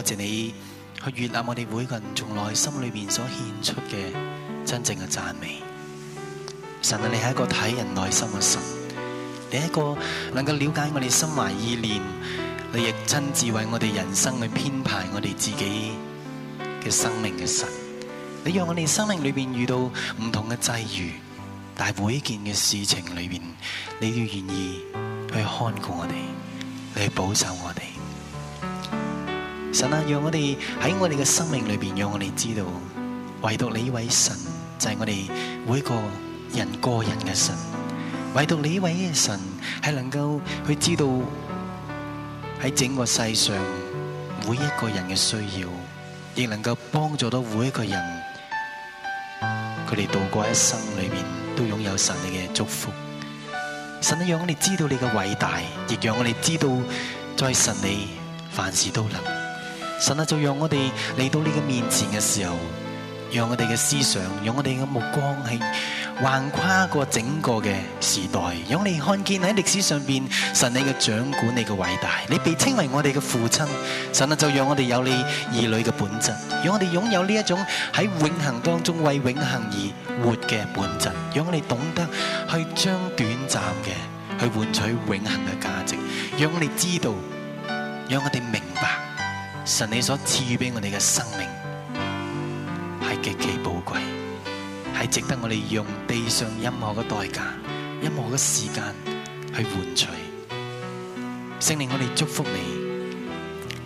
多謝，謝你去閱覽我哋每個人從內心裏邊所獻出嘅真正嘅讚美。神啊，你係一個睇人內心嘅神，你係一個能夠了解我哋心懷意念，你亦親自為我哋人生去編排我哋自己嘅生命嘅神。你讓我哋生命裏邊遇到唔同嘅際遇，但係每一件嘅事情裏邊，你都願意去看顧我哋，你去保守我哋。神啊，讓我哋喺我哋嘅生命裏邊，讓我哋知道，唯獨你呢位神就係我哋每一個人個人嘅神，唯獨你呢位嘅神係能夠去知道喺整個世上每一個人嘅需要，亦能夠幫助到每一個人，佢哋度過一生裏邊都擁有神你嘅祝福。神啊，讓我哋知道你嘅偉大，亦讓我哋知道，在神你凡事都能。神啊，就讓我哋嚟到你嘅面前嘅時候，讓我哋嘅思想，讓我哋嘅目光係橫跨過整個嘅時代，讓我哋看見喺歷史上邊，神你嘅掌管，你嘅偉大，你被稱為我哋嘅父親。神啊，就讓我哋有你兒女嘅本質，讓我哋擁有呢一種喺永恆當中為永恆而活嘅本質，讓我哋懂得去將短暫嘅去換取永恆嘅價值，讓我哋知道，讓我哋明白。神你所賜予俾我哋嘅生命係極其寶貴，係值得我哋用地上任何嘅代價、任何嘅時間去換取。聖靈，我哋祝福你，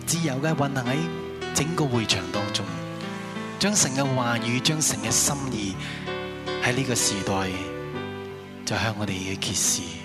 自由嘅運行喺整個會場當中，將神嘅話語、將神嘅心意喺呢個時代就向我哋嘅揭示。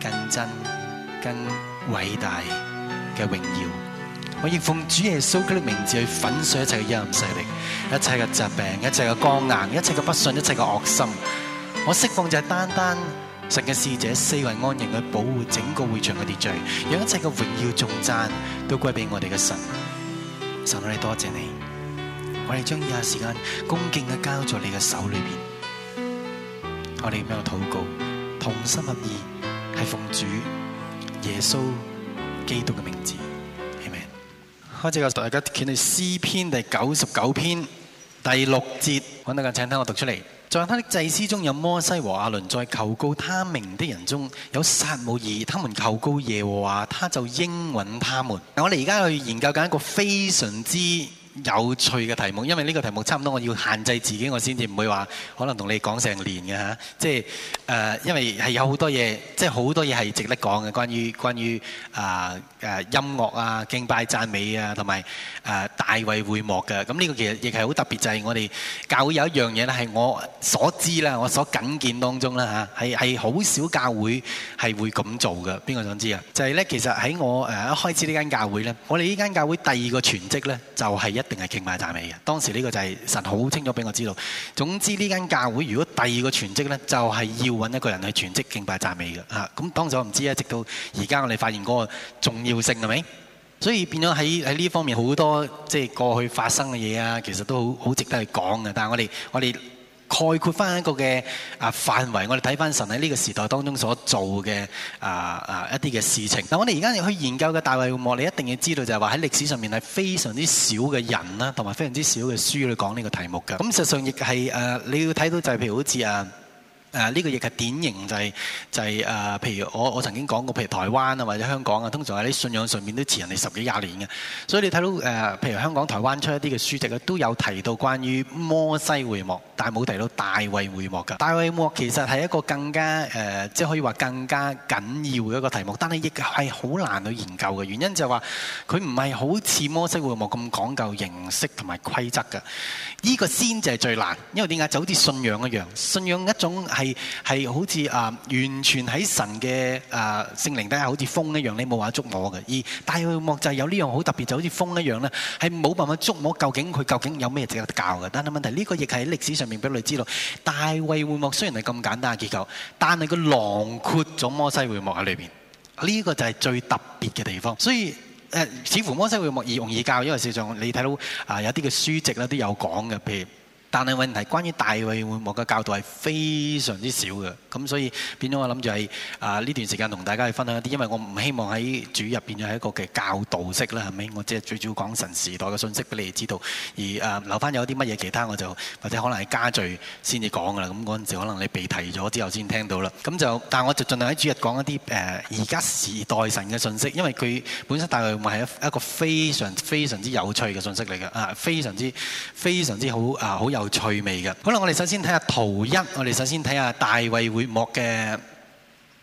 更真、更偉大嘅榮耀，我亦奉主耶穌嘅名字去粉碎一切嘅陰暗勢力、一切嘅疾病、一切嘅光硬、一切嘅不信、一切嘅惡心。我釋放就係單單神嘅使者四圍安營去保護整個會場嘅秩序，讓一切嘅榮耀頌讚都歸俾我哋嘅神。神啊，我哋多謝你，我哋將以下時間恭敬嘅交在你嘅手裏邊。我哋噉樣禱告，同心合意。係奉主耶穌基督嘅名字，阿門。開始我帶大家睇《啲詩篇》第九十九篇第六節，揾到個，請聽我讀出嚟。在、嗯、他的祭司中有摩西和亞倫，在求告他名的人中有撒母耳，他們求告耶和華，他就應允他們。嗱，我哋而家去研究緊一個非常之。有趣嘅題目，因為呢個題目差唔多，我要限制自己，我先至唔會話可能同你講成年嘅嚇。即係誒，因為係有好多嘢，即係好多嘢係值得講嘅，關於關於啊誒音樂啊敬拜讚美啊同埋誒大衛會幕嘅。咁呢個其實亦係好特別，就係我哋教會有一樣嘢咧，係我所知啦，我所僅見當中啦嚇，係係好少教會係會咁做嘅。邊個想知啊？就係咧，其實喺我誒一開始呢間教會咧，我哋呢間教會第二個全職咧就係一。定係敬拜讚美嘅，當時呢個就係神好清楚俾我知道。總之呢間教會如果第二個全職呢，就係要揾一個人去全職敬拜讚美嘅。啊，咁當時我唔知啊，直到而家我哋發現嗰個重要性係咪？所以變咗喺喺呢方面好多即係過去發生嘅嘢啊，其實都好好值得去講嘅。但係我哋我哋。概括翻一個嘅啊範圍，我哋睇翻神喺呢個時代當中所做嘅啊啊一啲嘅事情。嗱，我哋而家要去研究嘅大衛會幕，你一定要知道就係話喺歷史上面係非常之少嘅人啦，同埋非常之少嘅書去講呢個題目嘅。咁事實上亦係誒，你要睇到就係譬如好似啊。誒、啊、呢、這個亦係典型就係、是、就係、是、誒、呃，譬如我我曾經講過，譬如台灣啊或者香港啊，通常喺啲信仰上面都遲人哋十幾廿年嘅。所以你睇到誒、呃，譬如香港、台灣出的一啲嘅書籍都有提到關於摩西會幕，但係冇提到大衛會幕㗎。大衛會幕其實係一個更加誒、呃，即係可以話更加緊要嘅一個題目，但係亦係好難去研究嘅。原因就係話佢唔係好似摩西會幕咁講究形式同埋規則㗎。呢、這個先至係最難，因為點解就好似信仰一樣，信仰一種係。係好似啊，完全喺神嘅啊聖靈底下，好似風一樣，你冇話捉摸嘅。而大衛會幕就係有呢樣好特別，就好似風一樣咧，係冇辦法捉摸究竟佢究竟有咩值得教嘅。但係問題呢、這個亦係喺歷史上面俾我哋知道，大衛會幕雖然係咁簡單嘅結構，但係佢囊括咗摩西會幕喺裏邊。呢、這個就係最特別嘅地方。所以誒、呃，似乎摩西會幕易容易教，因為事實上你睇到啊、呃，有啲嘅書籍咧都有講嘅，譬如。但係問題，關於大衛會幕嘅教導係非常之少嘅，咁所以變咗我諗住係啊呢段時間同大家去分享一啲，因為我唔希望喺主日變咗係一個嘅教導式啦，係咪？我即係最主要講神時代嘅信息俾你哋知道，而誒留翻有啲乜嘢其他，我就或者可能係加聚先至講噶啦。咁嗰陣時可能你被提咗之後先聽到啦。咁就但係我就盡量喺主日講一啲誒而家時代神嘅信息，因為佢本身大衛會幕係一一個非常非常之有趣嘅信息嚟嘅，啊非常之非常之好啊好有。有趣味嘅，好啦，我哋首先睇下圖一，我哋首先睇下大衛會幕嘅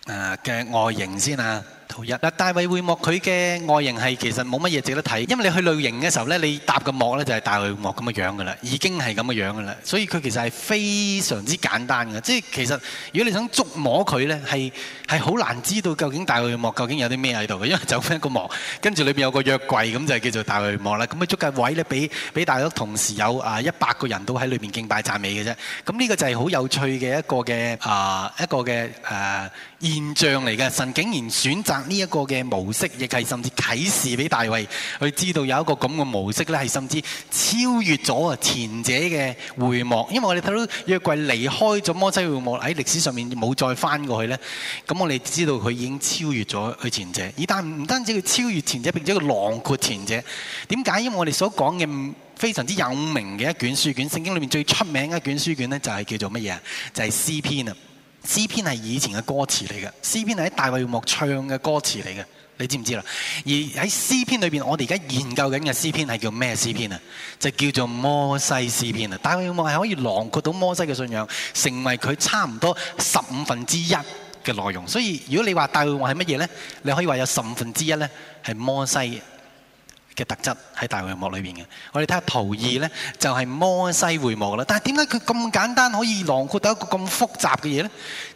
誒嘅外形先啊。圖一嗱，大衞會幕佢嘅外形係其實冇乜嘢值得睇，因為你去露營嘅時候咧，你搭個幕咧就係大衞幕咁嘅樣噶啦，已經係咁嘅樣噶啦。所以佢其實係非常之簡單嘅，即係其實如果你想捉摸佢咧，係係好難知道究竟大衞幕究竟有啲咩喺度嘅，因為走返一個幕，跟住裏邊有個約櫃咁就叫做大衞幕啦。咁嘅足夠位咧，俾俾大家同時有啊一百個人都喺裏邊敬拜讚美嘅啫。咁呢個就係好有趣嘅一個嘅啊一個嘅誒、呃呃、現象嚟嘅，神竟然選擇。呢一個嘅模式，亦係甚至啟示俾大衛去知道有一個咁嘅模式咧，係甚至超越咗啊前者嘅會幕。因為我哋睇到約櫃離開咗摩西會幕喺歷史上面冇再翻過去咧，咁我哋知道佢已經超越咗佢前者。而但唔單止佢超越前者，並且佢囊括前者。點解？因為我哋所講嘅非常之有名嘅一卷書卷，聖經裏面最出名嘅一卷書卷咧，就係叫做乜嘢？就係詩篇啦。詩篇係以前嘅歌詞嚟嘅，詩篇係喺大衛幕唱嘅歌詞嚟嘅，你知唔知啦？而喺詩篇裏邊，我哋而家研究緊嘅詩篇係叫咩詩篇啊？就叫做摩西詩篇啊！大衛幕係可以囊括到摩西嘅信仰，成為佢差唔多十五分之一嘅內容。所以如果你話大衛幕係乜嘢呢？你可以話有十五分之一呢，係摩西嘅特質喺大衛幕裏邊嘅，我哋睇下圖二咧，就係、是、摩西會幕啦。但係點解佢咁簡單可以囊括到一個咁複雜嘅嘢咧？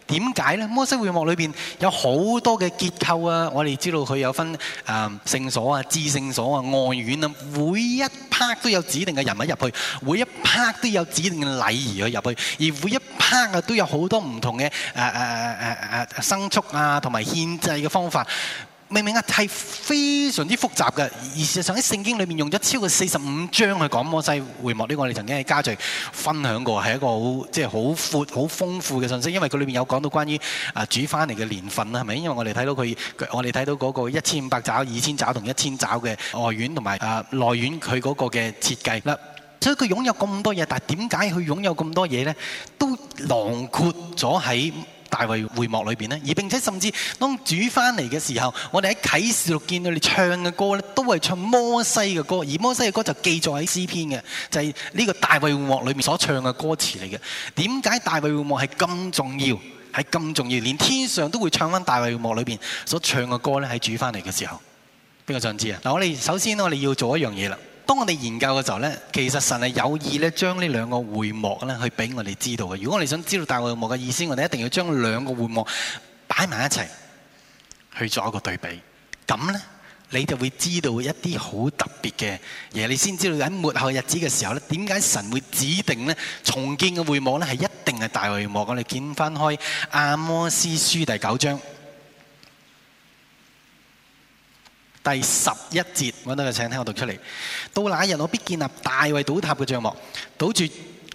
點解咧？摩西會幕裏邊有好多嘅結構啊！我哋知道佢有分啊聖、呃、所啊、至聖所啊、外院啊，每一 part 都有指定嘅人物入去，每一 part 都有指定嘅禮儀去入去，而每一 part 啊都有好多唔同嘅誒誒誒誒誒牲畜啊，同埋獻祭嘅方法。明明啊，係非常之複雜嘅，而事實上喺聖經裏面用咗超過四十五章去講摩西會幕呢個，我哋曾經喺家聚分享過，係一個好即係好闊、好豐富嘅信息。因為佢裏面有講到關於啊、呃、煮翻嚟嘅年份啦，係咪？因為我哋睇到佢，我哋睇到嗰個一千五百肘、二千肘同一千肘嘅外院同埋啊內院，佢嗰個嘅設計嗱，所以佢擁有咁多嘢，但係點解佢擁有咁多嘢咧？都囊括咗喺。大衛會幕裏面呢，而並且甚至當煮翻嚟嘅時候，我哋喺啟示錄見到你唱嘅歌都係唱摩西嘅歌，而摩西嘅歌就記載喺詩篇嘅，就係、是、呢個大衛會幕裏面所唱嘅歌詞嚟嘅。點解大衛會幕係咁重要？係咁重要？連天上都會唱翻大衛會幕裏面所唱嘅歌呢，喺煮翻嚟嘅時候，邊個想知啊？嗱，我哋首先我哋要做一樣嘢啦。當我哋研究嘅時候呢，其實神係有意咧，將呢兩個會幕咧，去俾我哋知道嘅。如果我哋想知道大衛幕嘅意思，我哋一定要將兩個會幕擺埋一齊去做一個對比。咁呢，你就會知道一啲好特別嘅嘢。你先知道喺末後日子嘅時候呢，點解神會指定呢重建嘅會幕呢？係一定係大衛幕？我哋掀翻開阿摩斯書第九章。第十一節，我到陣請聽我讀出嚟。到那一日，我必建立大衛倒塌嘅帳幕，堵住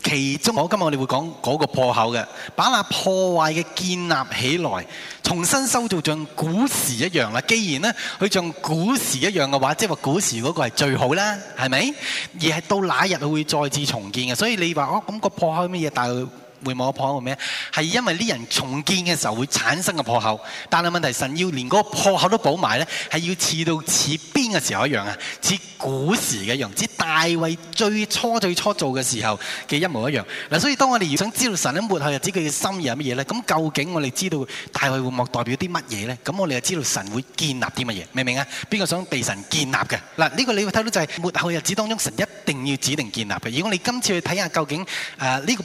其中。我今日我哋會講嗰個破口嘅，把那破壞嘅建立起來，重新修造像古時一樣啦。既然咧，佢像古時一樣嘅話，即係話古時嗰個係最好啦，係咪？而係到那一日佢會再次重建嘅。所以你話哦，咁、那個破口係乜嘢？但係。會冇破口咩？係因為呢人重建嘅時候會產生個破口，但係問題是神要連嗰個破口都補埋咧，係要似到似邊嘅時候一樣啊？似古時嘅樣，似大衛最初最初做嘅時候嘅一模一樣。嗱，所以當我哋想知道神喺末後日子佢嘅心意係乜嘢咧，咁究竟我哋知道大衛會幕代表啲乜嘢咧？咁我哋就知道神會建立啲乜嘢？明唔明啊？邊個想被神建立嘅？嗱，呢個你會睇到就係末後日子當中神一定要指定建立嘅。如果你今次去睇下究竟誒呢、呃這個。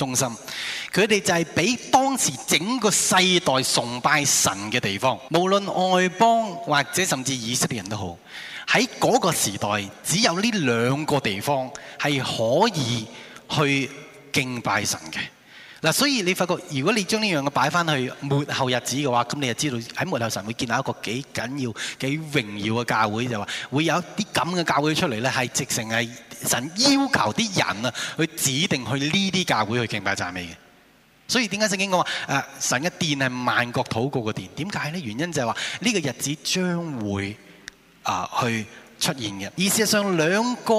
中心，佢哋就係俾當時整個世代崇拜神嘅地方，無論外邦或者甚至以色列人都好，喺嗰個時代，只有呢兩個地方係可以去敬拜神嘅。嗱，所以你發覺，如果你將呢樣嘅擺翻去末後日子嘅話，咁你就知道喺末後神會見到一個幾緊要、幾榮耀嘅教會，就話會有啲咁嘅教會出嚟咧，係直成係神要求啲人啊去指定去呢啲教會去敬拜讚美嘅。所以點解聖經講話誒神嘅殿係萬國禱告嘅殿？點解咧？原因就係話呢個日子將會啊、呃、去。出現嘅，而事實上兩個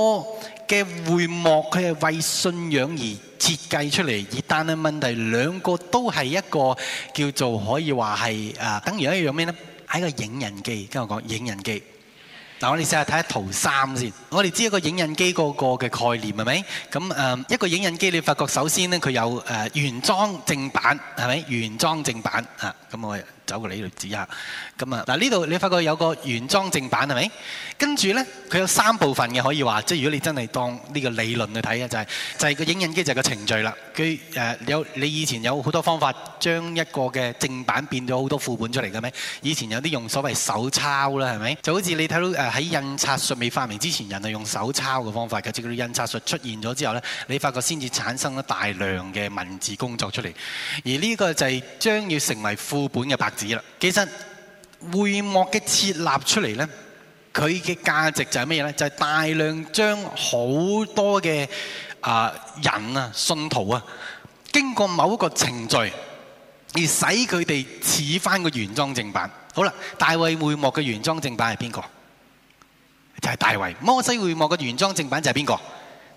嘅會幕佢係為信仰而設計出嚟，而但係問題兩個都係一個叫做可以話係誒，等於一樣咩呢？係一個影印機，跟我講影印機。嗱，我哋試下睇下圖三先。我哋知一個影印機嗰個嘅概念係咪？咁誒，一個影印機，你發覺首先呢佢有誒原裝正版係咪？原裝正版啊，咁我。走個理論指一下，咁啊嗱呢度你發覺有個原裝正版係咪？跟住呢，佢有三部分嘅可以話，即係如果你真係當呢個理論去睇嘅就係、就係個影印機就係個程序啦。佢誒有你以前有好多方法將一個嘅正版變咗好多副本出嚟嘅咩？以前有啲用所謂手抄啦係咪？就好似你睇到誒喺印刷術未發明之前，人係用手抄嘅方法嘅，直到印刷術出現咗之後呢，你發覺先至產生咗大量嘅文字工作出嚟。而呢個就係將要成為副本嘅白。其實會幕嘅設立出嚟呢，佢嘅價值就係咩呢？就係、是、大量將好多嘅啊人啊信徒啊，經過某一個程序，而使佢哋似翻個原裝正版。好啦，大衛會幕嘅原裝正版係邊個？就係、是、大衛。摩西會幕嘅原裝正版就係邊個？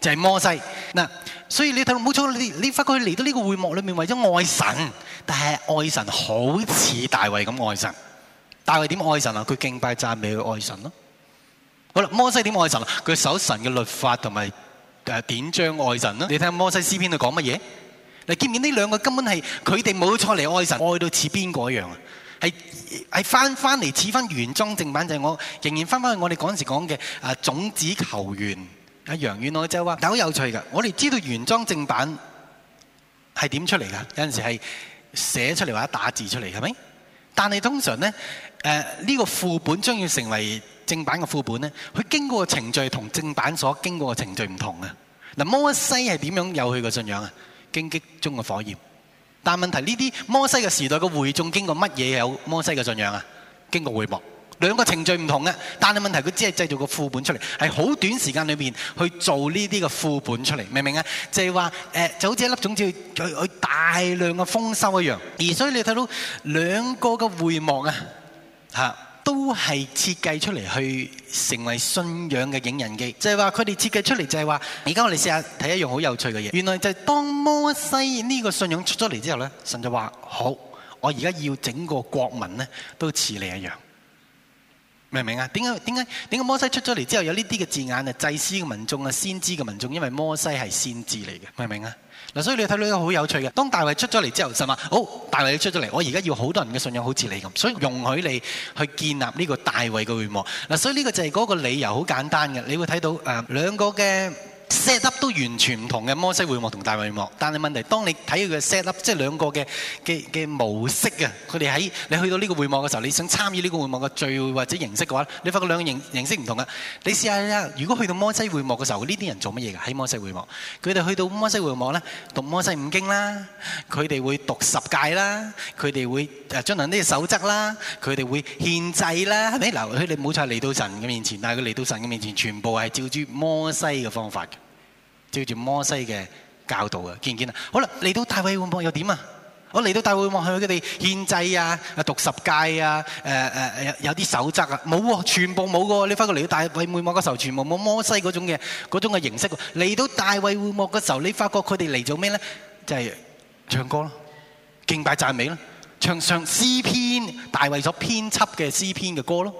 就係、是、摩西嗱、啊，所以你睇到冇錯，你你發覺佢嚟到呢個會幕裏面為咗愛神，但係愛神好似大衛咁愛神，大衛點愛神啊？佢敬拜讚美佢愛神咯。好啦，摩西點愛神啊？佢、啊、守神嘅律法同埋誒典章愛神咯、啊。你睇下摩西詩篇度講乜嘢？嗱，見唔見呢兩個根本係佢哋冇錯嚟愛神，愛到似邊個一樣啊？係係翻翻嚟似翻原裝正版，就係、是、我仍然翻翻去我哋嗰陣時講嘅誒種子球員。喺羊與我就話，但好有趣㗎。我哋知道原裝正版係點出嚟㗎？有陣時係寫出嚟或者打字出嚟，係咪？但係通常咧，誒、呃、呢、呢個副本將要成為正版嘅副本咧，佢經過嘅程序同正版所經過嘅程序唔同啊！嗱，摩西係點樣有佢嘅信仰啊？荊棘中嘅火焰，但係問題呢啲摩西嘅時代嘅會眾經過乜嘢有摩西嘅信仰啊？經過會幕。兩個程序唔同嘅，但係問題佢只係製造個副本出嚟，係好短時間裏面去做呢啲嘅副本出嚟，明唔明啊？就係話誒，就好似一粒種子佢大量嘅豐收一樣。而所以你睇到兩個嘅會幕啊，嚇都係設計出嚟去成為信仰嘅影印機，就係話佢哋設計出嚟就係話，而家我哋試下睇一樣好有趣嘅嘢。原來就係當摩西呢個信仰出咗嚟之後咧，神就話：好，我而家要整個國民咧都似你一樣。明唔明啊？點解，點解，點解摩西出咗嚟之後有呢啲嘅字眼啊？祭司嘅民眾啊，先知嘅民眾，因為摩西係先知嚟嘅，明唔明啊？嗱，所以你睇到一個好有趣嘅。當大衛出咗嚟之後，就話好、哦、大衛你出咗嚟，我而家要好多人嘅信仰好似你咁，所以容許你去建立呢個大衛嘅會幕。嗱，所以呢個就係嗰個理由，好簡單嘅。你會睇到誒兩、呃、個嘅。set up 都完全唔同嘅摩西會幕同大衛會幕，但係問題當你睇佢嘅 set up，即係兩個嘅嘅嘅模式啊！佢哋喺你去到呢個會幕嘅時候，你想參與呢個會幕嘅聚會或者形式嘅話，你發覺兩個形形式唔同嘅。你試下啦，如果去到摩西會幕嘅時候，呢啲人做乜嘢㗎？喺摩西會幕，佢哋去到摩西會幕咧，讀摩西五經啦，佢哋會讀十戒啦，佢哋會誒進行呢啲守則啦，佢哋會獻祭啦，係咪？嗱，佢哋冇錯嚟到神嘅面前，但係佢嚟到神嘅面前，全部係照住摩西嘅方法。照住摩西嘅教導啊，見唔見啊？好啦，嚟到大衛會幕又點啊？我嚟到大衛會幕係佢哋獻祭啊、讀十戒啊、誒、呃、誒有有啲守則啊，冇喎，全部冇嘅喎。你發覺嚟到大衛會幕嘅時候，全部冇摩西嗰種嘅嗰種嘅形式。嚟到大衛會幕嘅時候，你發覺佢哋嚟做咩咧？就係、是、唱歌咯，敬拜讚美咯，唱上詩篇，大衛所編輯嘅詩篇嘅歌咯。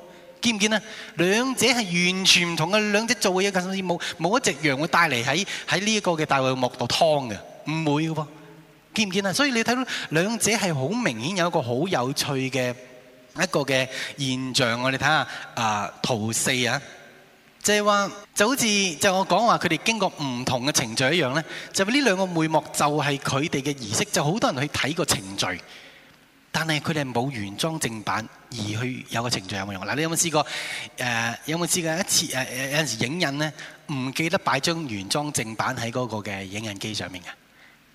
見唔見啊？兩者係完全唔同嘅，兩者做嘅嘢咁，冇冇一隻羊會帶嚟喺喺呢一個嘅大衛幕度劏嘅，唔會嘅噃。見唔見啊？所以你睇到兩者係好明顯有一個好有趣嘅一個嘅現象。我哋睇下啊圖四啊，就係話就好似就我講話佢哋經過唔同嘅程序一樣咧，就呢兩個會幕就係佢哋嘅儀式，就好多人去睇個程序，但係佢哋係冇原裝正版。而去有個程序有冇用嗱？你有冇試過？誒、呃、有冇試過一次誒、呃、有陣時影印咧，唔記得擺張原裝正版喺嗰個嘅影印機上面嘅，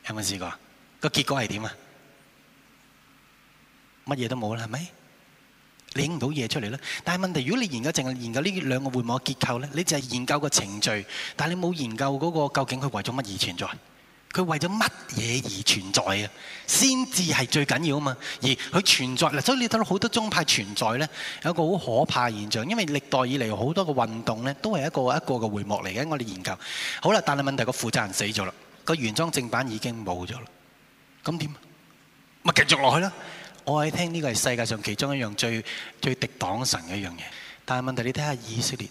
有冇試過？個結果係點啊？乜嘢都冇啦，係咪？影唔到嘢出嚟咧。但係問題，如果你研究淨係研究呢兩個會幕嘅結構咧，你就係研究個程序，但係你冇研究嗰個究竟佢為咗乜而存在。佢為咗乜嘢而存在啊？先至係最緊要啊嘛！而佢存在嗱，所以你睇到好多宗派存在呢，有一個好可怕現象，因為歷代以嚟好多個運動呢，都係一個一個嘅會幕嚟嘅。我哋研究好啦，但係問題個負責人死咗啦，個原裝正版已經冇咗啦，咁點？咪繼續落去啦！我係聽呢個係世界上其中一樣最最敵擋神嘅一樣嘢。但係問題是你睇下以色列，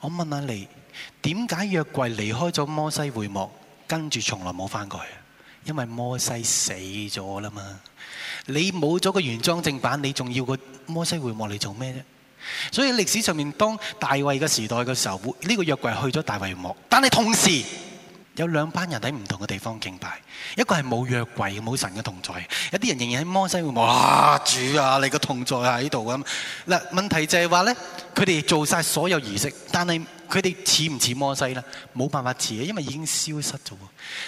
我問下你點解約櫃離開咗摩西會幕？跟住從來冇返過去，因為摩西死咗啦嘛。你冇咗個原裝正版，你仲要個摩西會幕嚟做咩啫？所以歷史上面當大衛嘅時代嘅時候，呢個約櫃去咗大衛幕，但係同時有兩班人喺唔同嘅地方敬拜，一個係冇約櫃冇神嘅同在，有啲人仍然喺摩西會幕啊，主啊，你嘅同在喺度咁。嗱，問題就係話咧，佢哋做晒所有儀式，但係。佢哋似唔似摩西咧？冇辦法似嘅，因為已經消失咗喎。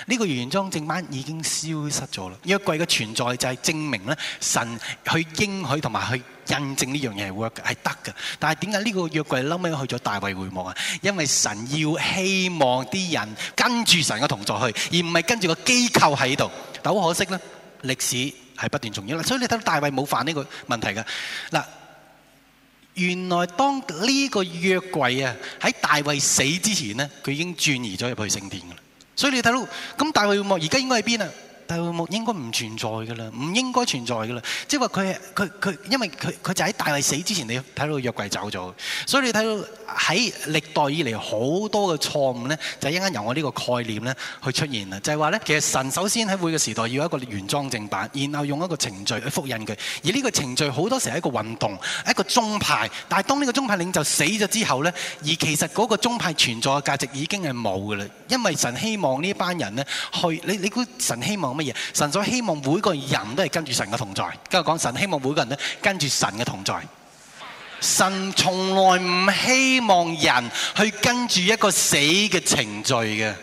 呢個原裝正版已經消失咗啦。約櫃嘅存在就係證明咧，神去應許同埋去印證呢樣嘢係 work 嘅，係得㗎。但係點解呢個約櫃撈尾去咗大衛會幕啊？因為神要希望啲人跟住神嘅同在去，而唔係跟住個機構喺度。但好可惜咧，歷史係不斷重演啦。所以你睇到大衛冇犯呢個問題㗎嗱。原來當呢個約櫃呀，喺大衛死之前呢，佢已經轉移咗入去聖殿㗎啦。所以你睇到咁，大衛墓而家應該喺邊啊？大會幕應該唔存在嘅啦，唔應該存在嘅啦。即係話佢佢佢，因為佢佢就喺大衛死之前，你睇到個約櫃走咗。所以你睇到喺歷代以嚟好多嘅錯誤咧，就係應該由我呢個概念咧去出現啦。就係話咧，其實神首先喺每個時代要一個原裝正版，然後用一個程序去複印佢。而呢個程序好多時係一個運動，一個宗派。但係當呢個宗派領袖死咗之後咧，而其實嗰個宗派存在嘅價值已經係冇嘅啦。因為神希望呢一班人咧去你你估神希望？乜嘢？神所希望每個人都係跟住神嘅同在。今日講神希望每個人都跟住神嘅同在。神從來唔希望人去跟住一個死嘅程序嘅。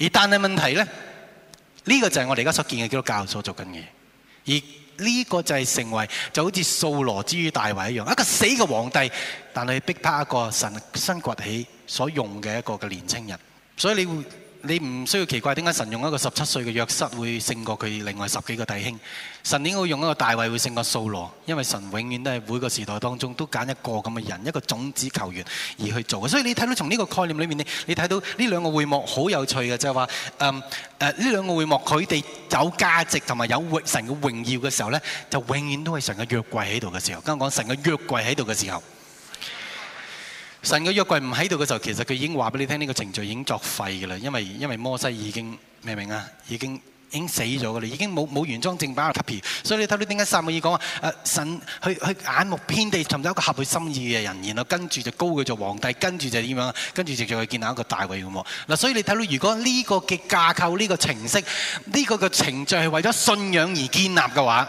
而但係問題呢，呢個就係我哋而家所見嘅基督教所做緊嘅嘢。而呢個就係成為就好似掃羅之於大衛一樣，一個死嘅皇帝，但係逼迫一個神身崛起所用嘅一個嘅年青人。所以你會。你唔需要奇怪點解神用一個十七歲嘅約瑟會勝過佢另外十幾個弟兄，神點會用一個大衛會勝過掃羅？因為神永遠都係每個時代當中都揀一個咁嘅人，一個種子球員而去做。所以你睇到從呢個概念裏面，你你睇到呢兩個會幕好有趣嘅，就係話，嗯誒呢兩個會幕佢哋有價值同埋有神嘅榮耀嘅時候呢就永遠都係神嘅約櫃喺度嘅時候。剛剛講神嘅約櫃喺度嘅時候。剛剛神嘅約櫃唔喺度嘅時候，其實佢已經話俾你聽，呢個程序已經作廢嘅啦。因為因為摩西已經明唔明啊？已經已經死咗嘅啦，已經冇冇原裝正版嘅 copy。所以你睇到點解撒母耳講啊？誒，神去去眼目偏地尋找一個合佢心意嘅人，然後跟住就高佢做皇帝，跟住就點樣？跟住就再去建立一個大位咁喎。嗱，所以你睇到如果呢個嘅架構、呢個程式、呢個嘅程序係為咗信仰而建立嘅話，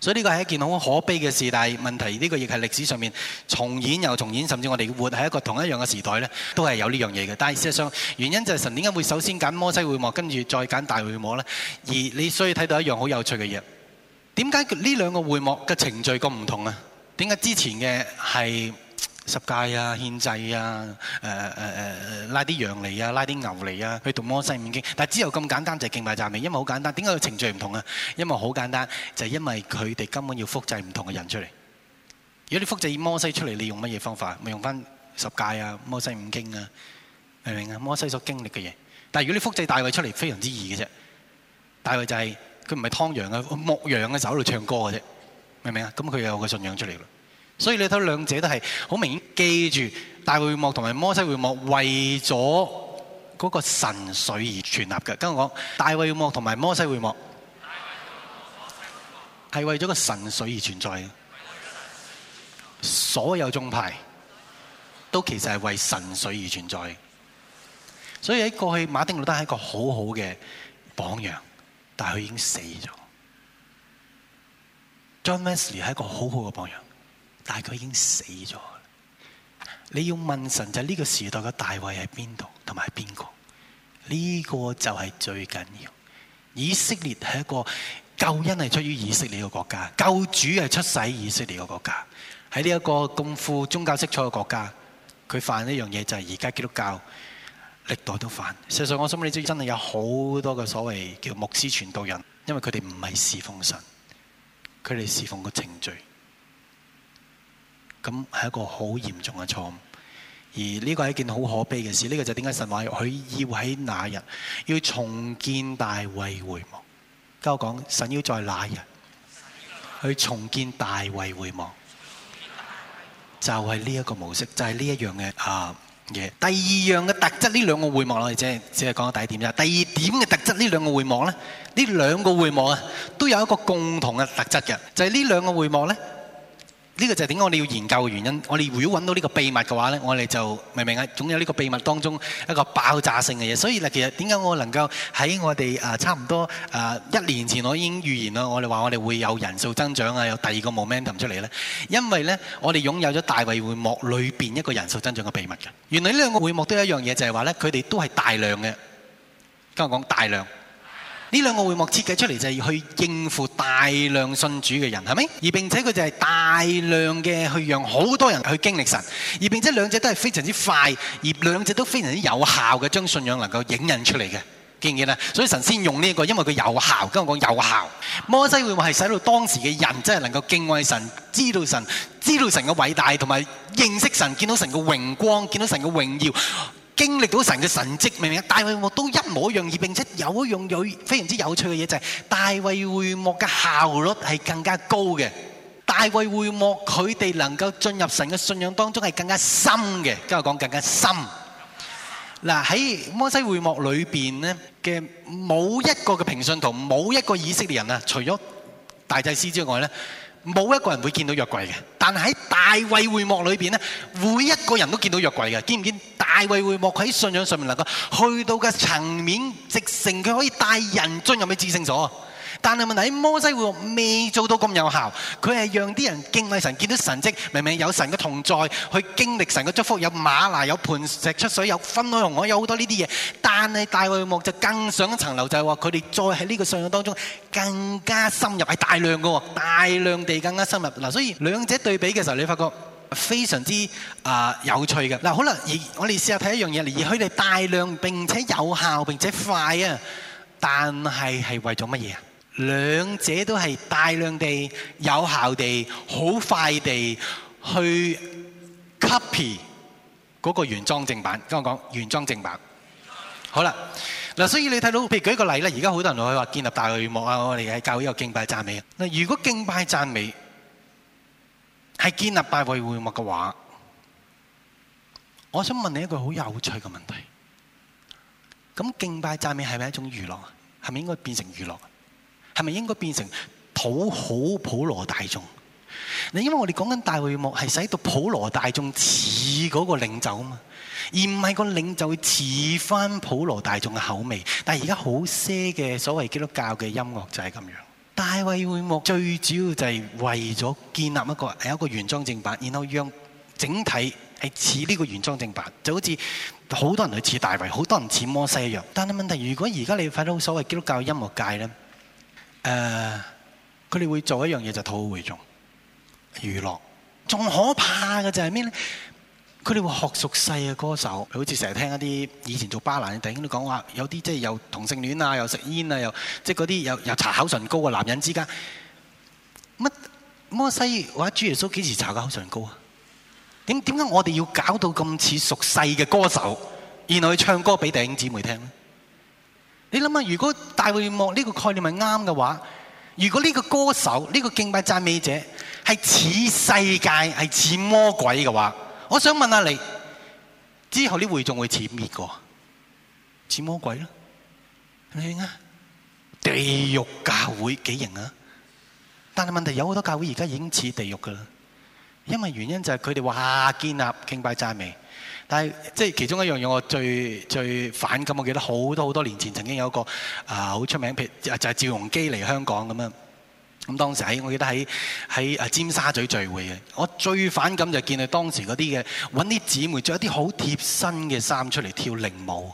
所以呢個係一件好可悲嘅事，但係問題呢個亦係歷史上面重演又重演，甚至我哋活喺一個同一樣嘅時代呢都係有呢樣嘢嘅。但係事實上原因就係神點解會首先揀摩西會幕，跟住再揀大會幕呢？而你需要睇到一樣好有趣嘅嘢，點解呢兩個會幕嘅程序咁唔同啊？點解之前嘅係？十誡啊，獻祭啊，誒誒誒拉啲羊嚟啊，拉啲牛嚟啊，去讀摩西五經。但係只有咁簡單，就係敬拜讚美，因為好簡單。點解佢程序唔同啊？因為好簡單，就係、是、因為佢哋根本要複製唔同嘅人出嚟。如果你複製摩西出嚟，你用乜嘢方法？咪用翻十誡啊，摩西五經啊，明唔明啊？摩西所經歷嘅嘢。但係如果你複製大衛出嚟，非常之易嘅啫。大衛就係佢唔係綿羊啊，牧羊啊，走喺度唱歌嘅啫，明唔明啊？咁佢有個信仰出嚟所以你睇兩者都係好明顯，記住大衛會幕同埋摩西會幕為咗嗰個神水而成立嘅。跟我講，大衛會幕同埋摩西會幕係為咗個神水而存在嘅。所有宗派都其實係為神水而存在。所以喺過去，馬丁路德係一個很好好嘅榜樣，但係佢已經死咗。John Wesley 係一個很好好嘅榜樣。但係佢已經死咗。你要問神就係呢個時代嘅大衛喺邊度，同埋係邊個？呢個就係最緊要。以色列係一個救恩係出於以色列嘅國家，救主係出世以色列嘅國家。喺呢一個咁富宗教色彩嘅國家，佢犯一樣嘢就係而家基督教歷代都犯。事實上，我心裏真係有好多嘅所謂叫牧師傳道人，因為佢哋唔係侍奉神，佢哋侍奉個程序。咁係一個好嚴重嘅錯誤，而呢個係一件好可悲嘅事。呢個就點解神話佢要喺那日要重建大衛會幕？交我講神要在那日去重建大衛會幕？就係呢一個模式，就係、是、呢一樣嘅啊嘢。第二樣嘅特質，呢兩個會幕啦，我哋即係即係講第一點啦。第二點嘅特質，呢兩個會幕呢？呢兩個會幕啊，都有一個共同嘅特質嘅，就係呢兩個會幕呢。呢個就係點解我哋要研究嘅原因。我哋如果揾到呢個秘密嘅話呢，我哋就明唔明啊？總有呢個秘密當中一個爆炸性嘅嘢。所以其實點解我能夠喺我哋差唔多一年前我已經預言啦，我哋話我哋會有人數增長啊，有第二個 momentum 出嚟咧。因為咧，我哋擁有咗大衞會幕裏面一個人數增長嘅秘密。原來呢兩個會幕都有一樣嘢，就係話咧，佢哋都係大量嘅。跟我講大量。呢兩個會幕設計出嚟就係去應付大量信主嘅人，係咪？而並且佢就係大量嘅去讓好多人去經歷神，而並且兩者都係非常之快，而兩者都非常之有效嘅，將信仰能夠影印出嚟嘅，見唔見啊？所以神先用呢一個，因為佢有效，今日講有效。摩西會幕係使到當時嘅人真係能夠敬畏神，知道神，知道神嘅偉大，同埋認識神，見到神嘅榮光，見到神嘅榮耀。經歷到神嘅神蹟，明唔明啊？大衛會幕都一模一樣，而並且有一樣有非常之有趣嘅嘢，就係大衛會幕嘅效率係更加高嘅。大衛會幕佢哋能夠進入神嘅信仰當中係更加深嘅。即係講更加深。嗱，喺摩西會幕裏邊咧嘅，冇一個嘅平信徒，冇一個以色列人啊，除咗大祭司之外咧。冇一個人會見到約櫃嘅，但喺大衛會幕裏面，每一個人都見到約櫃嘅，見唔見？大衛會幕喺信仰上面能夠去到嘅層面，直成佢可以帶人進入至聖所？但係問題喺摩西會未做到咁有效，佢係讓啲人敬畏神，見到神跡，明明有神嘅同在，去經歷神嘅祝福，有嗎哪，有磐石出水，有分開紅海，有好多呢啲嘢。但係大衛幕就更上層樓，就係話佢哋再喺呢個信仰當中更加深入，係大量嘅，大量地更加深入嗱。所以兩者對比嘅時候，你發覺非常之啊有趣嘅嗱。好啦，而我哋試下睇一樣嘢嚟，而佢哋大量並且有效並且快啊，但係係為咗乜嘢啊？兩者都係大量地、有效地、好快地去 copy 嗰個原裝正版。跟我講原裝正版，好啦。嗱，所以你睇到，譬如舉個例咧，而家好多人話建立大衛會幕啊，我哋喺教會有敬拜讚美。嗱，如果敬拜讚美係建立大衛會幕嘅話，我想問你一個好有趣嘅問題：咁敬拜讚美係咪一種娛樂啊？係咪應該變成娛樂？係咪應該變成討好普羅大眾？你，因為我哋講緊大會幕係使到普羅大眾似嗰個領袖啊嘛，而唔係個領袖似翻普羅大眾嘅口味。但係而家好些嘅所謂基督教嘅音樂就係咁樣。大衛會幕最主要就係為咗建立一個係一個原裝正版，然後讓整體係似呢個原裝正版。就好似好多人去似大衛，好多人似摩西一樣。但係問題係，如果而家你睇到所謂基督教嘅音樂界咧？誒，佢哋會做一樣嘢，就討好會眾娛樂，仲可怕嘅就係咩咧？佢哋會學熟世嘅歌手，好似成日聽一啲以前做巴蘭嘅弟兄都講話，有啲即係又同性戀啊，又食煙啊，又即係嗰啲又又搽口唇膏嘅男人之間乜摩西或者：主耶穌幾時搽個口唇膏啊？點點解我哋要搞到咁似熟世嘅歌手，然後去唱歌俾弟兄姊妹聽咧？你諗下，如果大會幕呢個概念係啱嘅話，如果呢個歌手，呢，呢個敬拜讚美者係似世界、係似魔鬼嘅話，我想問下你，之後啲會眾會似咩個？似魔鬼咯，明唔明啊？地獄教會幾型啊？但係問題是有好多教會而家已經似地獄噶啦，因為原因就係佢哋話建立敬拜讚美。但係即係其中一樣嘢，我最最反感。我記得好多好多年前曾經有一個啊好出名，譬如就係、是、趙容基嚟香港咁樣。咁當時喺我記得喺喺啊尖沙咀聚會嘅，我最反感就見到當時嗰啲嘅揾啲姊妹着一啲好貼身嘅衫出嚟跳靈舞，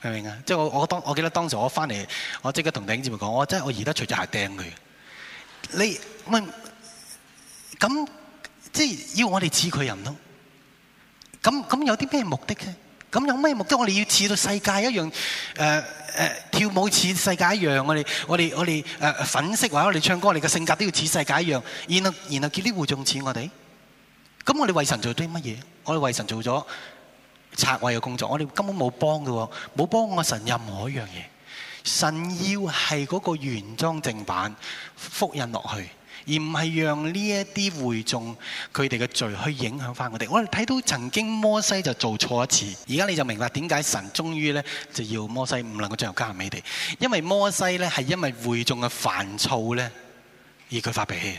明唔明啊？即係我我當我記得當時我翻嚟，我即刻同弟兄姊妹講，我真係我而家除咗鞋掟佢。你問咁即係要我哋似佢人咯。咁咁有啲咩目的嘅？咁有咩目的？即我哋要似到世界一樣，誒誒跳舞似世界一樣。我哋我哋我哋誒粉飾或者我哋唱歌，我哋嘅性格都要似世界一樣。然後然後佢呢戶仲似我哋，咁我哋為神做啲乜嘢？我哋為神做咗拆毀嘅工作。我哋根本冇幫㗎喎，冇幫我神任何一樣嘢。神要係嗰個原裝正版複印落去。而唔係讓呢一啲會眾佢哋嘅罪去影響翻我哋。我哋睇到曾經摩西就做錯一次，而家你就明白點解神終於咧就要摩西唔能夠進入迦南美地，因為摩西咧係因為會眾嘅煩躁咧而佢發脾氣。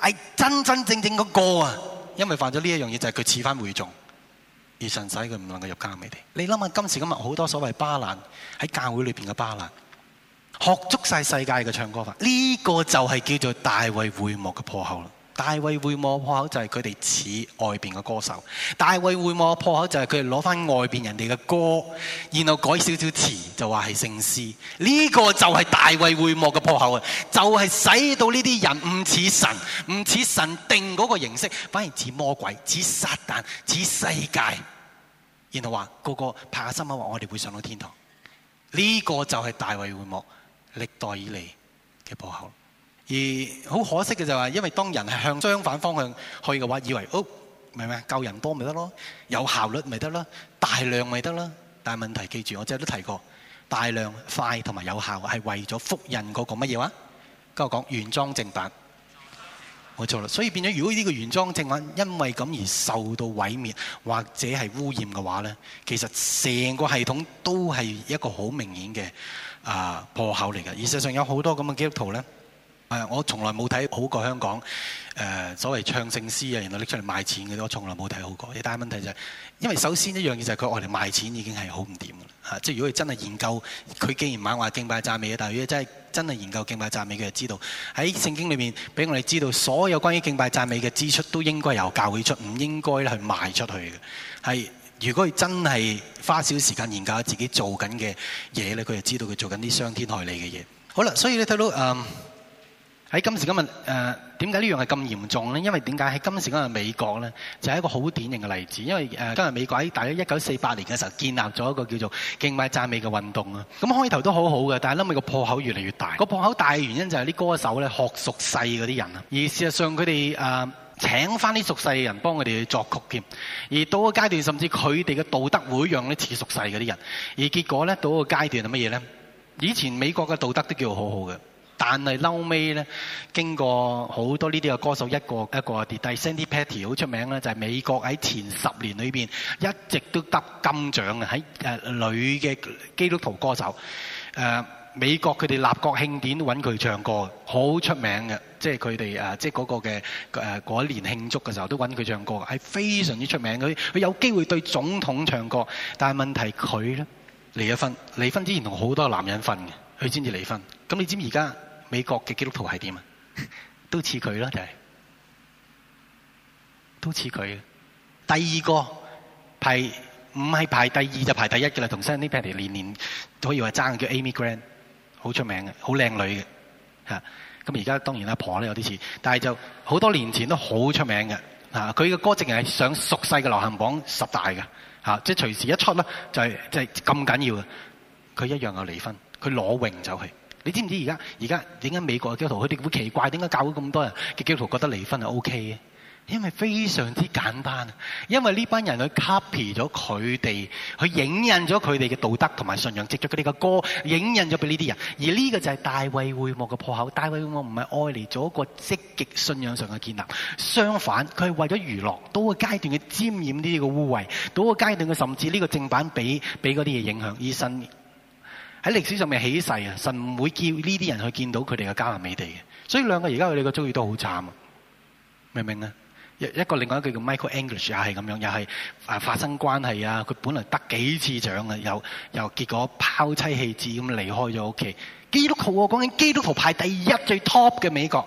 係真真正正嘅歌啊！因為犯咗呢一樣嘢，就係、是、佢似翻會眾，而神使佢唔能夠入迦南地。你諗下，今時今日好多所謂巴蘭喺教會裏邊嘅巴蘭，學足晒，世界嘅唱歌法，呢、這個就係叫做大衛會幕嘅破口啦。大衛會幕破口就係佢哋似外邊嘅歌手，大衛會幕破口就係佢哋攞翻外邊人哋嘅歌，然後改少少詞就話係聖詩，呢個就係大衛會幕嘅破口啊！就係使到呢啲人唔似神，唔似神定嗰個形式，反而似魔鬼、似撒但、似世界，然後話個個拍下心口話我哋會上到天堂，呢個就係大衛會幕歷代以嚟嘅破口。而好可惜嘅就係，因為當人係向相反方向去嘅話，以為哦，明唔明？救人多咪得咯，有效率咪得咯，大量咪得咯。但係問題記住，我之前都提過，大量快同埋有效係為咗複印嗰個乜嘢話？跟我講原裝正版，冇錯啦。所以變咗，如果呢個原裝正版因為咁而受到毀滅或者係污染嘅話咧，其實成個系統都係一個好明顯嘅啊破口嚟嘅。而事實上有好多咁嘅基督徒咧。係、呃，我從來冇睇好過香港誒所謂唱聖詩啊，然後拎出嚟賣錢嘅都。我從來冇睇好過。但係問題就係、係，因為首先一樣嘢就係佢愛嚟賣錢已經係好唔掂啦，即係如果佢真係研究佢，既然猛話敬拜讚美，嘅，但係如果真係真係研究敬拜讚美，嘅，就知道喺聖經裏面俾我哋知道，所有關於敬拜讚美嘅支出都應該由教會出，唔應該去賣出去嘅係。如果佢真係花少時間研究自己做緊嘅嘢咧，佢就知道佢做緊啲傷天害理嘅嘢。好啦，所以你睇到嗯。喺今時今日，誒點解呢樣係咁嚴重咧？因為點解喺今時今日美國咧，就係、是、一個好典型嘅例子。因為誒、呃，今日美國喺大約一九四八年嘅時候建立咗一個叫做敬拜讚美嘅運動啊。咁開頭都好好嘅，但係臨尾個破口越嚟越大。個破口大嘅原因就係啲歌手咧學熟世嗰啲人啊，而事實上佢哋誒請返啲熟世嘅人幫佢哋去作曲添。而到個階段，甚至佢哋嘅道德會讓呢似熟世嗰啲人。而結果咧，到個階段係乜嘢咧？以前美國嘅道德都叫好好嘅。但係嬲尾咧，經過好多呢啲嘅歌手一個一個 d 低。s e n d Patty 好出名咧，就係、是、美國喺前十年裏面一直都得金獎嘅喺、呃、女嘅基督徒歌手。呃、美國佢哋立國慶典都揾佢唱歌，好出名嘅。即係佢哋即係嗰個嘅嗰一年慶祝嘅時候都揾佢唱歌，係非常之出名嗰啲。佢有機會對總統唱歌，但係問題佢咧離咗婚，離婚之前同好多男人瞓嘅，佢先至離婚。咁你知唔知而家？美國嘅基督徒係點啊？都似佢啦，就係都似佢。第二個排唔係排第二就排第一嘅啦，同 Sandi Patty 年年可以話爭叫 Amy Grant，好出名嘅，好靚女嘅嚇。咁而家當然阿婆呢有啲似，但係就好多年前都好出名嘅嚇。佢嘅歌淨係上熟世嘅流行榜十大嘅嚇，即係隨時一出咧就係、是、就係咁緊要嘅。佢一樣有離婚，佢攞榮就去。你知唔知而家而家點解美國嘅基督徒佢哋會奇怪？點解教會咁多人嘅基督徒覺得離婚係 O K 嘅？因為非常之簡單，因為呢班人去 copy 咗佢哋，去影印咗佢哋嘅道德同埋信仰，藉著佢哋嘅歌影印咗俾呢啲人。而呢個就係大衛會幕嘅破口。大衛會幕唔係愛嚟做一個積極信仰上嘅建立，相反，佢係為咗娛樂。到個階段嘅沾染呢啲嘅污穢，到個階段嘅甚至呢個正版俾俾嗰啲嘢影響一生。喺歷史上面起誓啊！神唔會叫呢啲人去見到佢哋嘅迦南美地嘅，所以兩個而家佢哋嘅遭遇都好慘啊，明唔明啊？一一個另外一個叫 Michael English，又係咁樣，又係啊發生關係啊！佢本來得幾次獎啊，又又結果拋妻棄子咁離開咗屋企。基督徒啊，講緊基督徒排第一最 top 嘅美國，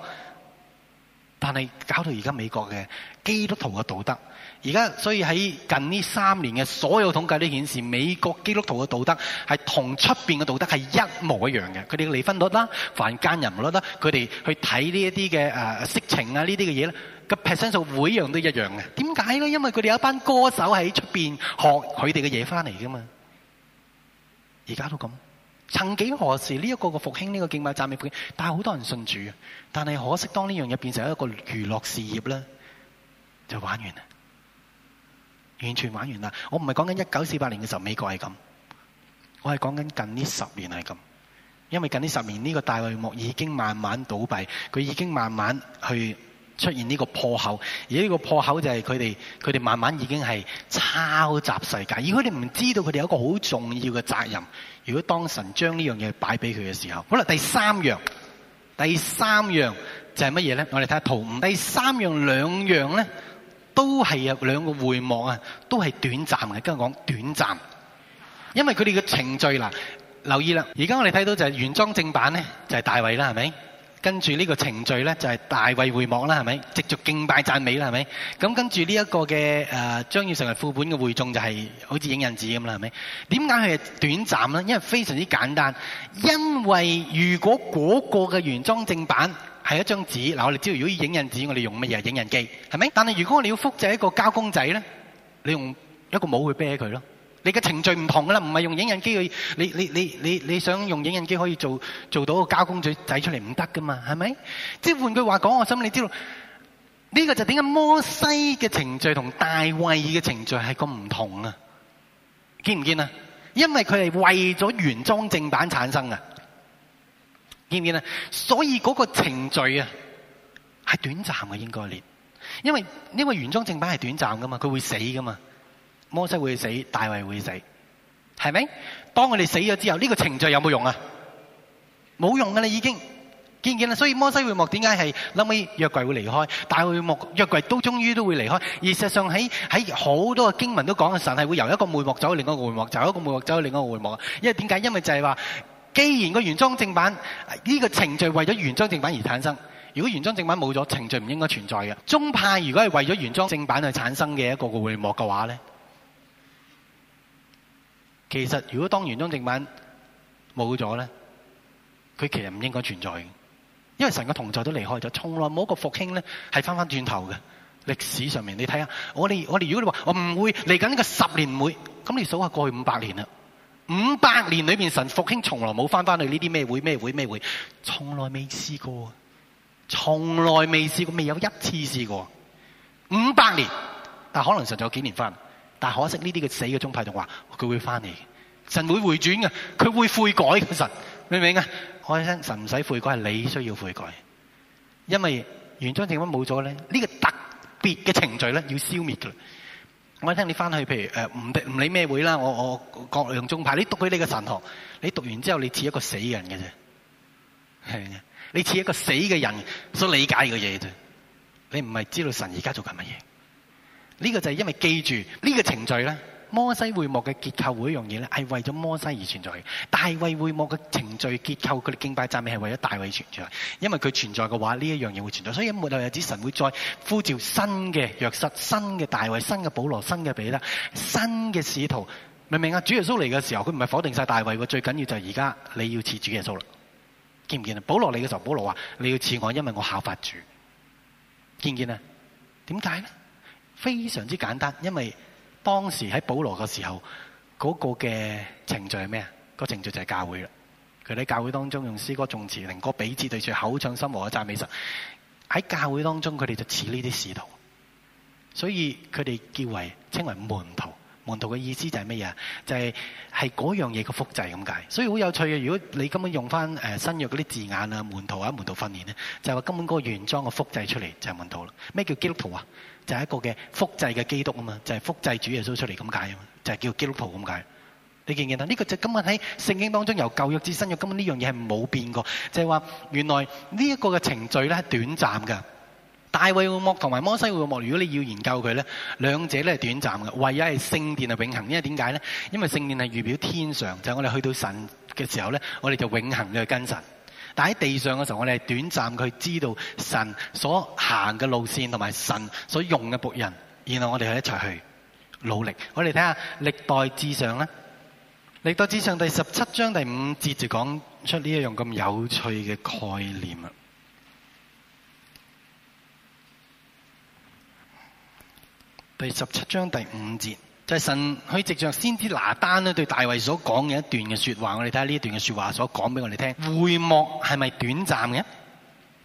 但係搞到而家美國嘅基督徒嘅道德。而家所以喺近呢三年嘅所有統計都顯示，美國基督徒嘅道德係同出邊嘅道德係一模一樣嘅。佢哋嘅離婚率啦、犯奸淫率啦，佢哋去睇呢一啲嘅誒色情啊呢啲嘅嘢咧，percent 數每樣都一樣嘅。點解咧？因為佢哋有一班歌手喺出邊學佢哋嘅嘢翻嚟嘅嘛。而家都咁。曾幾何時呢一個個復興呢、呢個敬拜讚美復興，但係好多人信主，但係可惜當呢樣嘢變成一個娛樂事業咧，就玩完啦。完全玩完啦！我唔係講緊一九四八年嘅時候，美國係咁，我係講緊近呢十年係咁。因為近呢十年呢、這個大衛幕已經慢慢倒閉，佢已經慢慢去出現呢個破口，而呢個破口就係佢哋佢哋慢慢已經係抄襲世界，如果你唔知道佢哋有一個好重要嘅責任。如果當神將呢樣嘢擺俾佢嘅時候，好啦，第三樣，第三樣就係乜嘢呢？我哋睇下圖第三樣兩樣呢。都係有兩個會幕啊，都係短暫嘅。跟住講短暫，因為佢哋嘅程序嗱，留意啦。而家我哋睇到就係原裝正版咧，就係大衞啦，係咪？跟住呢個程序咧，就係大衞會幕啦，係咪？繼續敬拜讚美啦，係咪？咁跟住呢一個嘅誒將要成為副本嘅會眾就係好似影印紙咁啦，係咪？點解係短暫咧？因為非常之簡單，因為如果嗰個嘅原裝正版，係一張紙，嗱，我哋知道如果要影印紙，我哋用乜嘢影印機，係咪？但係如果我哋要複製一個膠公仔咧，你用一個帽去啤佢咯。你嘅程序唔同噶啦，唔係用影印機去，你你你你你想用影印機可以做做到個膠公仔仔出嚟唔得噶嘛，係咪？即係換句話講，我心你知道呢個就點解摩西嘅程序同大衛嘅程序係咁唔同啊？見唔見啊？因為佢係為咗原裝正版產生啊。見唔見啊？所以嗰個程序啊，係短暫嘅應該，因為因為原裝正版係短暫噶嘛，佢會死噶嘛，摩西會死，大衛會死，係咪？當我哋死咗之後，呢個程序有冇用啊？冇用噶啦，已經見唔見啦？所以摩西會幕點解係諗起約櫃會離開？大衛會幕約櫃都終於都會離開。而事實上喺喺好多嘅經文都講，神係會由一個會幕走去另一個會幕，就係一個會幕走去另一個會幕。因為點解？因為就係話。既然個原裝正版呢、呢個程序為咗原裝正版而產生，如果原裝正版冇咗，程序唔應該存在嘅。宗派如果係為咗原裝正版去產生嘅一個個會幕嘅話咧，其實如果當原裝正版冇咗咧，佢其實唔應該存在嘅，因為神嘅同在都離開咗，從來冇一個復興咧係翻返轉頭嘅。歷史上面你睇下，我哋我哋如果你話我唔會嚟緊呢個十年唔會，咁你數下過去五百年啦。五百年裏面，神復興從來冇翻翻去呢啲咩會咩會咩會，從來未試過，從來未試過，未有一次試過。五百年，但可能神仲有幾年翻，但可惜呢啲嘅死嘅宗派仲話佢會翻嚟，神會回轉嘅，佢會悔改嘅神，明唔明啊？我話你聽，神唔使悔改，係你需要悔改，因為原裝正本冇咗咧，呢、這個特別嘅程序咧要消滅嘅。我一聽你回去，譬如誒，唔、呃、理咩會啦，我我，我各樣宗派，你讀佢哋嘅神學，你讀完之後，你似一個死人嘅啫，你似一個死嘅人所理解嘅嘢啫，你唔係知道神而家做緊乜嘢，呢、這個就是因為記住呢、這個程序呢。摩西會幕嘅結構會一樣嘢咧，係為咗摩西而存在嘅；大衛會幕嘅程序結構，佢哋敬拜讚美係為咗大衛存在。因為佢存在嘅話，呢一樣嘢會存在。所以末後日子神會再呼召新嘅約瑟、新嘅大衛、新嘅保羅、新嘅彼得、新嘅使徒。明唔明啊？主耶穌嚟嘅時候，佢唔係否定晒大衛喎。最緊要就係而家你要似主耶穌啦。見唔見啊？保羅嚟嘅時候，保羅話你要似我，因為我效法主。見唔見啊？點解咧？非常之簡單，因為。當時喺保羅嘅時候，嗰、個嘅程序係咩啊？個程序就係教會啦。佢喺教會當中用詩歌、重詞、靈歌、彼此對住口唱心和、讚美神。喺教會當中，佢哋就似呢啲使徒，所以佢哋叫為稱為門徒。門徒嘅意思就係乜嘢？就係係嗰樣嘢嘅複製咁解。所以好有趣嘅。如果你根本用翻誒新約嗰啲字眼啊，門徒啊、門徒訓練咧，就話、係、根本嗰個原裝嘅複製出嚟就係、係、門徒啦。咩叫基督徒啊？就係、是、一個嘅複製嘅基督啊嘛，就係複製主耶穌出嚟咁解啊嘛，就係、是、叫基督徒咁解。你記唔記得？呢、這個就今日喺聖經當中由舊約至新約根本呢樣嘢係冇變過。就係、是、話原來呢一個嘅程序咧係短暫嘅。大衛會幕同埋摩西會幕，如果你要研究佢咧，兩者咧係短暫嘅。唯一係聖殿係永恆，因為點解咧？因為聖殿係預表天上，就係、是、我哋去到神嘅時候咧，我哋就永恆去跟神。但喺地上嘅時候，我哋係短暫去知道神所行嘅路線，同埋神所用嘅僕人，然後我哋去一齊去努力。我哋睇下歷代志上呢，歷代志上第十七章第五節就講出呢一樣咁有趣嘅概念。第十七章第五節。就係、是、神佢藉着先知拿單咧，對大衛所講嘅一段嘅說話，我哋睇下呢一段嘅說話所講俾我哋聽。會幕係咪短暫嘅？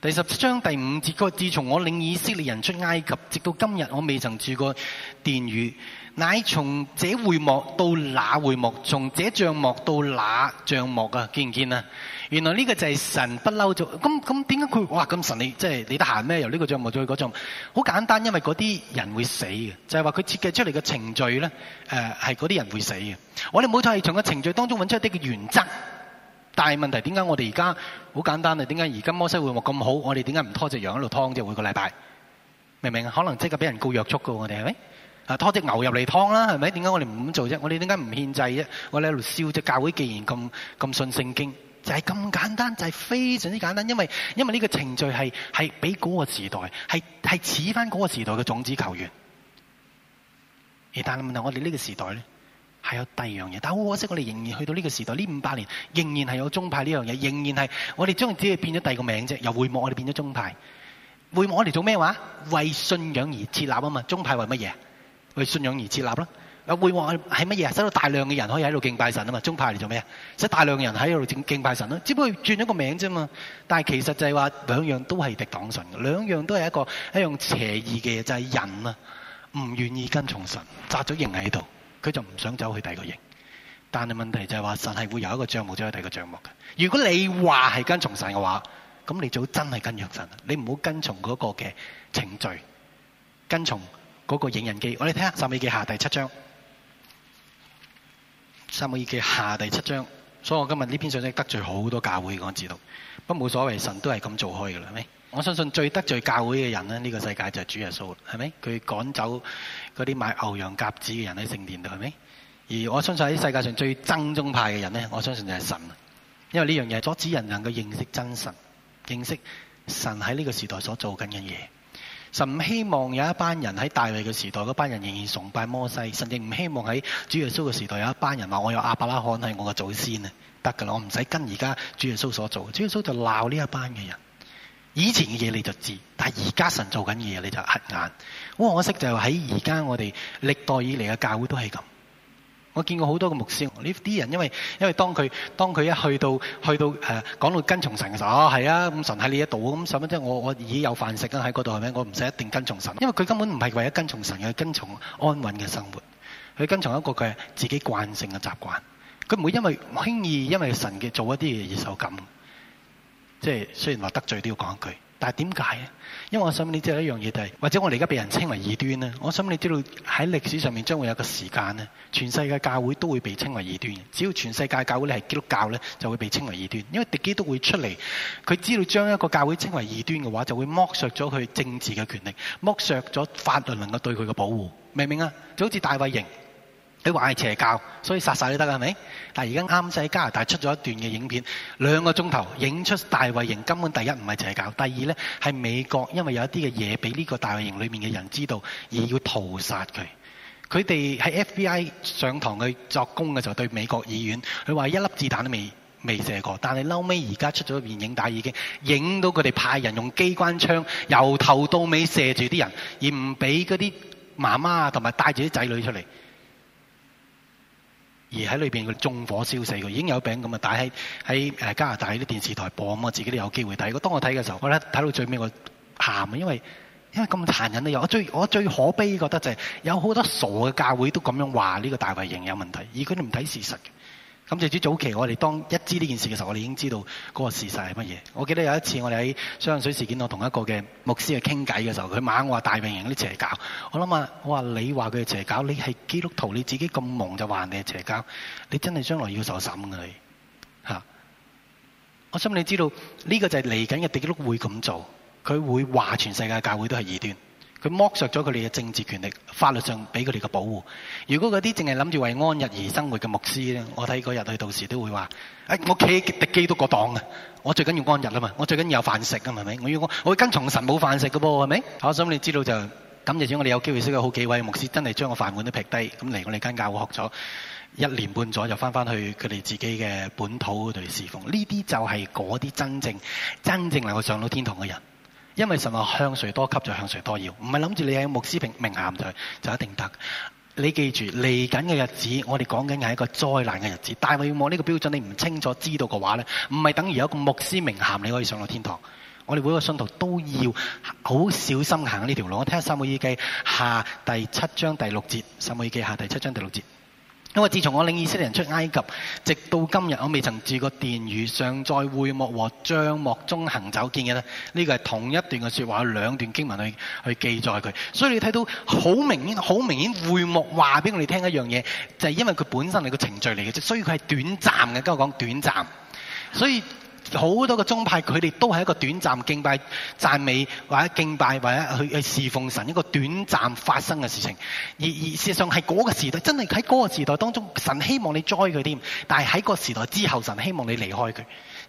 第十章第五節，佢自從我領以色列人出埃及，直到今日，我未曾住過殿宇。乃從這會幕到那會幕，從這帳幕到那帳幕啊！見唔見啊？原來呢個就係神不嬲做。咁咁點解佢哇咁神你即係、就是、你得閒咩？由呢個帳幕到去嗰種，好簡單，因為嗰啲人會死嘅。就係話佢設計出嚟嘅程序咧，誒係嗰啲人會死嘅。我哋冇錯係從個程序當中揾出一啲嘅原則，但係問題點解我哋而家好簡單啊？點解而家摩西會幕咁好？我哋點解唔拖隻羊喺度劏啫？每個禮拜，明唔明啊？可能即刻俾人告約束噶，我哋係咪？啊！拖啲牛入嚟劏啦，係咪？點解我哋唔咁做啫？我哋點解唔獻祭啫？我哋喺度笑只教會，既然咁咁信聖經，就係、是、咁簡單，就係、是、非常之簡單。因為因為呢個程序係係俾嗰個時代係係似翻嗰個時代嘅種子球員。但係問題，我哋呢個時代咧係有第二樣嘢，但係好可惜，我哋仍然去到呢個時代呢五百年，仍然係有宗派呢樣嘢，仍然係我哋將只變咗第二個名啫。又會幕我哋變咗宗派，會幕我哋做咩話為信仰而設立啊？嘛，宗派為乜嘢？去信仰而設立啦，會幕係乜嘢？使到大量嘅人可以喺度敬拜神啊嘛！宗派嚟做咩啊？使大量嘅人喺度敬敬拜神咯，只不過轉咗個名啫嘛。但係其實就係話兩樣都係敵擋神，兩樣都係一個一樣邪異嘅嘢，就係、是、人啊唔願意跟從神，紮咗營喺度，佢就唔想走去第二個營。但係問題就係話神係會有一個帳目走去第二個帳目嘅。如果你話係跟從神嘅話，咁你早真係跟約神啦。你唔好跟從嗰個嘅程序，跟從。嗰、那個影人機，我哋睇下《撒母耳記下》第七章，《撒母耳記下》第七章。所以我今日呢篇信息得罪好多教會，講知道不過冇所謂，神都係咁做開㗎啦，係咪？我相信最得罪教會嘅人呢，呢、這個世界就係主耶穌，係咪？佢趕走嗰啲買牛羊鴿子嘅人喺聖殿度，係咪？而我相信喺世界上最憎宗派嘅人呢，我相信就係神，因為呢樣嘢阻止人能夠認識真神，認識神喺呢個時代所做緊嘅嘢。神唔希望有一班人喺大衛嘅時代，嗰班人仍然崇拜摩西，甚至唔希望喺主耶穌嘅時代有一班人話：我有亞伯拉罕係我嘅祖先啊，得噶啦，我唔使跟而家主耶穌所做。主耶穌就鬧呢一班嘅人。以前嘅嘢你就知，但係而家神在做緊嘅嘢你就黑眼。好可惜就喺而家我哋歷代以嚟嘅教會都係咁。我見過好多個牧師，呢啲人因為因為當佢當佢一去到去到誒講、呃、到跟從神嘅時候，啊係啊，咁神喺呢度，咁使乜？即係我我已有飯食啦喺嗰度係咪？我唔使一定跟從神，因為佢根本唔係為咗跟從神嘅，佢跟從安穩嘅生活，佢跟從一個佢係自己慣性嘅習慣，佢唔會因為輕易因為神嘅做一啲嘢而受感，即係雖然話得罪都要講一句。但係點解啊？因為我想你知道一樣嘢就係，或者我哋而家被人稱為異端呢。我想你知道喺歷史上面將會有個時間呢，全世界教會都會被稱為異端。只要全世界教會你係基督教呢就會被稱為異端。因為敵基督會出嚟，佢知道將一個教會稱為異端嘅話，就會剝削咗佢政治嘅權力，剝削咗法律能夠對佢嘅保護。明唔明啊？就好似大衛營。你話係邪教，所以殺晒都得㗎，係咪？但而家啱晒。加拿大出咗一段嘅影片，兩個鐘頭影出大衛營根本第一唔係邪教，第二呢係美國，因為有一啲嘅嘢俾呢個大衛營裏面嘅人知道，而要屠殺佢。佢哋喺 FBI 上堂去作供嘅時候對美國議院，佢話一粒子彈都未未射過，但係嬲尾而家出咗個電影帶，已經影到佢哋派人用機關槍由頭到尾射住啲人，而唔俾嗰啲媽媽同埋帶住啲仔女出嚟。而喺裏邊佢縱火燒死佢已經有餅咁啊，帶喺喺誒加拿大啲電視台播咁啊，我自己都有機會睇。我當我睇嘅時候，我咧睇到最尾我喊啊，因為因為咁殘忍都有。我最我最可悲覺得就係、是、有好多傻嘅教會都咁樣話呢個大衛營有問題，而佢哋唔睇事實嘅。咁甚至早期，我哋當一知呢件事嘅時候，我哋已經知道嗰個事實係乜嘢。我記得有一次，我哋喺雙水事件度，同一個嘅牧師去傾偈嘅時候，佢猛話大衛營啲邪教。我諗啊，我話你話佢邪教，你係基督徒，你自己咁忙就話人哋係邪教，你真係將來要受審嘅、啊、你我心裏知道呢、這個就係嚟緊嘅地獄會咁做，佢會話全世界教會都係異端。佢剝削咗佢哋嘅政治權力，法律上俾佢哋嘅保護。如果嗰啲淨係諗住為安逸而生活嘅牧師咧，我睇嗰日佢到時都會話，誒、哎，我企敵基督過檔啊，我最緊要安逸啊嘛，我最緊要有飯食啊，係咪？我要我，我會跟從神冇飯食嘅噃，係咪？啊，我想你知道就感謝主，我哋有機會識咗好幾位牧師，真係將個飯碗都劈低，咁嚟我哋間教會學咗一年半左右，翻翻去佢哋自己嘅本土度侍奉。呢啲就係嗰啲真正真正能夠上到天堂嘅人。因為神話向誰多給就向誰多要，唔係諗住你喺牧師名名銜就就一定得。你記住嚟緊嘅日子，我哋講緊係一個災難嘅日子。但係我要望呢個標準，你唔清楚知道嘅話呢，唔係等於有個牧師名銜你可以上到天堂。我哋每個信徒都要好小心行呢條路。我聽三下《撒母耳記》下第七章第六節，《撒母耳記》下第七章第六節。因為自從我領以色列人出埃及，直到今日，我未曾住過殿宇，尚在會幕和帳幕中行走見嘅咧。呢、這個係同一段嘅說話，有兩段經文去去記載佢。所以你睇到好明顯，好明顯，會幕話俾我哋聽一樣嘢，就係、是、因為佢本身係個程序嚟嘅啫，所以佢係短暫嘅。咁我講短暫，所以。好多嘅宗派，佢哋都係一個短暫敬拜，讚美或者敬拜或者去去侍奉神一個短暫發生嘅事情。而而事實上係嗰個時代，真係喺嗰個時代當中，神希望你栽佢添。但係喺個時代之後，神希望你離開佢。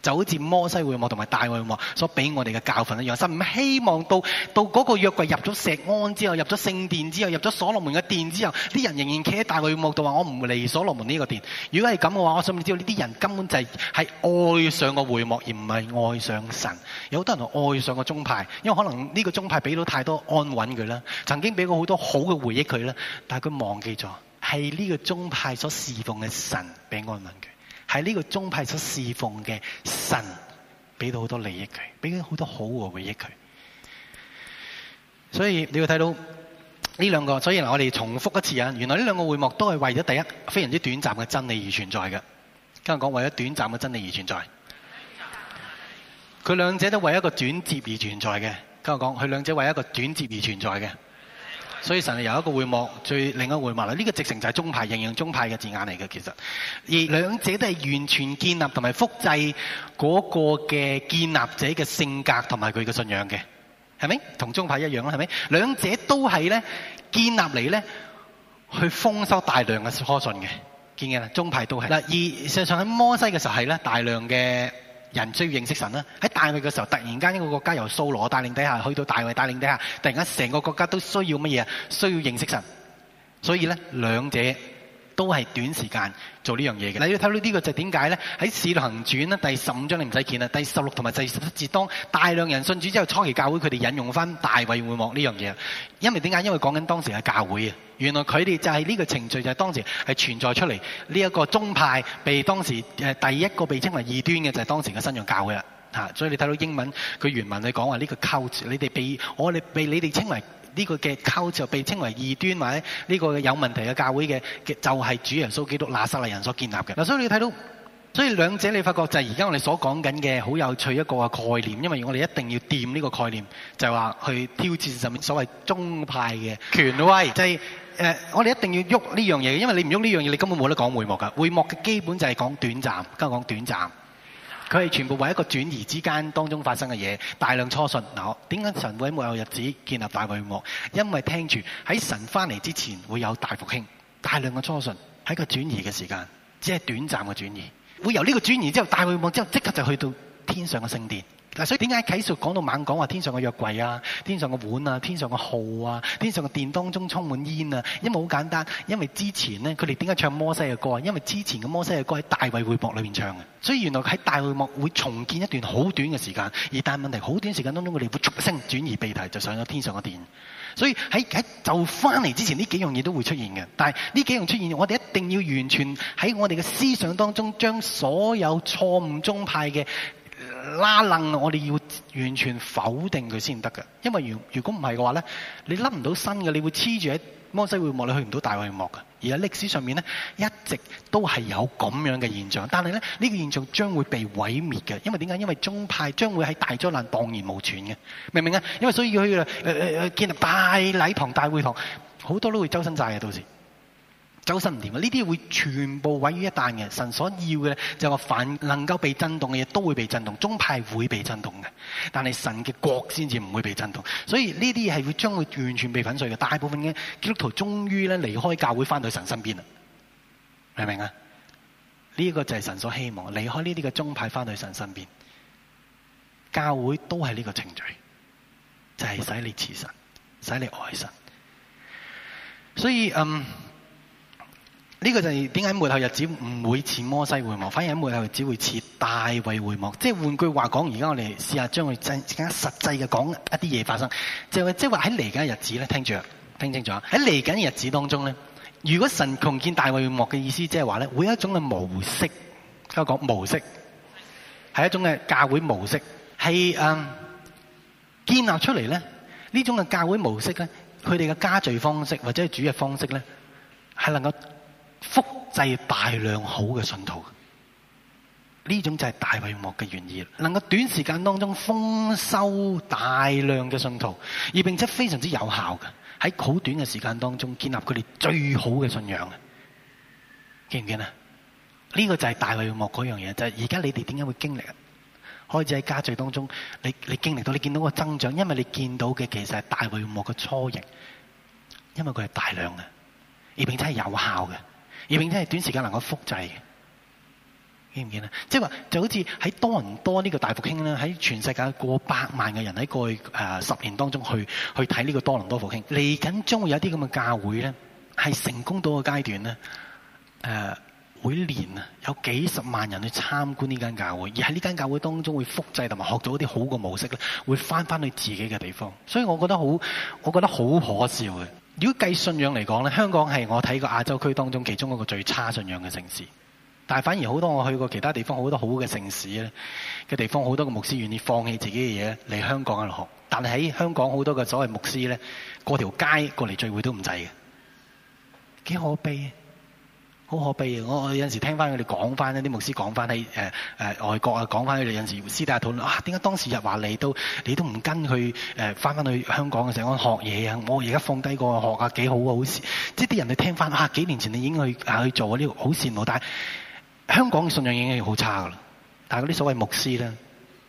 就好似摩西會幕同埋大會幕所俾我哋嘅教訓一樣，神唔希望到到嗰個約櫃入咗錫安之後，入咗聖殿之後，入咗所羅門嘅殿之後，啲人仍然企喺大會幕度話：我唔會嚟所羅門呢個殿。」如果係咁嘅話，我想知道呢啲人根本就係係愛上個會幕而唔係愛上神。有好多人愛上個宗派，因為可能呢個宗派俾到太多安穩佢啦，曾經俾過好多好嘅回憶佢啦，但係佢忘記咗係呢個宗派所侍奉嘅神俾安穩佢，喺呢個宗派所侍奉嘅神，俾到好多利益佢，俾咗好多好嘅回憶佢。所以你睇到呢兩個，所以嗱我哋重複一次啊，原來呢兩個會幕都係為咗第一非常之短暫嘅真理而存在嘅。跟我講，為咗短暫嘅真理而存在。佢兩者都為一個轉折而存在嘅。跟我講，佢兩者為一個轉折而存在嘅。所以神係有一個會幕，最另一個會幕啦。呢、呢個直程就係中派，形容中派嘅字眼嚟嘅。其實而兩者都係完全建立同埋複製嗰個嘅建立者嘅性格同埋佢嘅信仰嘅，係咪？同中派一樣啦，係咪？兩者都係咧建立嚟咧，去豐收大量嘅確信嘅，見嘅啦。中派都係嗱，而事實上喺摩西嘅時候係咧大量嘅。人需要認識神啦，喺大衛嘅時候，突然間呢個國家由掃羅帶領底下去到大衛帶領底下，突然間成個國家都需要乜嘢？需要認識神，所以咧，兩者。都係短時間做呢樣嘢嘅。你要睇到呢個就點解呢？喺《使徒行傳》咧第十五章你唔使見啦，第十六同埋第十七節，當大量人信主之後，初期教會佢哋引用翻大衛會幕呢樣嘢。因為點解？因為講緊當時嘅教會啊。原來佢哋就係呢個程序，就係、是、當時係存在出嚟呢一個宗派，被當時第一個被稱為異端嘅，就係、是、當時嘅新約教嘅。嚇！所以你睇到英文佢原文、這個、cult, 你講話呢個構，你哋被我哋被你哋稱為。呢、這個嘅構造被稱為異端，或者呢個有問題嘅教會嘅，嘅就係、是、主耶穌基督拿撒勒人所建立嘅嗱。所以你睇到，所以兩者你發覺就係而家我哋所講緊嘅好有趣的一個嘅概念，因為我哋一定要掂呢個概念，就係、是、話去挑戰上面所謂宗派嘅權威，就係、是、誒、呃、我哋一定要喐呢樣嘢，因為你唔喐呢樣嘢，你根本冇得講會幕噶。會幕嘅基本就係講短暫，今日講短暫。佢哋全部為一個轉移之間當中發生嘅嘢，大量初信。嗱，我點解神會喺末後日子建立大衛會幕？因為聽住喺神翻嚟之前會有大復興，大量嘅初信喺個轉移嘅時間，只係短暫嘅轉移，會由呢個轉移之後大衛會幕之後即刻就去到天上嘅聖殿。嗱，所以點解啟示講到猛講話天上嘅約櫃啊，天上嘅碗啊，天上嘅號啊，天上嘅殿當中充滿煙啊？因為好簡單，因為之前呢，佢哋點解唱摩西嘅歌啊？因為之前嘅摩西嘅歌喺大衛會幕裏面唱嘅。所以原來喺大衛會幕會重建一段好短嘅時間，而但問題好短的時間當中，佢哋會唰聲轉移話題，就上咗天上嘅殿。所以喺喺就返嚟之前，呢幾樣嘢都會出現嘅。但係呢幾樣出現，我哋一定要完全喺我哋嘅思想當中，將所有錯誤宗派嘅。拉楞，我哋要完全否定佢先得㗎，因為如如果唔係嘅話呢，你冧唔到身嘅，你會黐住喺摩西會幕，你去唔到大衛幕嘅。而喺歷史上面呢，一直都係有咁樣嘅現象，但係呢，呢、這個現象將會被毀滅嘅，因為點解？因為宗派將會喺大災難蕩然無存嘅，明唔明啊？因為所以要去誒誒、呃、建立大禮堂、大會堂，好多都會周身債嘅到時。周身唔掂啊！呢啲會全部毀於一旦嘅。神所要嘅就係話凡能夠被震動嘅嘢都會被震動。宗派會被震動嘅，但係神嘅國先至唔會被震動。所以呢啲嘢係會將會完全被粉碎嘅。大部分嘅基督徒終於咧離開教會翻到神身邊啦，明唔明啊？呢、呢個就係神所希望離開呢啲嘅宗派翻到神身邊。教會都係呢個程序，就係、是、使你慈神，使你愛神。所以嗯。呢、這個就係點解喺末後日子唔會似摩西會幕，反而喺末後日子會似大衞會幕。即係換句話講，而家我哋試下將佢更加實際嘅講一啲嘢發生，就即係話喺嚟緊嘅日子咧。聽住啊，聽清楚啊，喺嚟緊嘅日子當中咧，如果神重建大衞會幕嘅意思，即係話咧，會有一種嘅模式。聽我講模式係一種嘅教會模式，係嗯、um，建立出嚟咧呢種嘅教會模式咧，佢哋嘅家聚方式或者係主嘅方式咧，係能夠。複製大量好嘅信徒，呢種就係大衛幕嘅原意，能夠短時間當中豐收大量嘅信徒，而並且非常之有效嘅，喺好短嘅時間當中建立佢哋最好嘅信仰啊！記唔記咧？呢、這個就係大衛幕嗰樣嘢，就係而家你哋點解會經歷啊？開始喺家聚會當中，你你經歷到你見到個增長，因為你見到嘅其實係大衛幕嘅初型，因為佢係大量嘅，而並且係有效嘅。而並且係短時間能夠複製嘅，記唔記得？即係話就好似喺多倫多呢個大復興啦，喺全世界過百萬嘅人喺過去誒、呃、十年當中去去睇呢個多倫多復興，嚟緊將會有一啲咁嘅教會咧，係成功到嘅階段咧，誒每年啊有幾十萬人去參觀呢間教會，而喺呢間教會當中會複製同埋學到一啲好嘅模式咧，會翻翻去自己嘅地方，所以我覺得好，我覺得好可笑嘅。如果計信仰嚟講咧，香港係我睇過亞洲區當中其中一個最差信仰嘅城市。但係反而好多我去過其他地方，好多好嘅城市咧嘅地方，好多嘅牧師願意放棄自己嘅嘢嚟香港度學。但係喺香港好多嘅所謂牧師咧，過條街過嚟聚會都唔制嘅，幾可悲啊！好可悲啊！我我有陣時聽翻佢哋講翻一啲牧師講翻喺誒誒外國啊，講翻佢哋有陣時私底下討論，啊。點解當時日華嚟都你都唔跟佢誒翻翻去香港嘅時候我學嘢啊！我而家放低個學啊幾好，好啊！好羨！即係啲人哋聽翻啊幾年前你已經去啊去做啊呢個好羨慕，但係香港嘅信仰已經好差噶啦。但係嗰啲所謂牧師咧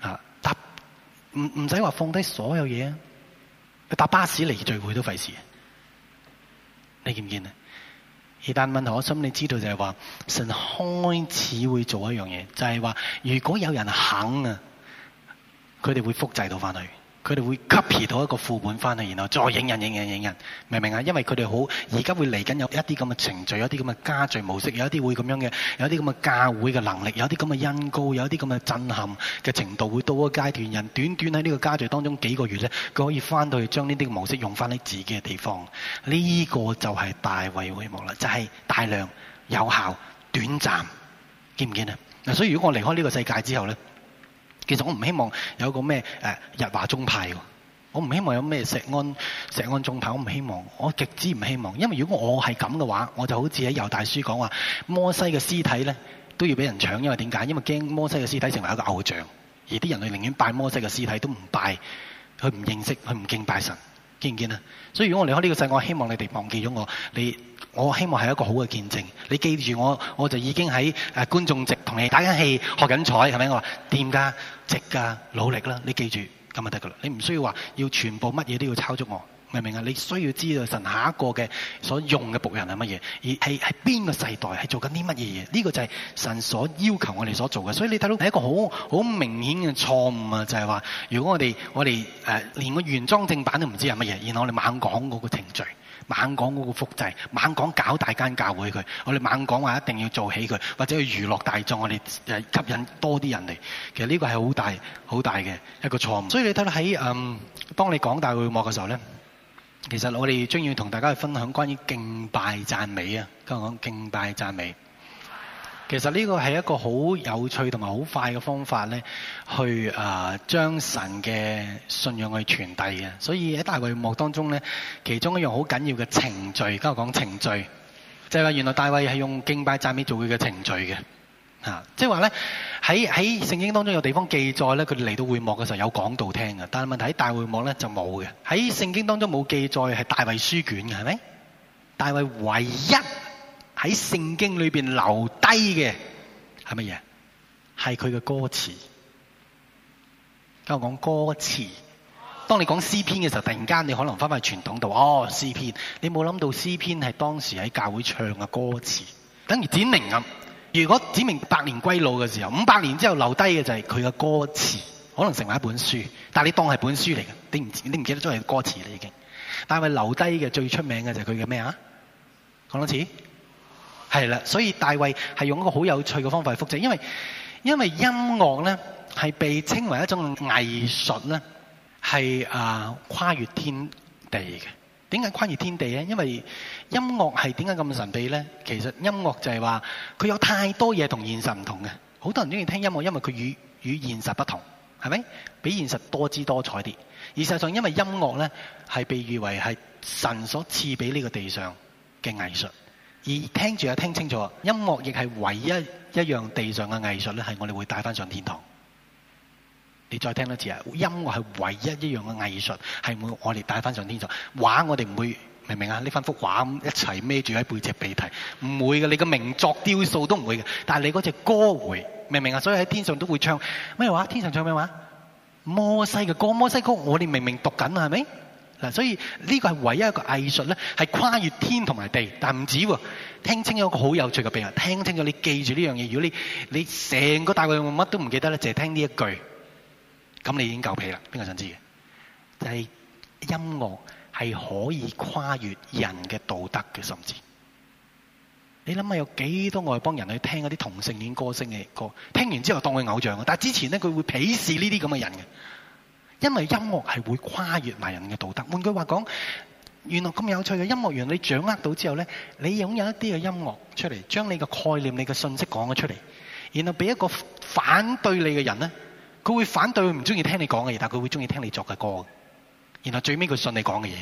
嚇搭唔唔使話放低所有嘢，去搭巴士嚟聚會都費事嘅。你見唔見啊？但問題我心你知道就係話，神開始會做一樣嘢，就係話，如果有人肯啊，佢哋會複製到翻去。佢哋會 copy 到一個副本翻去，然後再影印、影印、影印，明唔明啊？因為佢哋好而家會嚟緊有一啲咁嘅程序，有一啲咁嘅家聚模式，有一啲會咁樣嘅，有一啲咁嘅教會嘅能力，有啲咁嘅恩膏，有啲咁嘅震撼嘅程度，會到個階段人短短喺呢個家聚當中幾個月呢，佢可以翻到去將呢啲模式用翻喺自己嘅地方。呢、這個就係大衞會幕啦，就係、是、大量、有效、短暫，見唔見啊？嗱，所以如果我離開呢個世界之後呢。其實我唔希望有個咩誒日華宗派喎，我唔希望有咩石安石安宗派，我唔希望，我極之唔希望。因為如果我係咁嘅話，我就好似喺猶大書講話，摩西嘅屍體呢都要俾人搶，因為點解？因為驚摩西嘅屍體成為一個偶像，而啲人類寧願拜摩西嘅屍體都唔拜，佢唔認識，佢唔敬拜神。見唔見啊？所以如果我離開呢個世界，我希望你哋忘記咗我。你我希望係一個好嘅見證，你記住我，我就已經喺誒、呃、觀眾席同你打緊戲、學緊彩，係咪我話掂㗎、值㗎、努力啦。你記住咁就得㗎喇，你唔需要話要全部乜嘢都要抄足我。明唔明啊？你需要知道神下一個嘅所用嘅僕人係乜嘢，而係喺邊個世代，係做緊啲乜嘢嘢？呢個就係神所要求我哋所做嘅。所以你睇到係一個好好明顯嘅錯誤啊！就係、是、話，如果我哋我哋誒、呃、連個原裝正版都唔知係乜嘢，然後我哋猛講嗰個程序，猛講嗰個複製，猛講搞大間教會佢，我哋猛講話一定要做起佢，或者去娛樂大眾，我哋吸引多啲人嚟。其實呢個係好大好大嘅一個錯誤。所以你睇到喺嗯、呃、當你講大會幕嘅時候咧。其實我哋將要同大家去分享關於敬拜讚美啊，今日講敬拜讚美。其實呢個係一個好有趣同埋好快嘅方法咧，去啊將神嘅信仰去傳遞嘅。所以喺大衛幕當中咧，其中一樣好緊要嘅程序，今日講程序，就係話原來大衛係用敬拜讚美做佢嘅程序嘅。吓、啊，即係話咧，喺喺聖經當中有地方記載咧，佢哋嚟到會幕嘅時候有講道聽嘅，但係問題喺大會幕咧就冇嘅。喺聖經當中冇記載係大衛書卷嘅，係咪？大衛唯一喺聖經裏邊留低嘅係乜嘢？係佢嘅歌詞。今日講歌詞，當你講詩篇嘅時候，突然間你可能翻翻去傳統度，哦，詩篇，你冇諗到詩篇係當時喺教會唱嘅歌詞，等於點名咁。如果指明百年歸老嘅時候，五百年之後留低嘅就係佢嘅歌詞，可能成為一本書，但係你當係本書嚟嘅，你唔你唔記得咗係歌詞啦已經。大衛留低嘅最出名嘅就係佢嘅咩啊？講多次，係啦，所以大衛係用一個好有趣嘅方法去複製，因為因為音樂咧係被稱為一種藝術咧係啊跨越天地嘅。點解跨越天地咧？因為音樂係點解咁神秘咧？其實音樂就係話佢有太多嘢，同現實唔同嘅。好多人中意聽音樂，因為佢與與現實不同，係咪比現實多姿多彩啲？而事實上，因為音樂咧，係被譽為係神所賜俾呢個地上嘅藝術，而聽住又聽清楚，音樂亦係唯一一樣地上嘅藝術咧，係我哋會帶返上天堂。你再聽多次啊！音樂係唯一一樣嘅藝術，係會我哋帶翻上天上畫，畫我哋唔會明唔明啊？呢翻幅畫一齊孭住喺背脊畀睇，唔會嘅。你嘅名作雕塑都唔會嘅，但係你嗰隻歌會明唔明啊？所以喺天上都會唱咩話？天上唱咩話？摩西嘅歌，那個、摩西曲，我哋明明讀緊啦，係咪嗱？所以呢、這個係唯一一個藝術咧，係跨越天同埋地，但唔止喎。聽清咗個好有趣嘅秘密，聽清咗你記住呢樣嘢。如果你你成個大衆乜都唔記得咧，淨係聽呢一句。咁你已經夠皮啦！邊個想知嘅？就係、是、音樂係可以跨越人嘅道德嘅甚至。你諗下有幾多外邦人去聽一啲同性戀歌星嘅歌，聽完之後當佢偶像啊！但係之前咧佢會鄙視呢啲咁嘅人嘅，因為音樂係會跨越埋人嘅道德。換句話講，原來咁有趣嘅音樂，原來你掌握到之後咧，你擁有一啲嘅音樂出嚟，將你嘅概念、你嘅信息講咗出嚟，然後俾一個反對你嘅人咧。佢會反對，佢唔中意聽你講嘅嘢，但係佢會中意聽你作嘅歌。然後最尾佢信你講嘅嘢，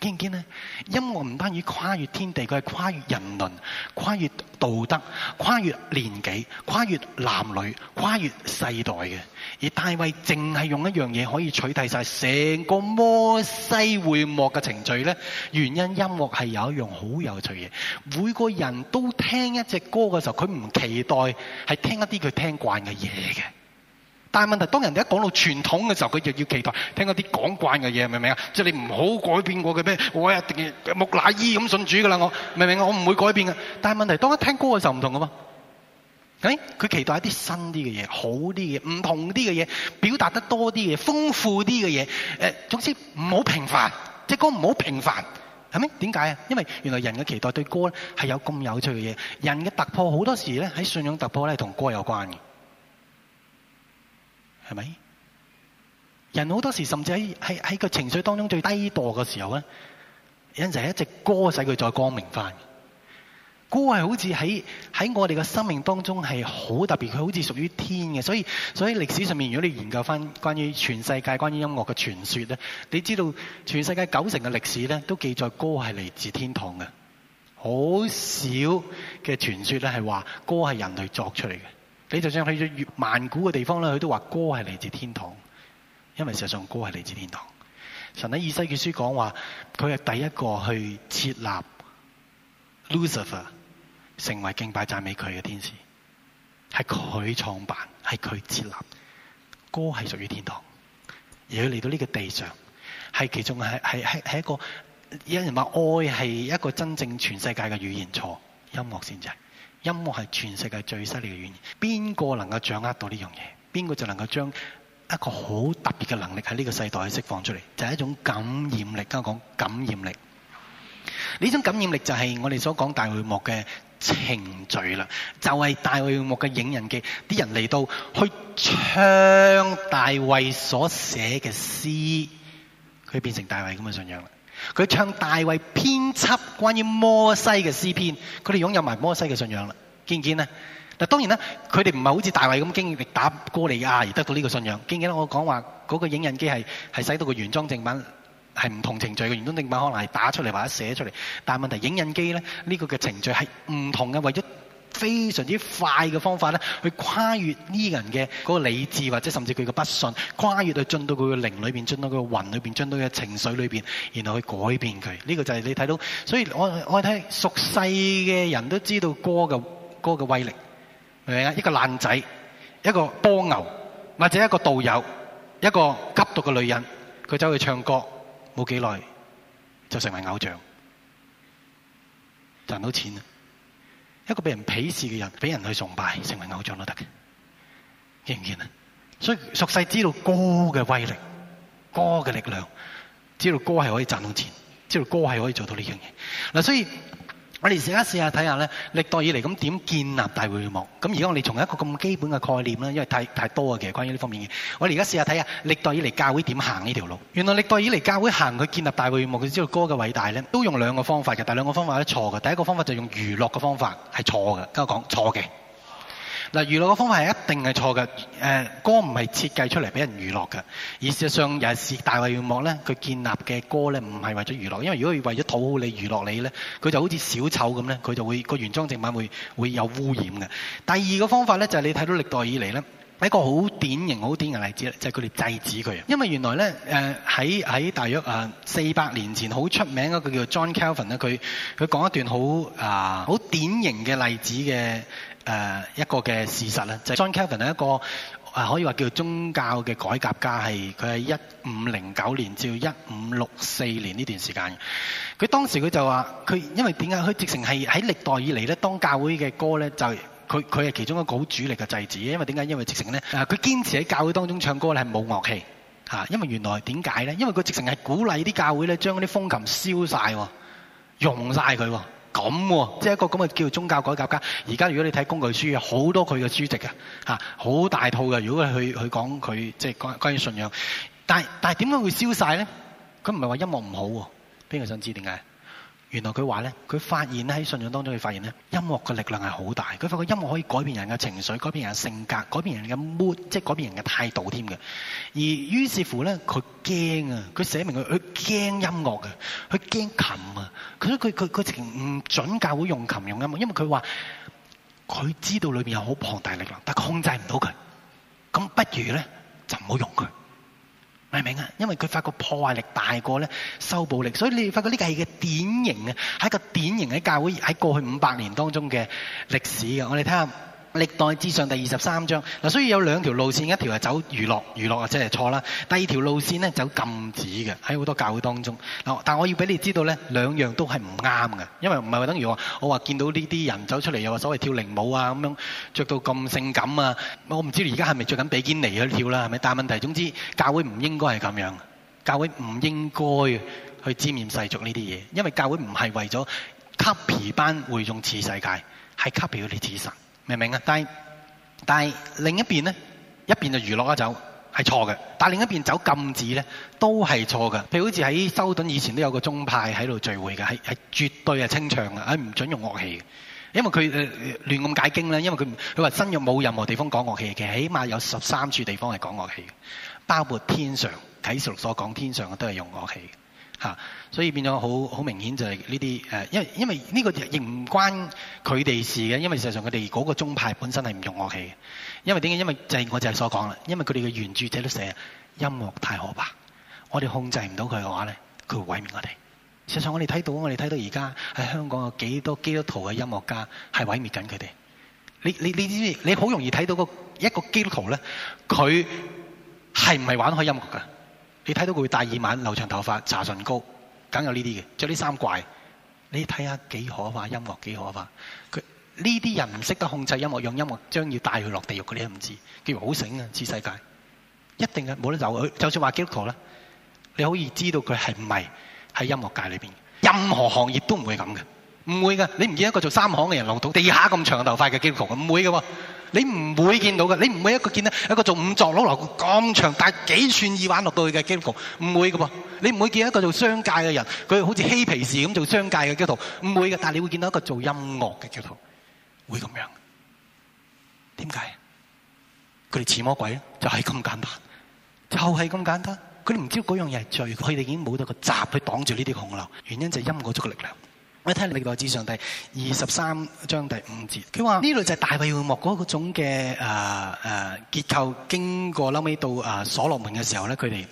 見唔見呢？音樂唔單止跨越天地，佢係跨越人倫、跨越道德、跨越年紀、跨越男女、跨越世代嘅。而大衛淨係用一樣嘢可以取代晒成個摩西會幕嘅程序呢。原因音樂係有一樣好有趣嘅：每個人都聽一隻歌嘅時候，佢唔期待係聽一啲佢聽慣嘅嘢嘅。但係問題，當人哋一講到傳統嘅時候，佢就要期待聽一啲講慣嘅嘢，明唔明啊？即係你唔好改變過嘅咩？我一定要木乃伊咁信主噶啦，我明唔明啊？我唔會改變嘅。但係問題，當一聽歌嘅時候唔同噶嘛？佢期待一啲新啲嘅嘢，好啲嘅嘢，唔同啲嘅嘢，表達得多啲嘅嘢，豐富啲嘅嘢。誒、呃，總之唔好平凡，即係歌唔好平凡，係咪？點解啊？因為原來人嘅期待對歌咧係有咁有趣嘅嘢。人嘅突破好多時咧喺信仰突破咧同歌有關嘅。係咪？人好多時甚至喺喺喺個情緒當中最低墮嘅時候咧，有陣時係一隻歌使佢再光明翻。歌係好似喺喺我哋嘅生命當中係好特別，佢好似屬於天嘅。所以所以歷史上面，如果你研究翻關於全世界關於音樂嘅傳說咧，你知道全世界九成嘅歷史咧都記載歌係嚟自天堂嘅，好少嘅傳說咧係話歌係人類作出嚟嘅。你就算去咗越曼古嘅地方咧，佢都話歌係嚟自天堂，因為事實上歌係嚟自天堂。神喺以西結書講話，佢係第一個去設立 Lucifer 成為敬拜讚美佢嘅天使，係佢創辦，係佢設立。歌係屬於天堂，而佢嚟到呢個地上，係其中係係係係一個有人話愛係一個真正全世界嘅語言，錯，音樂先至。音樂係全世界最犀利嘅語言，邊個能夠掌握到呢樣嘢？邊個就能夠將一個好特別嘅能力喺呢個世代釋放出嚟？就係一種感染力，剛講感染力。呢種感染力就係我哋所講大衛會幕嘅程序啦，就係大衛會幕嘅影人記。啲人嚟到去唱大衛所寫嘅詩，佢變成大衛咁嘅信仰啦。佢唱大衛編輯關於摩西嘅詩篇，佢哋擁有埋摩西嘅信仰啦。見唔見咧？嗱當然啦，佢哋唔係好似大衛咁經歷打哥利亞而得到呢個信仰。見唔見咧？我講話嗰個影印機係係使到個原裝正版係唔同程序嘅原裝正版，可能係打出嚟或者寫出嚟。但係問題影印機咧，呢個嘅程序係唔同嘅，為咗非常之快嘅方法咧，去跨越呢人嘅嗰個理智，或者甚至佢嘅不信，跨越去進到佢嘅靈裏邊，進到佢嘅魂裏邊，進到佢嘅情緒裏邊，然後去改變佢。呢個就係你睇到，所以我我睇熟悉嘅人都知道歌嘅歌嘅威力，明唔明啊？一個爛仔，一個波牛，或者一個道友，一個吸毒嘅女人，佢走去唱歌，冇幾耐就成為偶像，賺到錢啊！一個被人鄙視嘅人，俾人去崇拜，成為偶像都得嘅，認唔認啊？所以俗世知道歌嘅威力，歌嘅力量，知道歌係可以賺到錢，知道歌係可以做到呢樣嘢。嗱，所以。我哋而家試下睇下呢，歷代以嚟咁點建立大衛會幕？咁而家我哋從一個咁基本嘅概念啦，因為太太多嘅關於呢方面嘅。我哋而家試下睇下歷代以嚟教會點行呢條路？原來歷代以嚟教會行去建立大衛會幕，佢知道歌嘅偉大咧，都用兩個方法嘅。但兩個方法都錯嘅。第一個方法就是用娛樂嘅方法係錯嘅。跟我講錯嘅。嗱，娛樂嘅方法係一定係錯嘅。誒、呃，歌唔係設計出嚟俾人娛樂嘅，而事實上，尤其是大衞會幕咧，佢建立嘅歌咧，唔係為咗娛樂。因為如果佢為咗討好你、娛樂你咧，佢就好似小丑咁咧，佢就會個原裝正版會會有污染嘅。第二個方法咧，就係、是、你睇到歷代以嚟咧，一個好典型、好典型嘅例子就係佢哋制止佢。因為原來咧，誒，喺喺大約啊四百年前，好出名嗰個叫 John Calvin 咧，佢佢講一段好啊好典型嘅例子嘅。誒、呃、一個嘅事實咧，就係、John Calvin 係一個誒、呃、可以話叫宗教嘅改革家，係佢係一五零九年至一五六四年呢段時間。佢當時佢就話佢，因為點解佢直情係喺歷代以嚟咧，當教會嘅歌咧，就佢佢係其中一個好主力嘅製止。因為點解？因為直情咧，佢堅持喺教會當中唱歌咧係冇樂器嚇，因為原來點解咧？因為佢直情係鼓勵啲教會咧將嗰啲風琴燒曬用晒佢。咁喎、啊，即係一個咁嘅叫宗教改革家。而家如果你睇工具書，好多佢嘅書籍嘅吓，好大套嘅。如果佢佢講佢即係關關於信仰，但係但係點解會消曬咧？佢唔係話音樂唔好喎，邊個想知點解？原來佢話咧，佢發現咧，喺信仰當中，佢發現咧，音樂嘅力量係好大。佢發覺音樂可以改變人嘅情緒，改變人嘅性格，改變人嘅 mood，即係改變人嘅態度添嘅。而於是乎咧，佢驚啊！佢寫明佢，佢驚音樂嘅，佢驚琴啊！佢佢佢佢唔准教會用琴用音樂，因為佢話佢知道裏邊有好龐大力量，但係控制唔到佢。咁不如咧，就唔好用佢。明唔明啊？因為佢發覺破壞力大過咧修補力，所以你們發覺呢件嘢嘅典型啊，係一個典型喺教會喺過去五百年當中嘅歷史嘅。我哋睇下。歷代志上第二十三章嗱，所以有兩條路線，一條係走娛樂，娛樂啊，即係錯啦。第二條路線呢，走禁止嘅喺好多教會當中嗱。但我要俾你知道呢兩樣都係唔啱嘅，因為唔係話等於我我話見到呢啲人走出嚟又話所謂跳靈舞啊咁樣，着到咁性感啊，我唔知而家係咪着緊比基尼嗰啲跳啦，係咪？但係問題總之教會唔應該係咁樣，教會唔應該去沾染世俗呢啲嘢，因為教會唔係為咗 copy 班會眾似世界，係 copy 嗰啲似神。明唔明啊？但係但係另一邊呢，一邊就娛樂一走係錯嘅，但係另一邊走禁止呢，都係錯嘅。譬如好似喺修頓以前都有個宗派喺度聚會嘅，係絕對係清唱嘅，係唔準用樂器嘅，因為佢誒、呃、亂咁解經呢，因為佢佢話新約冇任何地方講樂器，其實起碼有十三處地方係講樂器，包括天上啟示錄所講天上嘅都係用樂器。吓、啊，所以變咗好好明顯就係呢啲，因為因為呢個亦唔關佢哋事嘅，因為事實上佢哋嗰個宗派本身係唔用樂器嘅。因為點解？因為就係我就係所講啦。因為佢哋嘅原著者都寫，音樂太可怕。我哋控制唔到佢嘅話咧，佢會毀滅我哋。事實上我哋睇到，我哋睇到而家喺香港有幾多基督徒嘅音樂家係毀滅緊佢哋。你你你知唔知？你好容易睇到個一個基督徒咧，佢係唔係玩開音樂㗎？你睇到佢戴耳環留長頭髮搽唇膏，梗有呢啲嘅着呢三怪，你睇下幾可怕，音樂幾可怕。佢呢啲人唔識得控制音樂，用音樂將要帶佢落地獄，佢都唔知道。佢話好醒啊，似世界，一定嘅冇得走。就算話基督徒咧，你可以知道佢係唔係喺音樂界裏邊。任何行業都唔會咁嘅，唔會噶。你唔見一個做三行嘅人留到地下咁長嘅頭髮嘅基督徒。唔會噶喎、啊。你唔會見到嘅，你唔會一個見到一個做五座樓留咁長戴幾寸耳環落到去嘅基督徒，唔會嘅噃。你唔會見到一個做商界嘅人，佢好似嬉皮士咁做商界嘅基督徒，唔會嘅。但係你會見到一個做音樂嘅基督徒，會咁樣。點解？佢哋似魔鬼咧，就係、是、咁簡單，就係、是、咁簡單。佢哋唔知嗰樣嘢係罪，佢哋已經冇到個閘去擋住呢啲洪流。原因就係音樂咗個力量。我一睇，歷代志上第二十三章第五節，佢話呢類就係大衛會幕嗰個種嘅誒誒結構，經過撈尾到誒所羅門嘅時候咧，佢哋。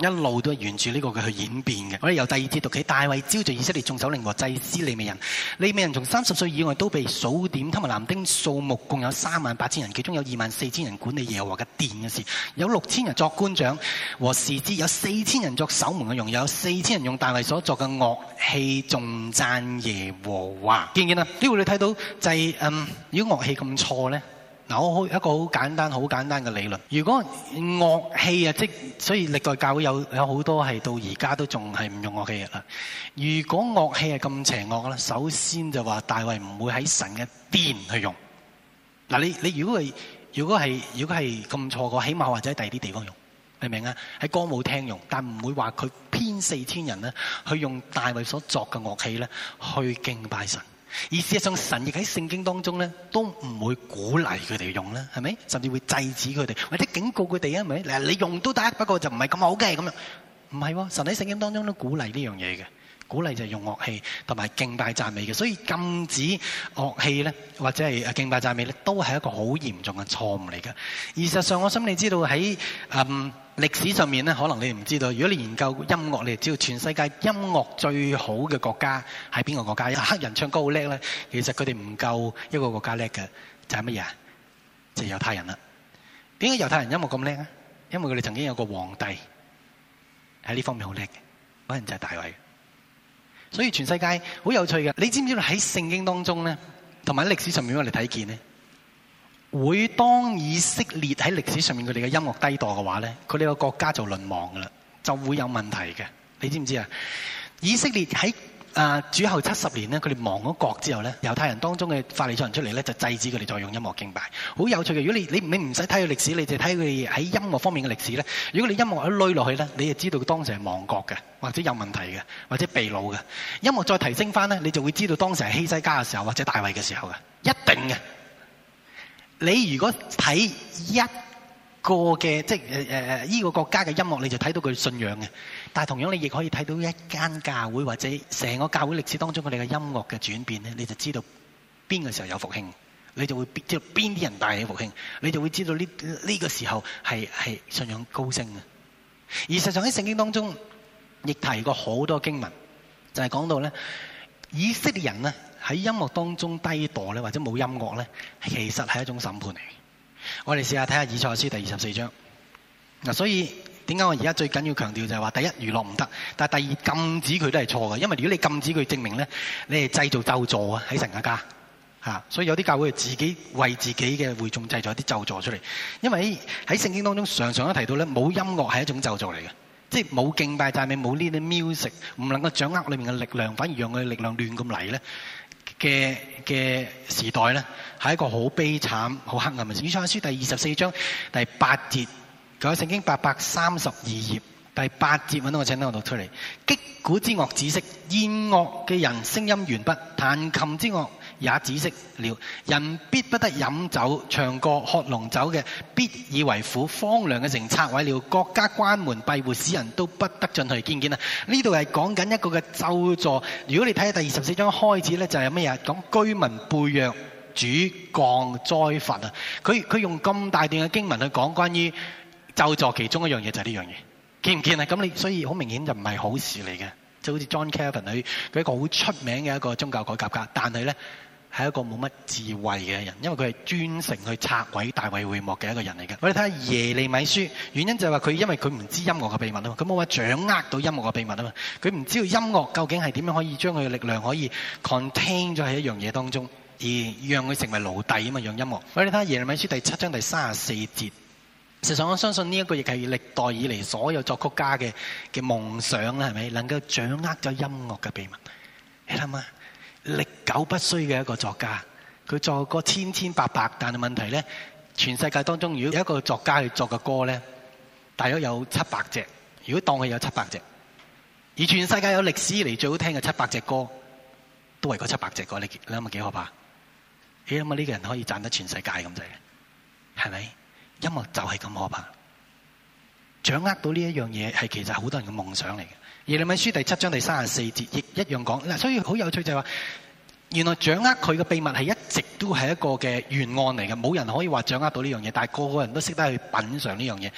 一路都係沿住呢個嘅去演變嘅，我哋由第二節讀起。大衛召集以色列眾首領和祭司利未人，利未人從三十歲以外都被數點，他們男丁數目共有三萬八千人，其中有二萬四千人管理耶和華嘅殿嘅事，有六千人作官長和士師，有四千人作守門嘅用，有四千人用大衛所作嘅樂器，頌讚耶和華見見。見唔見啊？呢度你睇到就係、是，嗯，如果樂器咁錯咧？嗱，我好一個好簡單、好簡單嘅理論。如果樂器啊，即所以歷代教會有有好多係到而家都仲係唔用樂器嘅啦。如果樂器係咁邪惡啦，首先就話大衛唔會喺神嘅殿去用。嗱，你你如果係如果係如果係咁錯過，起碼或者喺第二啲地方用，你明唔明啊？喺歌舞廳用，但唔會話佢編四千人咧去用大衛所作嘅樂器咧去敬拜神。而事實上，神亦喺聖經當中咧，都唔會鼓勵佢哋用啦，係咪？甚至會制止佢哋，或者警告佢哋啊，係咪，嗱，你用都得，不過就唔係咁好嘅咁樣。唔係，神喺聖經當中都鼓勵呢樣嘢嘅。鼓勵就係用樂器同埋敬拜讚美嘅，所以禁止樂器咧，或者係敬拜讚美咧，都係一個好嚴重嘅錯誤嚟嘅。而事實上，我想你知道喺、嗯、歷史上面咧，可能你唔知道。如果你研究音樂，你哋知道全世界音樂最好嘅國家喺邊個國家？黑人唱歌好叻咧，其實佢哋唔夠一個國家叻嘅，就係乜嘢？就係、是、猶太人啦。點解猶太人音樂咁叻啊？因為佢哋曾經有個皇帝喺呢方面好叻嘅，嗰人就係大衛。所以全世界好有趣嘅，你知唔知道喺聖經當中咧，同埋喺歷史上面我哋睇見咧，每當以色列喺歷史上面佢哋嘅音樂低墮嘅話咧，佢哋個國家就淪亡嘅啦，就會有問題嘅。你知唔知啊？以色列喺啊！主後七十年咧，佢哋亡咗國之後咧，猶太人當中嘅法利賽人出嚟咧，就制止佢哋再用音樂敬拜。好有趣嘅，如果你你你唔使睇佢歷史，你就睇佢喺音樂方面嘅歷史咧。如果你音樂一攏落去咧，你就知道佢當時係亡國嘅，或者有問題嘅，或者被擄嘅。音樂再提升翻咧，你就會知道當時係希西家嘅時候或者大衛嘅時候嘅，一定嘅。你如果睇一個嘅即係誒誒誒，依個國家嘅音樂你就睇到佢信仰嘅，但係同樣你亦可以睇到一間教會或者成個教會歷史當中佢哋嘅音樂嘅轉變咧，你就知道邊個時候有復興，你就會邊知道邊啲人大嘅復興，你就會知道呢呢個時候係係信仰高升嘅。而實際上喺聖經當中亦提過好多經文，就係、是、講到咧，以色列人咧喺音樂當中低墮咧，或者冇音樂咧，其實係一種審判嚟。我哋試下睇下《以賽亞書》第二十四章。嗱，所以點解我而家最緊要強調就係話：第一娛樂唔得，但係第二禁止佢都係錯嘅，因為如果你禁止佢，證明咧你係製造咒詛啊喺神嘅家。所以有啲教會就自己為自己嘅會眾製造一啲咒詛出嚟，因為喺聖經當中常常都提到咧，冇音樂係一種咒詛嚟嘅，即係冇敬拜就係冇呢啲 music，唔能夠掌握裏面嘅力量，反而讓佢力量亂咁嚟咧。嘅嘅時代呢，係一個好悲慘、好黑暗嘅時。《以賽亞書》第二十四章第八節，佢喺《聖經》八百三十二頁第八節，搵到我請到我讀出嚟。擊鼓之樂止息，宴樂嘅人聲音完畢，彈琴之樂。也止息了。人必不得飲酒、唱歌、喝濃酒嘅，必以為苦。荒涼嘅城拆毀了，國家關門閉戶，使人都不得進去見見。呢度係講緊一個嘅咒詛。如果你睇下第二十四章開始呢，就係咩嘢？講居民背約、主降災罰啊！佢佢用咁大段嘅經文去講關於咒詛，其中一樣嘢就係呢樣嘢，見唔見啊？咁你所以好明顯就唔係好事嚟嘅，就好似 John Calvin 佢佢一個好出名嘅一個宗教改革家，但係呢。係一個冇乜智慧嘅人，因為佢係專程去拆毀大衛會幕嘅一個人嚟嘅。我哋睇下耶利米書，原因就係話佢因為佢唔知音樂嘅秘密啊嘛，佢冇話掌握到音樂嘅秘密啊嘛，佢唔知道音樂究竟係點樣可以將佢嘅力量可以 contain 咗喺一樣嘢當中，而讓佢成為奴隸啊嘛，讓音樂。我哋睇下耶利米書第七章第三十四節。事實上我相信呢一個亦係歷代以嚟所有作曲家嘅嘅夢想啦，係咪能夠掌握咗音樂嘅秘密？你諗下。歷久不衰嘅一個作家，佢作過千千百百，但係問題咧，全世界當中如果有一個作家去作嘅歌咧，大約有七百隻。如果當佢有七百隻，而全世界有歷史以嚟最好聽嘅七百隻歌，都係個七百隻歌，你諗下幾可怕？你諗下呢個人可以賺得全世界咁滯嘅，係咪？音樂就係咁可怕。掌握到呢一樣嘢，係其實好多人嘅夢想嚟嘅。耶利米書第七章第三十四節亦一樣講嗱，所以好有趣就係話，原來掌握佢嘅秘密係一直都係一個嘅原案嚟嘅，冇人可以話掌握到呢樣嘢，但係個個人都識得去品嚐呢樣嘢。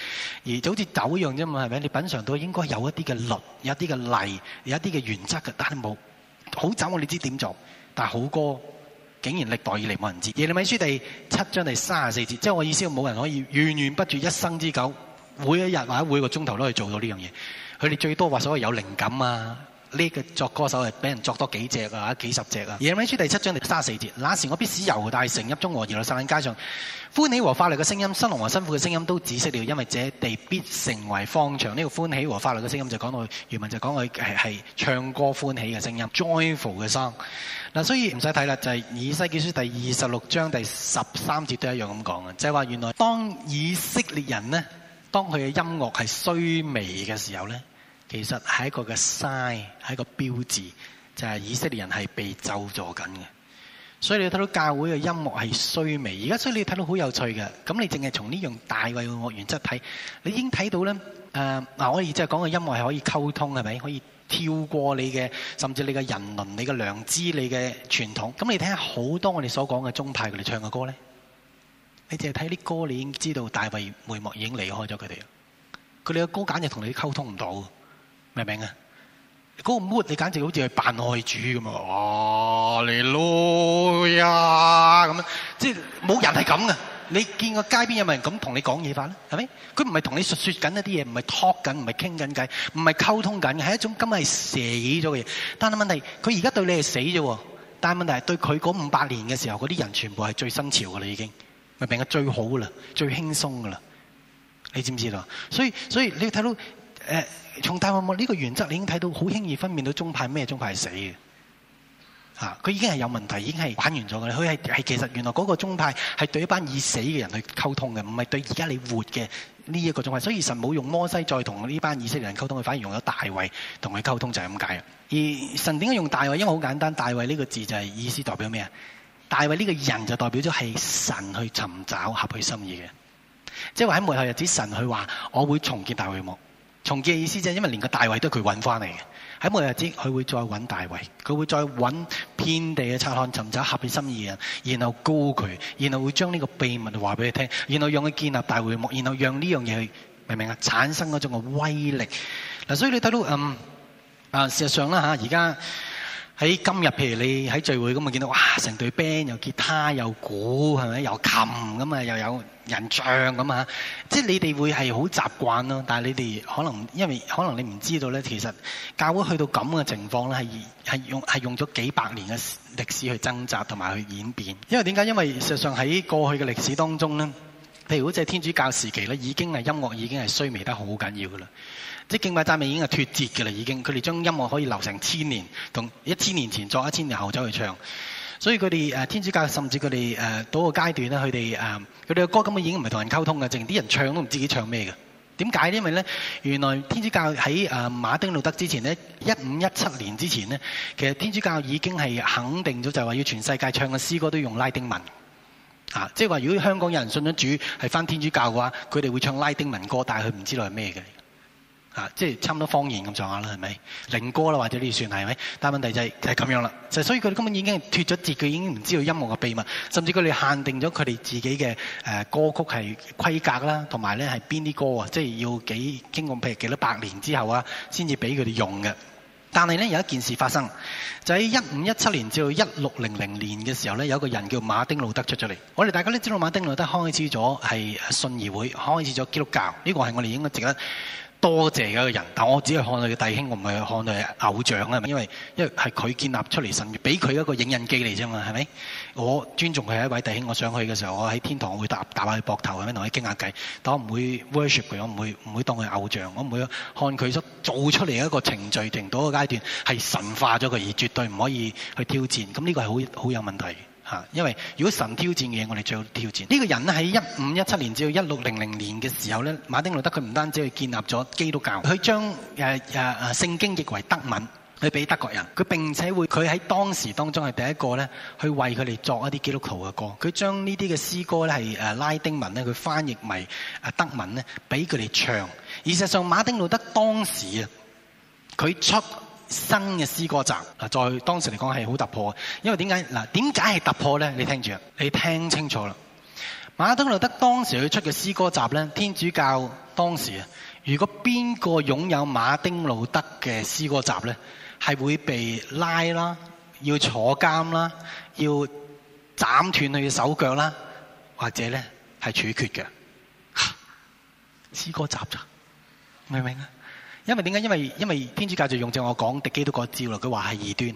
而就好似酒一樣啫嘛，係咪？你品嚐到應該有一啲嘅律，有一啲嘅例，有一啲嘅原則嘅，但係冇好酒我哋知點做，但係好歌竟然歷代以嚟冇人知。耶利米書第七章第三十四節，即係我意思冇人可以源源不絕一生之久。每一日或者每個鐘頭都可以做到呢樣嘢，佢哋最多話所謂有靈感啊！呢、這個作歌手係俾人作多幾隻啊，幾十隻啊。《耶利米書》第七章第三十四節，那時我必使猶大城邑中和耶路撒冷街上歡喜和快樂嘅聲音，新郎和新婦嘅聲音都止息了，因為這地必成為方場。呢、這個歡喜和快樂嘅聲音就講到原文就講佢係唱歌歡喜嘅聲音，joyful 嘅聲。嗱、啊，所以唔使睇啦，就係、是《以西結書》第二十六章第十三節都一樣咁講啊，就係、是、話原來當以色列人呢。當佢嘅音樂係衰微嘅時候呢，其實係一個嘅 sign，係一個標誌，就係、是、以色列人係被救助緊嘅。所以你睇到教會嘅音樂係衰微，而家所以你睇到好有趣嘅。咁你淨係從呢樣大衛嘅樂原則睇，你已經睇到呢。誒，嗱，我即家講嘅音樂係可以溝通，係咪？可以跳過你嘅，甚至你嘅人倫、你嘅良知、你嘅傳統。咁你睇下好多我哋所講嘅宗派佢哋唱嘅歌呢。你淨係睇啲歌，你已經知道大衞末末已經離開咗佢哋。佢哋嘅歌簡直同你溝通唔到，明唔明啊？嗰個 mood 你簡直好似係扮愛主咁啊！哦，你攞呀咁樣，即係冇人係咁嘅。你見過街邊有冇人咁同你講嘢法咧？係咪？佢唔係同你述說緊一啲嘢，唔係託緊，唔係傾緊偈，唔係溝通緊嘅，係一種今日係死咗嘅嘢。但係問題，佢而家對你係死咗。但係問題係對佢嗰五百年嘅時候，嗰啲人全部係最新潮噶啦，已經。咪病嘅最好噶啦，最輕鬆噶啦，你知唔知道？所以所以你要睇到，誒、呃，從大衛會幕呢個原則，你已經睇到好輕易分辨到宗派咩宗派係死嘅，嚇、啊、佢已經係有問題，已經係玩完咗嘅。佢係係其實原來嗰個宗派係對一班已死嘅人去溝通嘅，唔係對而家你活嘅呢一個宗派。所以神冇用摩西再同呢班以色列人溝通，佢反而用咗大衛同佢溝通，就係咁解。而神點解用大衛？因為好簡單，大衛呢個字就係、是、意思代表咩啊？大衛呢個人就代表咗係神去尋找合佢心意嘅，即係話喺末後日子神去話我會重建大會幕，重建嘅意思就係因為連個大衛都係佢搵翻嚟嘅，喺末後日子佢會再搵大衛，佢會再搵遍地嘅察看尋找合佢心意嘅人，然後膏佢，然後會將呢個秘密話俾佢聽，然後讓佢建立大會幕，然後讓呢樣嘢明唔明啊？產生嗰種嘅威力嗱，所以你睇到嗯啊事實上啦吓，而家。喺今日，譬如你喺聚會咁啊，見到哇，成隊 band 又吉他又鼓，係咪又琴咁啊，又有人像咁啊，即係你哋會係好習慣咯。但係你哋可能因為可能你唔知道咧，其實教會去到咁嘅情況咧，係係用係用咗幾百年嘅歷史去掙扎同埋去演變。因為點解？因為事實上喺過去嘅歷史當中咧，譬如好似係天主教時期咧，已經係音樂已經係衰微得好緊要嘅啦。即係敬拜讚美已經係脱節嘅啦，已經。佢哋將音樂可以留成千年，同一千年前作，做一千年後走去唱。所以佢哋天主教甚至佢哋到個階段咧，佢哋佢哋嘅歌根本已經唔係同人溝通嘅，淨係啲人唱都唔知自己唱咩嘅？點解？因為咧，原來天主教喺馬丁路德之前咧，一五一七年之前咧，其實天主教已經係肯定咗，就係話要全世界唱嘅詩歌都用拉丁文啊。即係話，如果香港有人信咗主係翻天主教嘅話，佢哋會唱拉丁文歌，但係佢唔知道係咩嘅。啊，即係差唔多方言咁上下啦，係咪？靈歌啦，或者呢算係咪？但係問題就係咁樣啦。就所以佢哋根本已經脱咗節，佢已經唔知道音樂嘅秘密，甚至佢哋限定咗佢哋自己嘅誒歌曲係規格啦，同埋咧係邊啲歌啊？即係要幾經過譬如幾多百年之後啊，先至俾佢哋用嘅。但係呢有一件事發生，就喺一五一七年至到一六零零年嘅時候呢，有一個人叫馬丁路德出咗嚟。我哋大家都知道馬丁路德開始咗係信義會，開始咗基督教。呢、這個係我哋應該值得。多謝嘅一個人，但我只係看佢嘅弟兄，我唔係看佢係偶像啊，因為因為係佢建立出嚟神，俾佢一個影印機嚟啫嘛，係咪？我尊重佢係一位弟兄，我上去嘅時候，我喺天堂我會打打下佢膊頭，係咪同佢傾下偈？但我唔會 worship 佢，我唔會唔會唔會當佢偶像，我唔會看佢所做出嚟一個程序停到個階段係神化咗佢，而絕對唔可以去挑戰。咁呢個係好好有問題。因為如果神挑戰嘅嘢，我哋最好挑戰呢、呢個人喺一五一七年至到一六零零年嘅時候呢，馬丁路德佢唔單止去建立咗基督教，佢將誒誒誒聖經譯為德文去俾德國人。佢並且會佢喺當時當中係第一個呢去為佢哋作一啲基督徒嘅歌。佢將呢啲嘅詩歌呢係拉丁文咧，佢翻譯為德文呢俾佢哋唱。而實際上馬丁路德當時啊，佢出新嘅詩歌集，啊在當時嚟講係好突破，因為點解？嗱，點解係突破咧？你聽住啊，你聽清楚啦。馬丁路德當時佢出嘅詩歌集咧，天主教當時啊，如果邊個擁有馬丁路德嘅詩歌集咧，係會被拉啦，要坐監啦，要斬斷佢嘅手腳啦，或者咧係處決嘅。詩歌集咋？明唔明啊？因為點解？因為因為天主教就用正我講的基督個招咯。佢話係異端，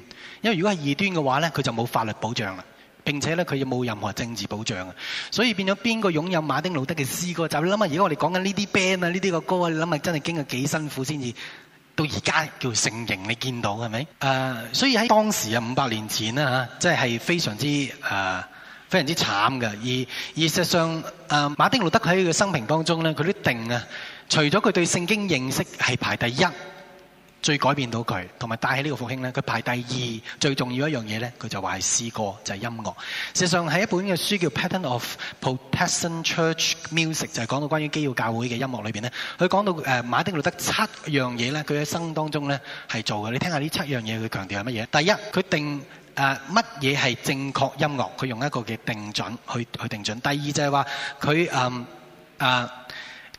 因為如果係異端嘅話咧，佢就冇法律保障啦。並且咧，佢又冇任何政治保障啊。所以變咗邊個擁有馬丁路德嘅詩歌？就你諗啊！如果我哋講緊呢啲 band 啊、呢啲個歌啊，你諗下，真係經過幾辛苦先至到而家叫成形，你見到係咪？誒，uh, 所以喺當時500啊，五百年前啦嚇，即係非常之誒，uh, 非常之慘嘅。而而事實上，誒、uh, 馬丁路德喺佢嘅生平當中咧，佢啲定啊。除咗佢對聖經認識係排第一，最改變到佢，同埋帶起呢個復興呢，佢排第二最重要的一樣嘢呢，佢就話係詩歌，就係、是、音樂。事實上係一本嘅書叫《Pattern of Protestant Church Music》，就係、是、講到關於基要教會嘅音樂裏面。呢，佢講到誒、呃、馬丁路德七樣嘢呢，佢喺一生當中呢係做嘅。你聽下呢七樣嘢，佢強調係乜嘢？第一，佢定誒乜嘢係正確音樂，佢用一個嘅定準去去定準。第二就係話佢誒誒。他呃呃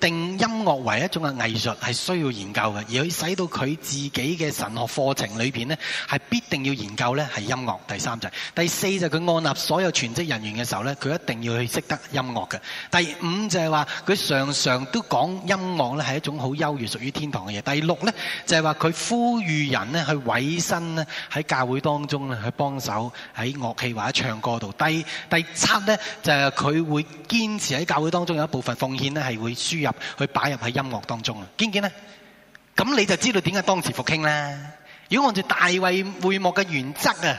定音樂為一種嘅藝術係需要研究嘅，而佢使到佢自己嘅神學課程裏邊呢，係必定要研究呢係音樂。第三就係，第四就係佢按立所有全職人員嘅時候呢，佢一定要去識得音樂嘅。第五就係話佢常常都講音樂呢係一種好優越屬於天堂嘅嘢。第六呢就係話佢呼籲人呢去委身呢，喺教會當中呢去幫手喺樂器或者唱歌度。第第七呢就係佢會堅持喺教會當中有一部分奉獻呢係會輸。去擺入喺音樂當中啊！見唔見咧？咁你就知道點解當時復興啦。如果按照大衛會幕嘅原則啊，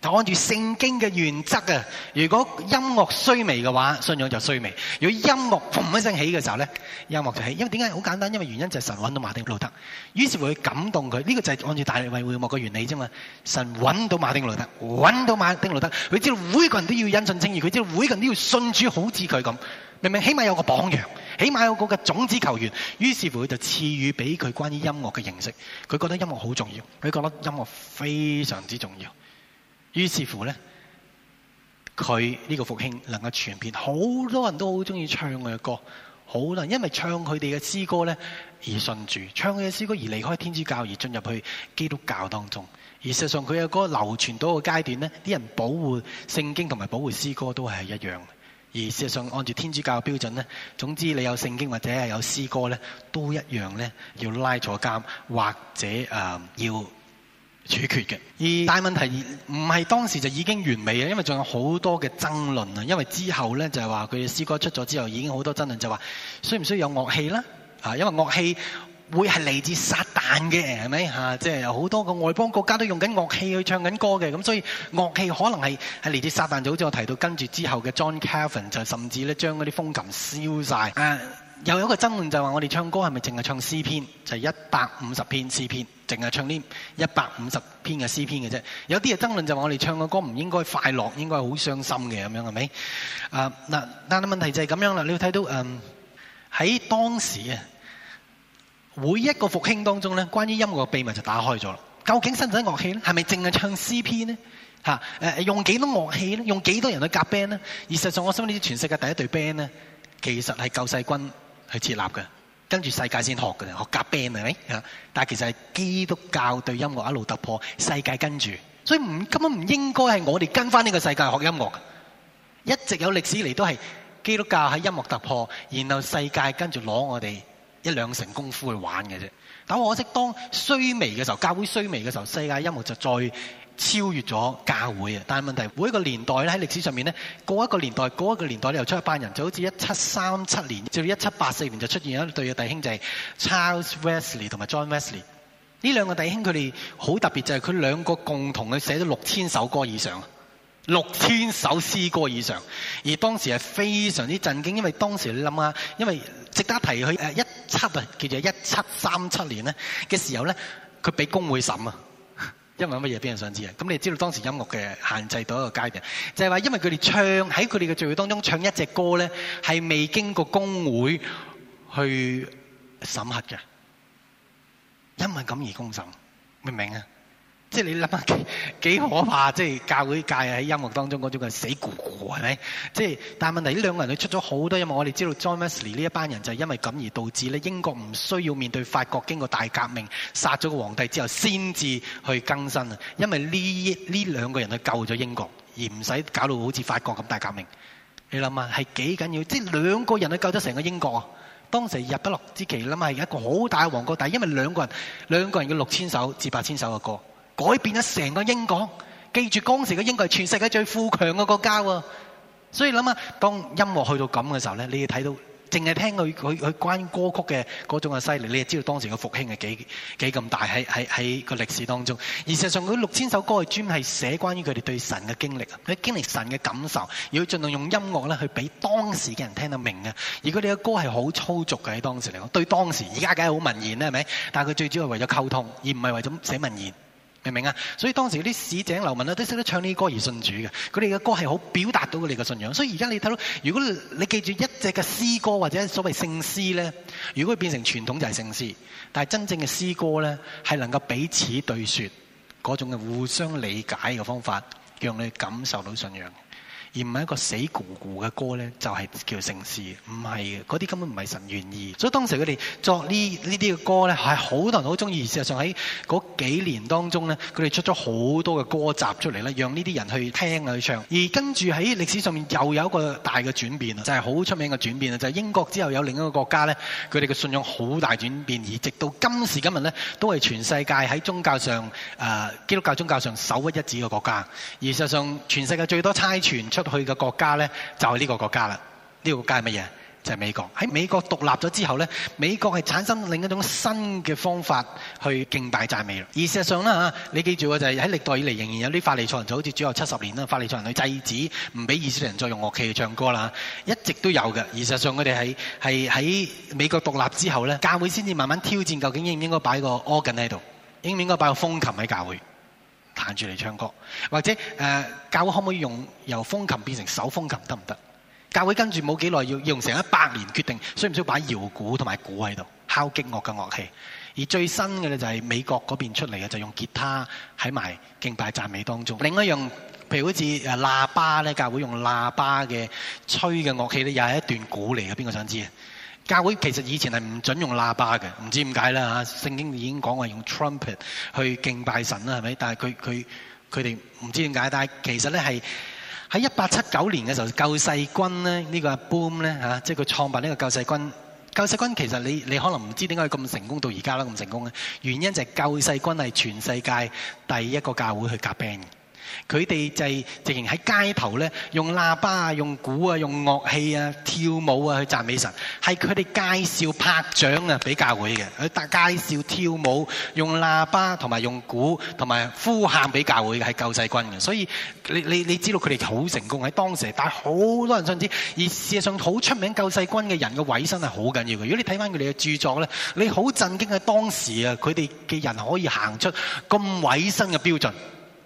就按照聖經嘅原則啊，如果音樂衰微嘅話，信仰就衰微；如果音樂嘭一聲起嘅時候咧，音樂就起。因為點解？好簡單，因為原因就係神揾到馬丁路德，於是會感動佢。呢個就係按照大衛會幕嘅原理啫嘛。神揾到馬丁路德，揾到馬丁路德，佢知道每個人都要因信稱義，佢知道每個人都要信主好似佢咁，明明起碼有個榜樣。起碼有個嘅種子球員，於是乎佢就賜予俾佢關於音樂嘅認識，佢覺得音樂好重要，佢覺得音樂非常之重要，於是乎呢，佢呢個復興能夠傳遍，好多人都好中意唱佢嘅歌，好多人因為唱佢哋嘅詩歌呢而信主，唱佢嘅詩歌而離開天主教而進入去基督教當中，而事實上佢嘅歌流傳到個階段呢，啲人保護聖經同埋保護詩歌都係一樣。而事實上，按照天主教嘅標準咧，總之你有聖經或者係有詩歌咧，都一樣咧要拉坐監或者誒、呃、要處決嘅。而大問題唔係當時就已經完美嘅，因為仲有好多嘅爭論啊！因為之後呢，就係話佢嘅詩歌出咗之後，已經好多爭論，就話需唔需要有樂器呢？啊，因為樂器。會係嚟自撒旦嘅，係咪嚇？即、啊、係、就是、有好多個外邦國家都用緊樂器去唱緊歌嘅，咁所以樂器可能係係嚟自撒旦，就好似我提到跟住之後嘅 John Calvin 就甚至咧將嗰啲風琴燒晒。誒、啊，又有一個爭論就係話我哋唱歌係咪淨係唱詩篇？就係一百五十篇詩篇，淨係唱呢一百五十篇嘅詩篇嘅啫。有啲嘅爭論就話我哋唱嘅歌唔應該快樂，應該好傷心嘅咁樣係咪？啊，嗱，但係問題就係咁樣啦。你要睇到嗯喺當時啊。每一個復興當中咧，關於音樂嘅秘密就打開咗啦。究竟新陣樂器咧，係咪淨係唱 C P 呢？嚇？誒，用幾多樂器咧？用幾多人去夾 band 呢？而實在我心諗，全世界第一隊 band 咧，其實係救世軍去設立嘅，跟住世界先學嘅，學夾 band 係咪？嚇！但係其實係基督教對音樂一路突破，世界跟住，所以唔根本唔應該係我哋跟翻呢個世界學音樂嘅。一直有歷史嚟都係基督教喺音樂突破，然後世界跟住攞我哋。一兩成功夫去玩嘅啫，但我可惜當衰微嘅時候，教會衰微嘅時候，世界音樂就再超越咗教會啊！但係問題每一個年代咧，喺歷史上面咧，過一個年代，過一個年代你又出一班人，就好似一七三七年至到一七八四年就出現一對嘅弟兄就係、是、Charles Wesley 同埋 John Wesley 呢兩個弟兄，佢哋好特別，就係佢兩個共同去寫咗六千首歌以上。六千首詩歌以上，而當時係非常之震驚，因為當時你諗下，因為值得提佢誒一七，啊，叫做一七三七年咧嘅時候咧，佢俾工會審啊，因為乜嘢？俾人想知啊？咁你知道當時音樂嘅限制到一個階段，就係話因為佢哋唱喺佢哋嘅聚會當中唱一隻歌咧，係未經過工會去審核嘅，因為咁而公審，明唔明啊？即係你諗下幾幾可怕！ 即係教會界喺音樂當中嗰種嘅死古古係咪？即係但係問題呢兩個人佢出咗好多音樂，因為我哋知道 John Wesley 呢一班人就係因為咁而導致咧英國唔需要面對法國經過大革命殺咗個皇帝之後先至去更新啊！因為呢呢兩個人去救咗英國，而唔使搞到好似法國咁大革命。你諗下係幾緊要？即係兩個人去救咗成個英國。當時日不落之期，諗係一個好大嘅王國，但係因為兩個人，兩個人嘅六千首至八千首嘅歌。改變咗成個英國，記住當時嘅英國係全世界最富強嘅國家喎，所以諗下，當音樂去到咁嘅時候咧，你哋睇到淨係聽佢佢佢關於歌曲嘅嗰種嘅犀利，你就知道當時嘅復興係幾幾咁大喺喺喺個歷史當中。而事實上，佢六千首歌係專係寫關於佢哋對神嘅經歷，佢經歷神嘅感受，要盡量用音樂咧去俾當時嘅人聽得明嘅。而佢哋嘅歌係好粗俗嘅喺當時嚟講，對當時而家梗係好文言啦，係咪？但係佢最主要係為咗溝通，而唔係為咗寫文言。明唔明啊？所以當時啲市井流民啊，都識得唱呢啲歌而信主嘅。佢哋嘅歌係好表達到佢哋嘅信仰。所以而家你睇到，如果你記住一隻嘅詩歌或者所謂聖詩咧，如果佢變成傳統就係聖詩，但係真正嘅詩歌咧，係能夠彼此對說嗰種嘅互相理解嘅方法，讓你感受到信仰。而唔係一個死咕咕嘅歌咧，就係、是、叫聖詩唔係嘅。嗰啲根本唔係神願意。所以當時佢哋作呢呢啲嘅歌咧，係好多人好中意。事實上喺嗰幾年當中咧，佢哋出咗好多嘅歌集出嚟咧，讓呢啲人去聽啊去唱。而跟住喺歷史上面又有一個大嘅轉變啊，就係、是、好出名嘅轉變啊，就係、是、英國之後有另一個國家咧，佢哋嘅信仰好大轉變，而直到今時今日咧，都係全世界喺宗教上誒、呃、基督教宗教上首屈一指嘅國家。而事實上全世界最多差傳出。出去嘅國家呢，就係、是、呢個國家啦。呢、這個國家係乜嘢？就係、是、美國。喺美國獨立咗之後呢，美國係產生另一種新嘅方法去敬拜讚美。而事實上呢，你記住啊，就係喺歷代以嚟仍然有啲法利賽人，就好似主後七十年啦，法利賽人去制止唔俾以色列人再用樂器去唱歌啦。一直都有嘅。而事實上，佢哋係喺美國獨立之後呢，教會先至慢慢挑戰，究竟應唔應該擺個 organ 喺度，應唔應該擺個風琴喺教會？彈住嚟唱歌，或者教會可唔可以用由風琴變成手風琴得唔得？教會跟住冇幾耐要用成一百年決定，需唔需要擺搖鼓同埋鼓喺度敲擊樂嘅樂器？而最新嘅咧就係美國嗰邊出嚟嘅，就是、用吉他喺埋敬拜讚美當中。另一樣，譬如好似誒喇叭咧，教會用喇叭嘅吹嘅樂器咧，又係一段鼓嚟嘅，邊個想知啊？教會其實以前係唔準用喇叭嘅，唔知點解啦嚇。聖經已經講話用 trumpet 去敬拜神啦，係咪？但係佢佢佢哋唔知點解。但係其實咧係喺一八七九年嘅時候，救世軍咧呢個 boom 咧嚇，即係佢創辦呢個救世軍。救世軍其實你你可能唔知點解佢咁成功到而家啦，咁成功咧，原因就係救世軍係全世界第一個教會去夾 band。佢哋就係直情喺街頭咧，用喇叭啊，用鼓啊，用樂器啊，跳舞啊，去讚美神。係佢哋介紹拍掌啊，俾教會嘅；佢介紹跳舞，用喇叭同埋用鼓同埋呼喊俾教會嘅，係救世軍嘅。所以你你你知道佢哋好成功喺當時，但係好多人信知，而事實上，好出名救世軍嘅人嘅委身係好緊要嘅。如果你睇翻佢哋嘅著作咧，你好震驚嘅當時啊，佢哋嘅人可以行出咁委身嘅標準。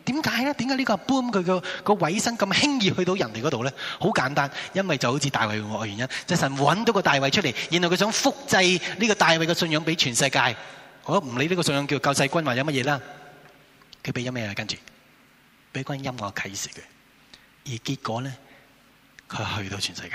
點解咧？點解呢個 boom 佢，個個位身咁輕易去到人哋嗰度咧？好簡單，因為就好似大衛嘅原因，就是、神揾到大個大衛出嚟，然後佢想複製呢個大衛嘅信仰俾全世界。我都唔理呢個信仰叫救世軍或者乜嘢啦，佢俾咗咩啊？跟住俾軍音樂啟示佢，而結果咧，佢去到全世界。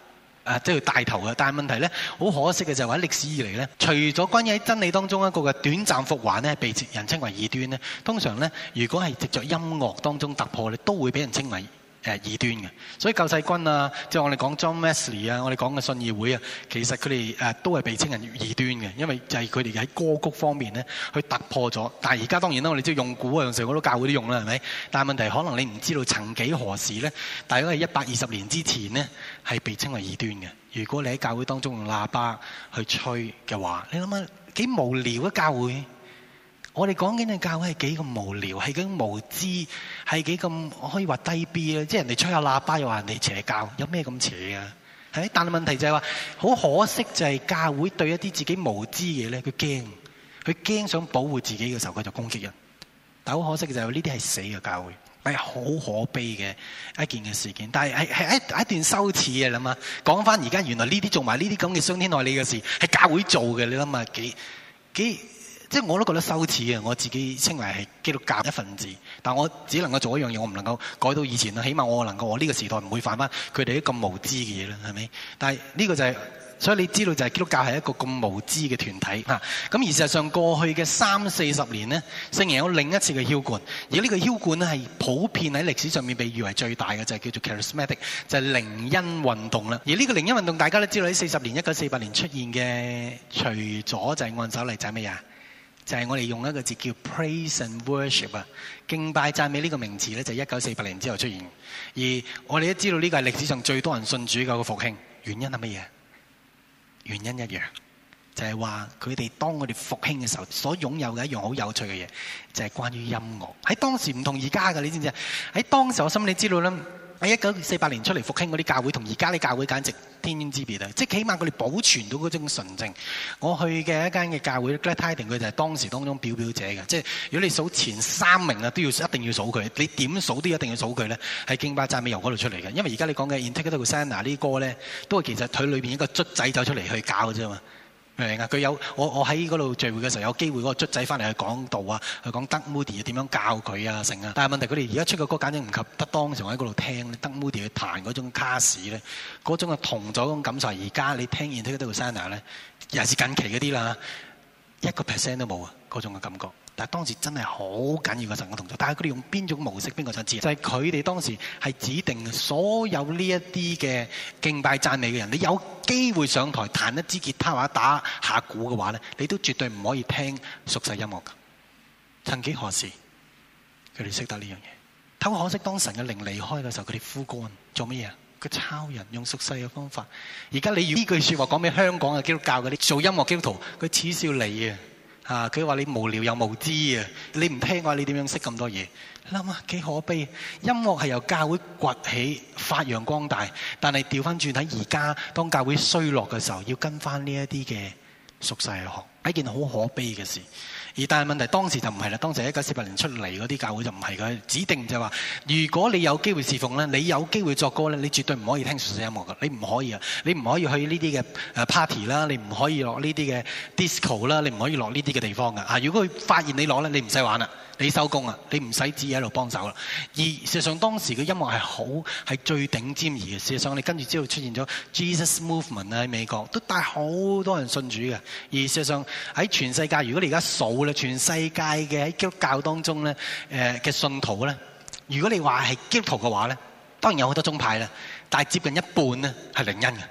啊、就、都、是、要帶頭的。但是問題呢，好可惜的就是歷史以來呢，除了關於在真理當中一個的短暫復還呢，被人稱為異端呢，通常呢，如果是藉著音樂當中突破呢，都會被人稱為誒異端嘅，所以救世軍啊，即係我哋講 John Wesley 啊，我哋講嘅信義會啊，其實佢哋誒都係被稱為異端嘅，因為就係佢哋喺歌曲方面咧，去突破咗。但係而家當然啦，我哋即係用鼓啊、用上嗰啲教會都用啦，係咪？但係問題可能你唔知道曾幾何時咧，大概係一百二十年之前咧係被稱為異端嘅。如果你喺教會當中用喇叭去吹嘅話，你諗下幾無聊嘅教會？我哋講緊嘅教會係幾咁無聊，係幾咁無知，係幾咁可以話低 B 啊！即係人哋吹下喇叭又話人哋邪教，有咩咁邪啊？但係問題就係、是、話，好可惜就係教會對一啲自己無知嘢咧，佢驚，佢驚想保護自己嘅時候，佢就攻擊人。但好可惜嘅就係呢啲係死嘅教會，係好可悲嘅一件嘅事件。但係係一一,一段羞恥嘅諗啊！講返而家，原來呢啲做埋呢啲咁嘅傷天害理嘅事，係教會做嘅，你諗啊幾幾？即係我都覺得羞恥啊！我自己稱為係基督教一份子，但我只能夠做一樣嘢，我唔能夠改到以前啦。起碼我能夠我呢個時代唔會犯翻佢哋啲咁無知嘅嘢啦，係咪？但係呢個就係、是、所以你知道就係基督教係一個咁無知嘅團體啊。咁而事實上過去嘅三四十年呢，竟然有另一次嘅轎管，而這個呢個轎管咧係普遍喺歷史上面被譽為最大嘅就係、是、叫做 Charismatic，就係靈恩運動啦。而呢個靈恩運動大家都知道喺四十年一九四八年出現嘅，除咗就係按手禮就係乜嘢啊？就係、是、我哋用一個字叫 praise and worship 啊，敬拜讚美呢個名詞咧，就係一九四八年之後出現。而我哋都知道呢個係歷史上最多人信主教嘅復興，原因係乜嘢？原因一樣，就係話佢哋當我哋復興嘅時候，所擁有嘅一樣好有趣嘅嘢，就係、是、關於音樂。喺當時唔同而家嘅，你知唔知啊？喺當時我心裡，你知道啦。喺一九四八年出嚟復興嗰啲教會，同而家啲教會簡直天淵之別啊！即係起碼佢哋保存到嗰種純正。我去嘅一間嘅教會，Glad Tidings，佢就係當時當中表表者嘅。即係如果你數前三名啊，都要一定要數佢。你點數都一定要數佢咧。喺敬拜讚美由嗰度出嚟嘅，因為而家你講嘅 Integrity Hosanna 呢啲歌咧，都係其實佢裏面一個卒仔走出嚟去教啫嘛。明啊！佢有我我喺嗰度聚會嘅時候有機會嗰卒仔返嚟去講道啊，去講德 Mudi 點教佢啊，成啊！但是問題佢哋而家出嘅歌簡直唔及得當場喺嗰度聽德 m 迪 d 去彈那種卡士咧，種種同咗種感受。而家你聽見 t a s a n Down》咧，又是近期啲啦，一個 percent 都冇啊！那種嘅感覺。但係當時真係好緊要嘅神嘅動作。但係佢哋用邊種模式？邊個想知？就係佢哋當時係指定所有呢一啲嘅敬拜讚美嘅人，你有機會上台彈一支吉他或者打下鼓嘅話咧，你都絕對唔可以聽屬世音樂噶。曾幾何時，佢哋識得呢樣嘢？偷可惜，當神嘅靈離開嘅時候，佢哋枯乾，做乜嘢？佢抄人用屬世嘅方法。而家你用呢句話說話講俾香港嘅基督教嗰啲做音樂基督徒，佢恥笑你啊！啊！佢話你無聊又無知啊！你唔聽話，你點樣識咁多嘢？諗下幾可悲，啊。音樂係由教會崛起發揚光大，但係調翻轉睇而家當教會衰落嘅時候，要跟翻呢一啲嘅俗世嚟學，係一件好可悲嘅事。而但係問題當時就唔係啦，當時一九四八年出嚟嗰啲教會就唔係嘅，指定就話：如果你有機會侍奉咧，你有機會作歌咧，你絕對唔可以聽純粹音樂嘅，你唔可以啊，你唔可以去呢啲嘅誒 party 啦，你唔可以落呢啲嘅 disco 啦，你唔可以落呢啲嘅地方嘅。啊，如果佢發現你攞咧，你唔使玩啦。你收工啊！你唔使自己喺度幫手啦。而事實上當時嘅音樂係好係最頂尖而嘅。事實上你跟住之後出現咗 Jesus Movement 啊，喺美國都帶好多人信主嘅。而事實上喺全世界如果你而家數咧，全世界嘅喺基督教當中咧，誒嘅信徒咧，如果你話係基督徒嘅話咧，當然有好多宗派啦。但係接近一半咧係靈恩嘅。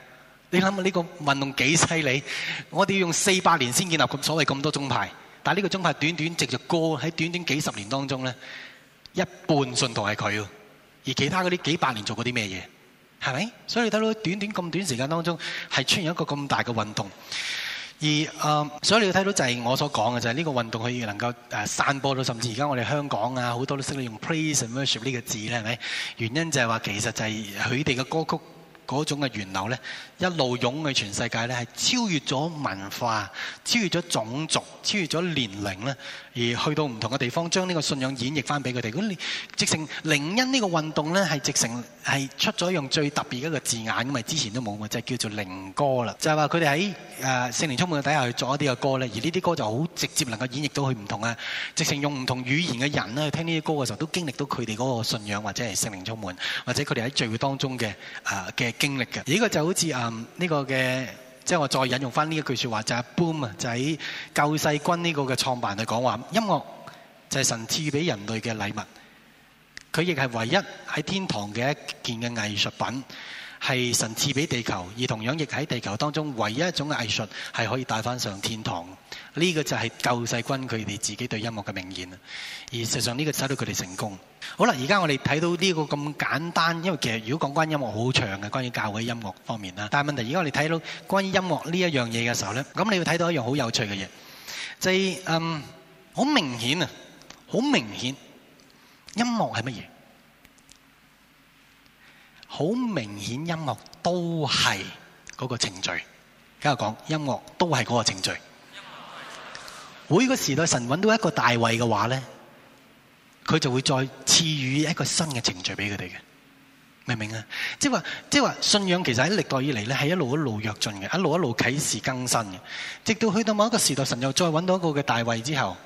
你諗下呢個運動幾犀利？我哋要用四百年先建立咁所謂咁多宗派。但係呢個宗派短短直就歌喺短短幾十年當中咧，一半信徒係佢，而其他嗰啲幾百年做過啲咩嘢？係咪？所以你睇到短短咁短時間當中，係出現一個咁大嘅運動。而誒，所以你要睇到就係我所講嘅，就係呢個運動可以能夠誒散播到，甚至而家我哋香港啊，好多都識得用 praise and worship 呢個字咧，係咪？原因就係話其實就係佢哋嘅歌曲。嗰種嘅源流呢，一路湧去全世界呢，係超越咗文化，超越咗種族，超越咗年齡呢。而去到唔同嘅地方，將呢個信仰演繹翻俾佢哋。如你直情靈恩呢個運動呢，係直情係出咗用最特別一個字眼，因為之前都冇嘛，就係叫做靈歌啦。就係話佢哋喺誒聖靈充滿嘅底下去作一啲嘅歌呢，而呢啲歌就好直接能夠演繹到佢唔同啊，直情用唔同語言嘅人呢，去聽呢啲歌嘅時候，都經歷到佢哋嗰個信仰或者係聖靈充滿，或者佢哋喺聚會當中嘅誒嘅經歷嘅。而呢個就好似誒呢個嘅。即係我再引用翻呢一句說話，就係、是、boom 啊！就喺救世軍呢個嘅創辦嚟講話，音樂就係神賜俾人類嘅禮物，佢亦係唯一喺天堂嘅一件嘅藝術品。係神賜俾地球，而同樣亦喺地球當中唯一一種藝術，係可以帶翻上天堂。呢、這個就係救世軍佢哋自己對音樂嘅名言啦。而實際上呢個使到佢哋成功。好啦，而家我哋睇到呢個咁簡單，因為其實如果講關於音樂好長嘅，關於教會音樂方面啦。但係問題，而家我哋睇到關於音樂呢一樣嘢嘅時候呢，咁你會睇到一樣好有趣嘅嘢，就係、是、嗯好明顯啊，好明顯，音樂係乜嘢？好明顯音，音樂都係嗰個程序。跟我講，音樂都係嗰個程序。每個時代神揾到一個大衛嘅話呢，佢就會再賜予一個新嘅程序俾佢哋嘅。明唔明啊？即係話，即係話，信仰其實喺歷代以嚟呢，係一路一路躍進嘅，一路一路啟示更新嘅。直到去到某一個時代，神又再揾到一個嘅大衛之後，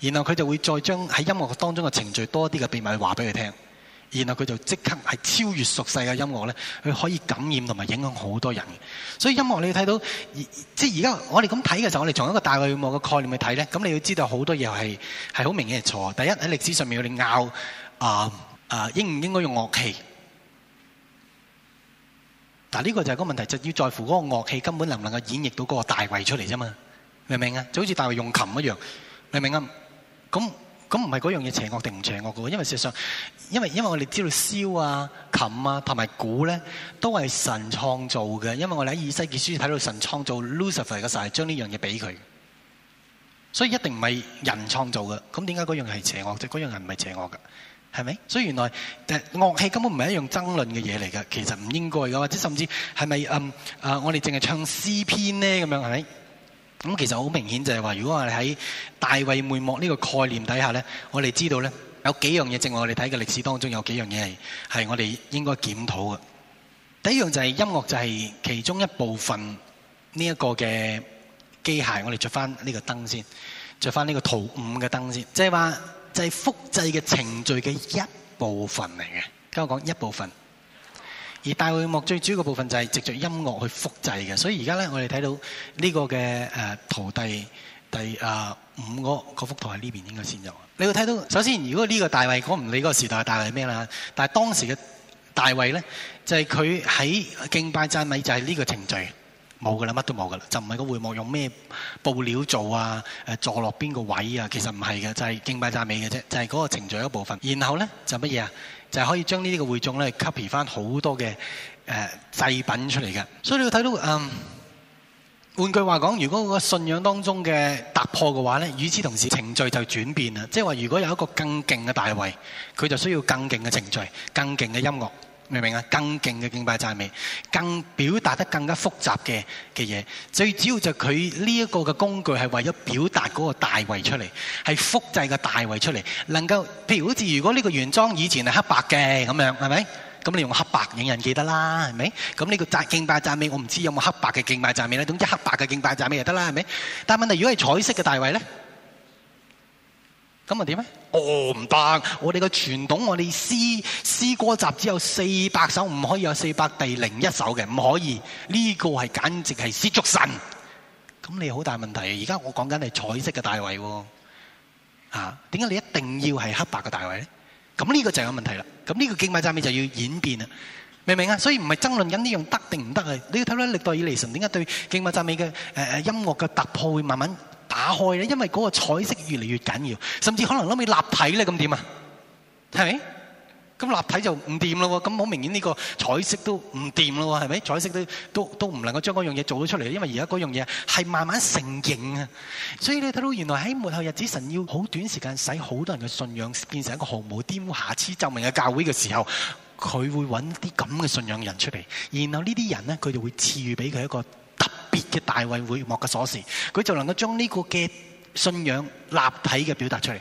然後佢就會再將喺音樂當中嘅程序多啲嘅秘密話俾佢聽。然後佢就即刻係超越俗世嘅音樂呢，佢可以感染同埋影響好多人，所以音樂你要睇到，即而家我哋咁睇嘅時候，我哋從一個大衛音樂嘅概念去睇呢，你要知道好多嘢係是好明顯係錯。第一，喺歷史上面我哋拗啊，啊應唔應該用樂器？嗱呢個就係個問題，就是、要在乎嗰個樂器根本能唔能夠演繹到嗰個大衛出嚟啫嘛，明唔明啊？就好似大衛用琴一樣，明唔明？咁唔係嗰樣嘢邪惡定唔邪惡嘅喎？因為事實上，因為因為我哋知道簫啊、琴啊，同埋鼓咧，都係神創造嘅。因為我哋喺以西結書睇到神創造 Lucifer 嘅時候，將呢樣嘢俾佢。所以一定唔係人創造嘅。咁點解嗰樣係邪惡？即係嗰樣嘢唔係邪惡㗎？係咪？所以原來誒樂器根本唔係一樣爭論嘅嘢嚟嘅。其實唔應該嘅，或者甚至係咪嗯啊？我哋淨係唱詩篇咧咁樣係咪？咁其實好明顯就係、是、話，如果我哋喺大衞會幕呢個概念底下咧，我哋知道咧，有幾樣嘢，正話我哋睇嘅歷史當中有幾樣嘢係係我哋應該檢討嘅。第一樣就係、是、音樂，就係其中一部分呢一個嘅機械。我哋着翻呢個燈先，着翻呢個圖五嘅燈先，即係話就係、是、複製嘅程序嘅一部分嚟嘅。跟我講一部分。而大會幕最主要嘅部分就係藉着音樂去複製嘅，所以而家咧我哋睇到呢個嘅誒、呃、徒弟第啊、呃、五個幅圖喺呢邊應該先有。你會睇到，首先如果呢個大衛我唔理個時代的大衛係咩啦，但係當時嘅大衛咧就係佢喺敬拜讚美就係呢個程序冇噶啦，乜都冇噶啦，就唔係個會幕用咩布料做啊？誒坐落邊個位啊？其實唔係嘅，就係、是、敬拜讚美嘅啫，就係、是、嗰個程序一部分。然後咧就乜嘢啊？就係可以將呢啲嘅會眾咧 copy 翻好多嘅誒製品出嚟嘅，所以你會睇到嗯，換句話講，如果個信仰當中嘅突破嘅話咧，與此同時程序就轉變啦。即係話如果有一個更勁嘅大衞，佢就需要更勁嘅程序、更勁嘅音樂。明唔明啊？更勁嘅敬拜讚美，更表達得更加複雜嘅嘅嘢。最主要就佢呢一個嘅工具係為咗表達嗰個大圍出嚟，係複製個大圍出嚟，能夠譬如好似如果呢個原裝以前係黑白嘅咁樣，係咪？咁你用黑白影印記得啦，係咪？咁呢個讚敬拜讚美，我唔知有冇黑白嘅敬拜讚美啦，一種一黑白嘅敬拜讚美就得啦，係咪？但問題如果係彩色嘅大圍咧？咁咪點咧？哦，唔得！我哋嘅傳統，我哋詩詩歌集只有四百首，唔可以有四百第零一首嘅，唔可以。呢個係簡直係褻瀆神。咁你好大問題。而家我講緊係彩色嘅大衛。啊，點解你一定要係黑白嘅大衛咧？咁呢個就有問題啦。咁呢個敬拜讚美就要演變啦，明唔明啊？所以唔係爭論緊呢樣得定唔得啊？你要睇到歷代以嚟神點解對敬拜讚美嘅誒誒音樂嘅突破會慢慢。打開咧，因為嗰個彩色越嚟越緊要，甚至可能諗起立體咧咁點啊？係咪？咁立體就唔掂咯？咁好明顯呢個彩色都唔掂咯？係咪？彩色都都都唔能夠將嗰樣嘢做得出嚟，因為而家嗰樣嘢係慢慢成形啊！所以你睇到原來喺末後日子，神要好短時間使好多人嘅信仰變成一個毫無玷瑕疵、透明嘅教會嘅時候，佢會揾啲咁嘅信仰人出嚟，然後呢啲人咧，佢就會賜予俾佢一個。別嘅大衛會幕嘅鎖匙，佢就能夠將呢個嘅信仰立體嘅表達出嚟，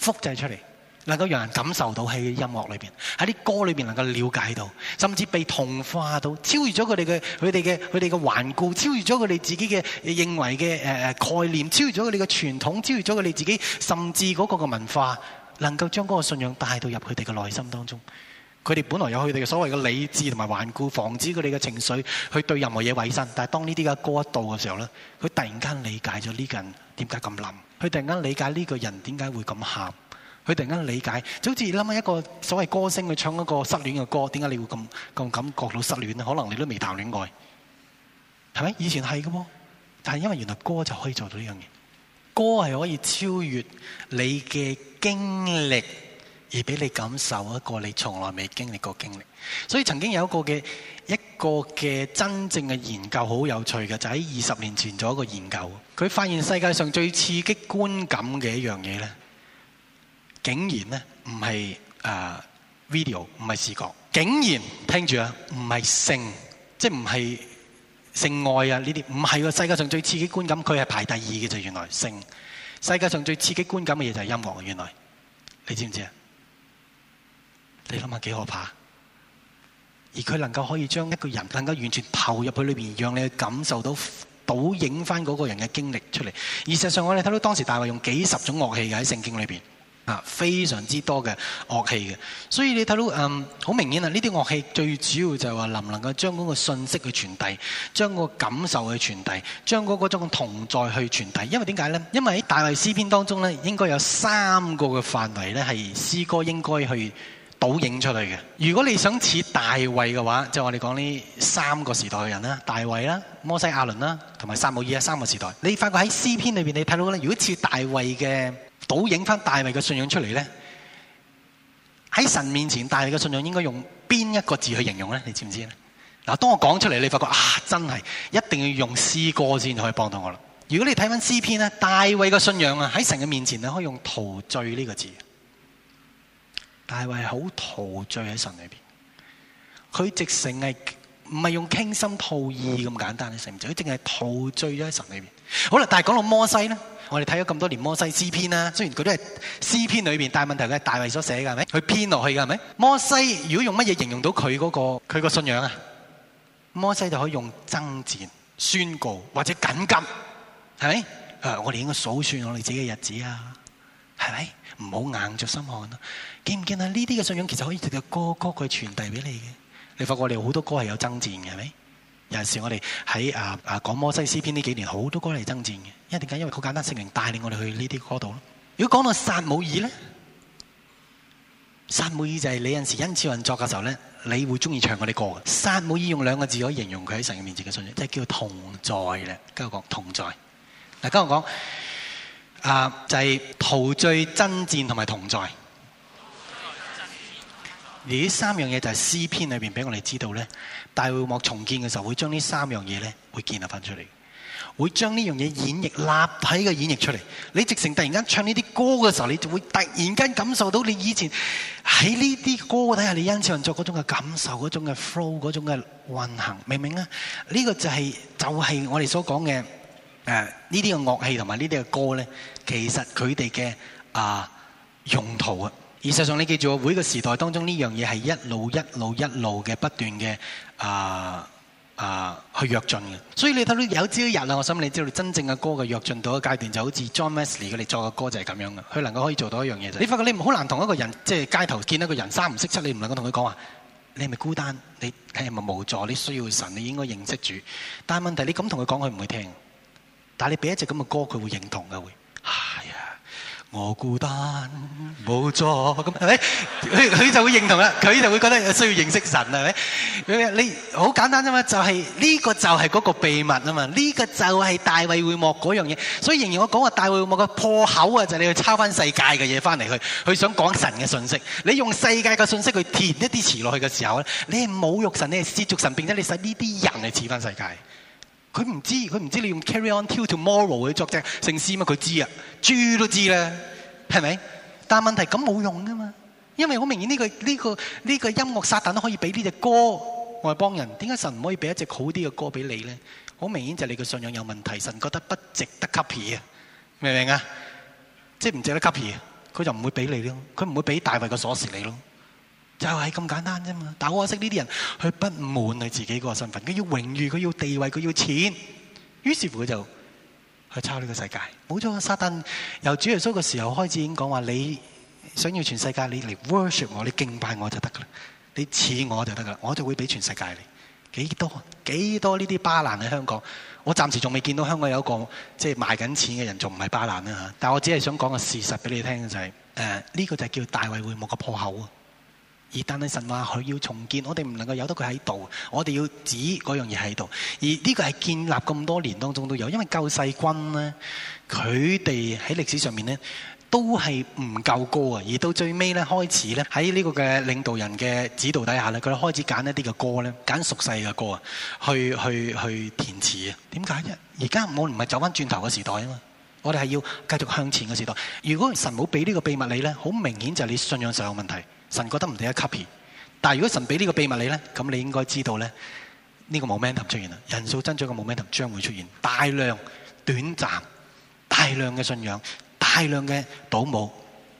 複製出嚟，能夠讓人感受到喺音樂裏邊，喺啲歌裏邊能夠了解到，甚至被同化到，超越咗佢哋嘅佢哋嘅佢哋嘅頑固，超越咗佢哋自己嘅認為嘅誒誒概念，超越咗佢哋嘅傳統，超越咗佢哋自己，甚至嗰個嘅文化，能夠將嗰個信仰帶到入佢哋嘅內心當中。佢哋本來有佢哋嘅所謂嘅理智同埋頑固，防止佢哋嘅情緒去對任何嘢委身。但係當呢啲嘅歌一到嘅時候咧，佢突然間理解咗呢個人點解咁諗，佢突然間理解呢個人點解會咁喊，佢突然間理解就好似諗起一個所謂歌星去唱一個失戀嘅歌，點解你會咁咁感覺到失戀？可能你都未談戀愛，係咪？以前係嘅喎，但係因為原來歌就可以做到呢樣嘢，歌係可以超越你嘅經歷。而俾你感受一個你從來未經歷過經歷，所以曾經有一個嘅一個嘅真正嘅研究好有趣嘅，就喺二十年前做一個研究，佢發現世界上最刺激觀感嘅一樣嘢呢，竟然呢唔係啊 video 唔係視覺，竟然聽住啊唔係性，即係唔係性愛啊呢啲唔係喎，世界上最刺激觀感佢係排第二嘅就，原來性世界上最刺激觀感嘅嘢就係音樂。原來你知唔知啊？你諗下幾可怕？而佢能夠可以將一個人能夠完全投入去裏邊，讓你感受到倒影翻嗰個人嘅經歷出嚟。而實際上，我哋睇到當時大衛用幾十種樂器嘅喺聖經裏邊啊，非常之多嘅樂器嘅。所以你睇到嗯，好明顯啊，呢啲樂器最主要就係話能唔能夠將嗰個信息去傳遞，將嗰個感受去傳遞，將嗰嗰種同在去傳遞。因為點解呢？因為喺大衛詩篇當中呢，應該有三個嘅範圍呢，係詩歌應該去。倒影出嚟嘅。如果你想似大衛嘅話，即係我哋講呢三個時代嘅人啦，大衛啦、摩西、亞倫啦，同埋撒母耳啦，三個時代。你發覺喺詩篇裏邊，你睇到咧，如果似大衛嘅倒影翻大衛嘅信仰出嚟咧，喺神面前，大衛嘅信仰應該用邊一個字去形容咧？你知唔知咧？嗱，當我講出嚟，你發覺啊，真係一定要用詩歌先可以幫到我啦。如果你睇翻詩篇咧，大衛嘅信仰啊，喺神嘅面前你可以用陶醉呢個字。大衛好陶醉喺神裏邊，佢直成係唔係用傾心吐意咁簡單嘅成就，佢淨係陶醉咗喺神裏邊。好啦，但係講到摩西咧，我哋睇咗咁多年摩西詩篇啦，雖然佢都係詩篇裏邊，但係問題佢係大衛所寫嘅，係咪？佢編落去嘅係咪？摩西如果用乜嘢形容到佢嗰、嗰個佢個信仰啊？摩西就可以用爭戰、宣告或者緊急，係咪？誒、啊，我哋應該數算我哋自己嘅日子啊！係咪？唔好硬着心看咯，見唔見啊？呢啲嘅信仰其實可以透過歌曲去傳遞俾你嘅。你發覺我哋好多歌係有爭戰嘅，係咪？有陣時我哋喺啊啊講摩西詩篇呢幾年，好多歌係爭戰嘅。因為點解？因為好簡單，聖靈帶領我哋去呢啲歌度咯。如果講到撒母耳咧，撒母耳就係你有陣時因此運作嘅時候咧，你會中意唱嗰啲歌嘅。撒母耳用兩個字可以形容佢喺神嘅面前嘅信仰，即係叫同在嘅。跟住講同在。嗱，跟住講。啊！就係、是、陶醉、爭戰同埋同在，而呢 三樣嘢就係詩篇裏邊俾我哋知道咧。大會幕重建嘅時候，會將呢三樣嘢咧，會建立翻出嚟，會將呢樣嘢演繹立體嘅演繹出嚟。你直情突然間唱呢啲歌嘅時候，你就會突然間感受到你以前喺呢啲歌底下你欣賞作嗰種嘅感受，嗰種嘅 flow，嗰種嘅運行，明唔明啊？呢、這個就係、是、就係、是、我哋所講嘅。呢啲嘅樂器同埋呢啲嘅歌呢，其實佢哋嘅啊用途啊，事實上你記住啊，每個時代當中呢樣嘢係一路一路一路嘅不斷嘅啊啊去躍進嘅。所以你睇到有朝一日啦，我想你知道真正嘅歌嘅躍進到嘅階段就好似 John Wesley 佢哋作嘅歌就係咁樣嘅。佢能夠可以做到一樣嘢就係你發覺你好難同一個人即係、就是、街頭見一個人三唔識七，你唔能夠同佢講話你係咪孤單，你係咪無助？你需要神，你應該認識主。但係問題你咁同佢講，佢唔會聽。但你俾一隻咁嘅歌，佢會認同嘅會。係啊，我孤單。冇錯，咁係咪？佢就會認同啦，佢就會覺得需要認識神係咪？你好簡單啫嘛，就係呢個就係嗰個秘密啊嘛，呢個就係大衛會幕嗰樣嘢。所以仍然我講話大衛會幕嘅破口啊，就係你去抄翻世界嘅嘢翻嚟去，佢想講神嘅信息。你用世界嘅信息去填一啲詞落去嘅時候咧，你係侮辱神，你係褻瀆神，並且你使呢啲人嚟似翻世界。佢唔知，佢唔知你用 carry on till tomorrow 去作隻聖詩咩，佢知啊，豬都知啦，係咪？但問題咁冇用噶嘛，因為好明顯呢、這個呢、這個呢、這個音樂撒旦都可以俾呢隻歌外邦人，點解神唔可以俾一隻好啲嘅歌俾你咧？好明顯就係你嘅信仰有問題，神覺得不值得 copy 啊，明唔明啊？即係唔值得 copy，佢就唔會俾你咯，佢唔會俾大衛個鎖匙你咯。就係、是、咁簡單啫嘛！但係我認識呢啲人，佢不滿佢自己嗰個身份，佢要榮譽，佢要地位，佢要錢，於是乎佢就去抄呢個世界。冇錯，撒但由主耶穌嘅時候開始已經講話：你想要全世界，你嚟 worship 我，你敬拜我就得㗎啦，你似我就得㗎啦，我就會俾全世界你。幾多幾多呢啲巴蘭喺香港？我暫時仲未見到香港有一個即係、就是、賣緊錢嘅人，仲唔係巴蘭啊？嚇！但我只係想講個事實俾你聽就係、是、呢、呃這個就叫大衛會幕個破口啊！而但係神話佢要重建，我哋唔能夠由得佢喺度，我哋要指嗰樣嘢喺度。而呢個係建立咁多年當中都有，因為救世軍咧，佢哋喺歷史上面咧都係唔夠高啊。而到最尾咧，開始咧喺呢個嘅領導人嘅指導底下咧，佢哋開始揀一啲嘅歌咧，揀熟悉嘅歌啊，去去去填詞啊。點解啫？而家我唔係走翻轉頭嘅時代啊嘛，我哋係要繼續向前嘅時代。如果神冇俾呢個秘密你咧，好明顯就係你信仰上有問題。神覺得唔抵啊！copy，但係如果神俾呢個秘密你咧，咁你應該知道咧，呢、這個 momentum 出現啦。人數增長嘅 momentum 將會出現大量短暫、大量嘅信仰、大量嘅倒模。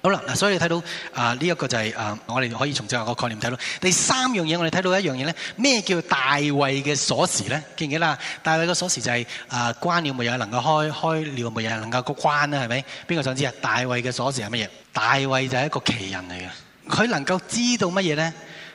好啦，嗱，所以睇到啊，呢、呃、一、這個就係、是、啊、呃，我哋可以從正話個概念睇到第三樣嘢。我哋睇到一樣嘢咧，咩叫大衛嘅鎖匙咧？記唔記得啊？大衛嘅鎖匙就係、是、啊、呃，關了冇人能夠開，開了冇人能夠個關啦，係咪？邊個想知啊？大衛嘅鎖匙係乜嘢？大衛就係一個奇人嚟嘅。佢能夠知道乜嘢咧？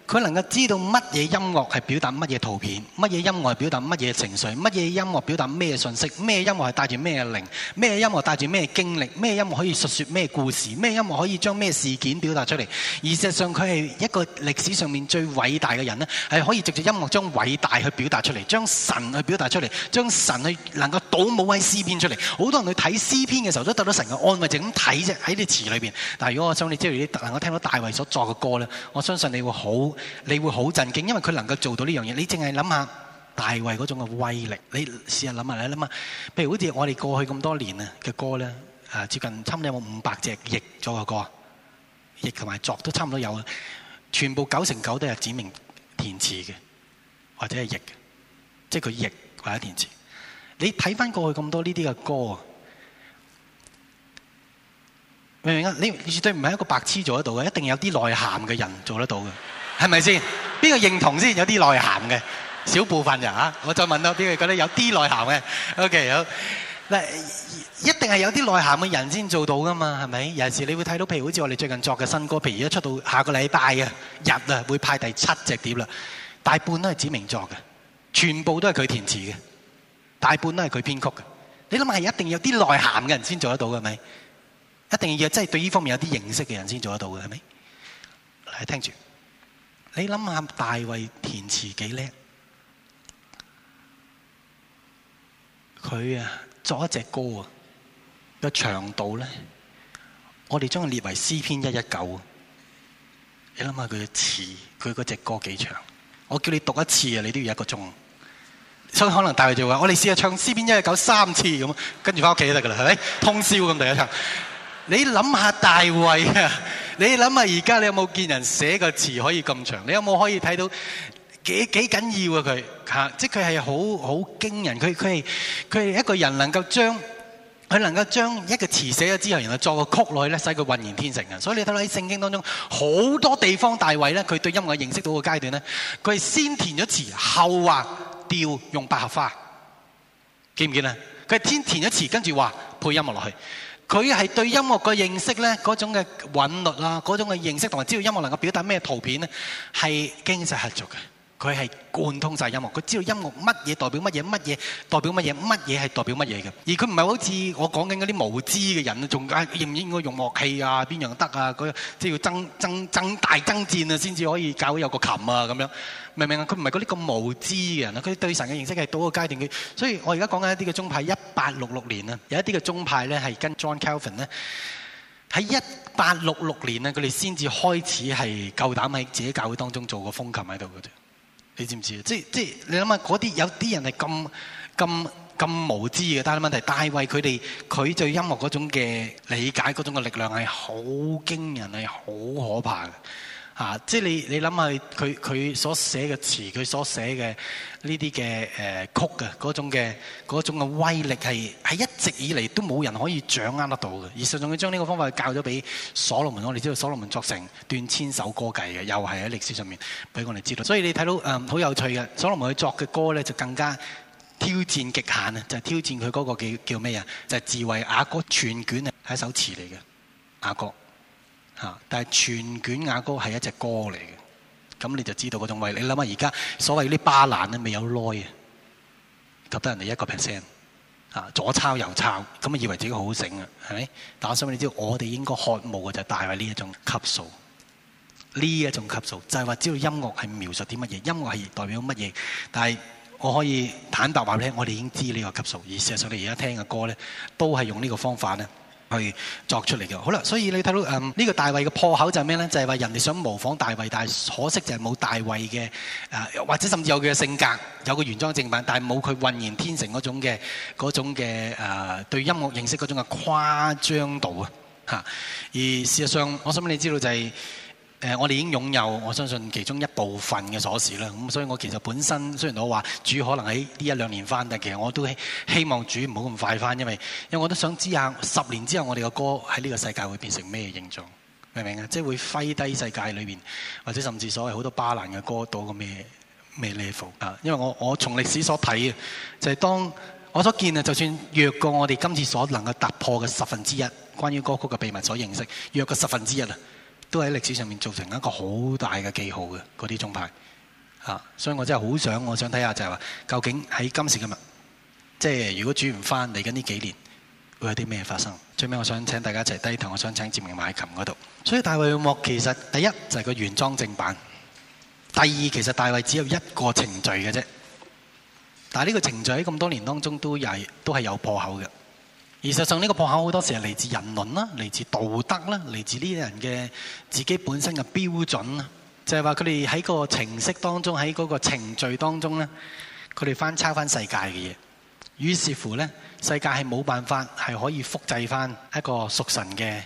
佢能夠知道乜嘢音樂係表達乜嘢圖片，乜嘢音樂係表達乜嘢情緒，乜嘢音樂表達咩信息，咩音樂係帶住咩靈，咩音樂帶住咩經歷，咩音樂可以述説咩故事，咩音樂可以將咩事件表達出嚟。而事實上佢係一個歷史上面最偉大嘅人咧，係可以直接音樂將偉大去表達出嚟，將神去表達出嚟，將神去能夠倒模喺詩篇出嚟。好多人去睇詩篇嘅時候都得到神嘅安慰就這，就咁睇啫，喺啲詞裏邊。但係如果我想你接住啲，你能夠聽到大衛所作嘅歌咧，我相信你會好。你會好震驚，因為佢能夠做到呢樣嘢。你淨係諗下大衛嗰種嘅威力，你試下諗下，你諗下。譬如好似我哋過去咁多年啊嘅歌咧，啊接近差唔多有五百隻譯咗嘅歌，譯同埋作都差唔多有，全部九成九都係指明填詞嘅，或者係譯嘅，即係佢譯或者填詞。你睇翻過去咁多呢啲嘅歌，明唔明啊？你你絕對唔係一個白痴做得到嘅，一定有啲內涵嘅人做得到嘅。係咪先？邊個認同先？有啲內涵嘅，小部分人嚇。我再問多啲，邊個覺得有啲內涵嘅。OK，好。嗱，一定係有啲內涵嘅人先做到噶嘛？係咪？有時你會睇到，譬如好似我哋最近作嘅新歌，譬如一出到下個禮拜啊，日啊會派第七隻碟啦。大半都係指名作嘅，全部都係佢填詞嘅，大半都係佢編曲嘅。你諗下，一定要有啲內涵嘅人先做得到嘅，係咪？一定要真係對呢方面有啲認識嘅人先做得到嘅，係咪？嚟聽住。你諗下大衛填詞幾叻？佢啊作一隻歌啊，個長度咧，我哋將佢列為詩篇一一九。你諗下佢嘅詞，佢嗰隻歌幾長？我叫你讀一次啊，你都要一個鐘。所以可能大衛就話：我哋試下唱詩篇一一九三次咁，跟住翻屋企得噶啦，係咪？通宵咁第一場。你諗下大衛啊！你諗下而家你有冇見人寫個詞可以咁長？你有冇可以睇到幾幾緊要啊佢吓，即係佢係好好驚人。佢，佢係佢係一個人能夠將佢能夠將一個詞寫咗之後，然後作個曲落去咧，使佢渾然天成嘅。所以你睇到喺聖經當中好多地方大衛，大衛咧佢對音樂認識到嘅階段咧，佢係先填咗詞，後話調用百合花，見唔見啊？佢係先填咗詞，跟住話配音樂落去。佢係對音樂嘅認識呢，嗰種嘅韻律啦，嗰種嘅認識同埋知道音樂能夠表達咩圖片呢，係經濟合作嘅。佢係貫通晒音樂，佢知道音樂乜嘢代表乜嘢，乜嘢代表乜嘢，乜嘢係代表乜嘢嘅。而佢唔係好似我講緊嗰啲無知嘅人咧，仲應唔應該用樂器啊？邊樣得啊？即係要爭爭爭大爭戰啊，先至可以教會有個琴啊咁樣，明唔明啊？佢唔係嗰啲咁無知嘅人啦，佢對神嘅認識係到個階段嘅。所以我而家講緊一啲嘅宗派，一八六六年啊，有一啲嘅宗派咧係跟 John Calvin 咧，喺一八六六年啊，佢哋先至開始係夠膽喺自己教會當中做個風琴喺度嘅啫。你知唔知啊？即係即係，你諗下嗰啲有啲人係咁咁咁無知嘅，但係問題，大衛佢哋佢對音樂嗰種嘅理解嗰種嘅力量係好驚人，係好可怕嘅。啊！即係你你諗下佢佢所寫嘅詞，佢所寫嘅呢啲嘅誒曲嘅嗰種嘅嗰種嘅威力係係一直以嚟都冇人可以掌握得到嘅，而實上仲要將呢個方法教咗俾所羅門。我哋知道所羅門作成斷千首歌偈嘅，又係喺歷史上面俾我哋知道。所以你睇到誒好、呃、有趣嘅，所羅門佢作嘅歌咧就更加挑戰極限啊！就係、是、挑戰佢嗰個叫叫咩啊？就係、是、智慧雅歌全卷啊，係一首詞嚟嘅雅歌。但係全卷雅歌係一隻歌嚟嘅，咁你就知道嗰種威力。你諗下而家所謂啲巴蘭咧未有耐啊，及得人哋一個 percent 啊，左抄右抄，咁啊以為自己好醒啊，係咪？但我想畀你知道，我哋應該渴慕嘅就係大衛呢一種級數，呢一種級數就係話知道音樂係描述啲乜嘢，音樂係代表乜嘢，但係我可以坦白話畀你聽，我哋已經知呢個級數，而事實上你而家聽嘅歌咧，都係用呢個方法咧。去作出嚟嘅，好啦，所以你睇到嗯呢、這個大衛嘅破口就係咩呢？就係、是、話人哋想模仿大衛，但係可惜就係冇大衛嘅、呃、或者甚至有佢嘅性格，有個原裝正版，但係冇佢渾然天成嗰種嘅嗰種嘅、呃、對音樂認識嗰種嘅誇張度啊嚇。而事實上，我想畀你知道就係、是。呃、我哋已經擁有，我相信其中一部分嘅鎖匙啦。咁所以我其實本身雖然我話主可能喺呢一兩年翻，但其實我都希望主唔好咁快翻，因為因為我都想知下十年之後我哋嘅歌喺呢個世界會變成咩形象，明唔明啊？即係會揮低世界裏面，或者甚至所謂好多巴蘭嘅歌到個咩咩 level 啊？因為我我從歷史所睇就係當我所見啊，就算若過我哋今次所能夠突破嘅十分之一，關於歌曲嘅秘密所認識，若過十分之一都喺歷史上面做成一個好大嘅記號嘅，嗰啲宗派啊，所以我真係好想，我想睇下就係話，究竟喺今時今日，即係如果轉唔翻嚟，緊呢幾年會有啲咩發生？最尾我想請大家一齊低頭，我想請哲明買琴嗰度。所以大衛幕其實第一就係個原裝正版，第二其實大衛只有一個程序嘅啫，但呢個程序喺咁多年當中都係都係有破口嘅。而實際上呢個破口好多時係嚟自人倫啦，嚟自道德啦，嚟自呢啲人嘅自己本身嘅標準就係話佢哋喺個程式當中，喺嗰個程序當中呢佢哋翻抄翻世界嘅嘢，於是乎呢世界係冇辦法係可以複製翻一個屬神嘅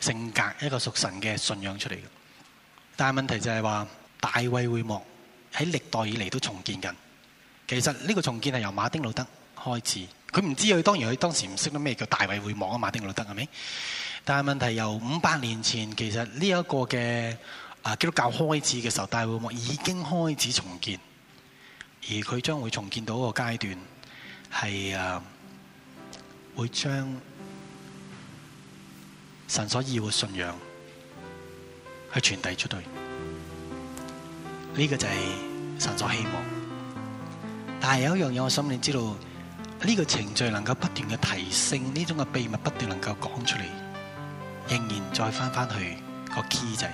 性格，一個屬神嘅信仰出嚟嘅。但係問題就係話大衛會幕喺歷代以嚟都重建緊，其實呢個重建係由馬丁路德開始。佢唔知佢，當然佢當時唔識得咩叫大衛會幕啊！馬丁路德係咪？但係問題由五百年前，其實呢一個嘅啊基督教開始嘅時候，大衛會幕已經開始重建，而佢將會重建到一個階段係啊，係會將神所要嘅信仰去傳遞出去。呢、呢個就係神所希望。但係有一樣嘢，我心裏知道。呢、這個程序能夠不斷嘅提升，呢種嘅秘密不斷能夠講出嚟，仍然再翻翻去個 key 就係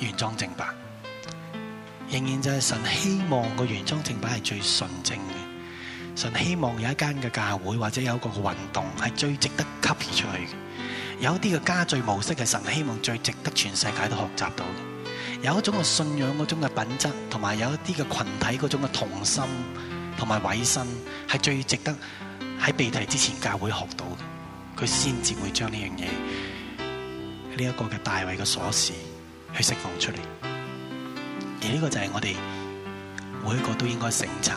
原裝正版，仍然就係神希望個原裝正版係最純正嘅。神希望有一間嘅教會或者有個運動係最值得 copy 出去嘅，有一啲嘅家聚模式係神希望最值得全世界都學習到嘅，有一種嘅信仰嗰種嘅品質，同埋有一啲嘅群體嗰種嘅同心。同埋委身係最值得喺被提之前教會學到他會嘅。佢先至會將呢樣嘢，呢一個嘅大衛嘅鎖匙去釋放出嚟。而呢個就係我哋每一個都應該省察，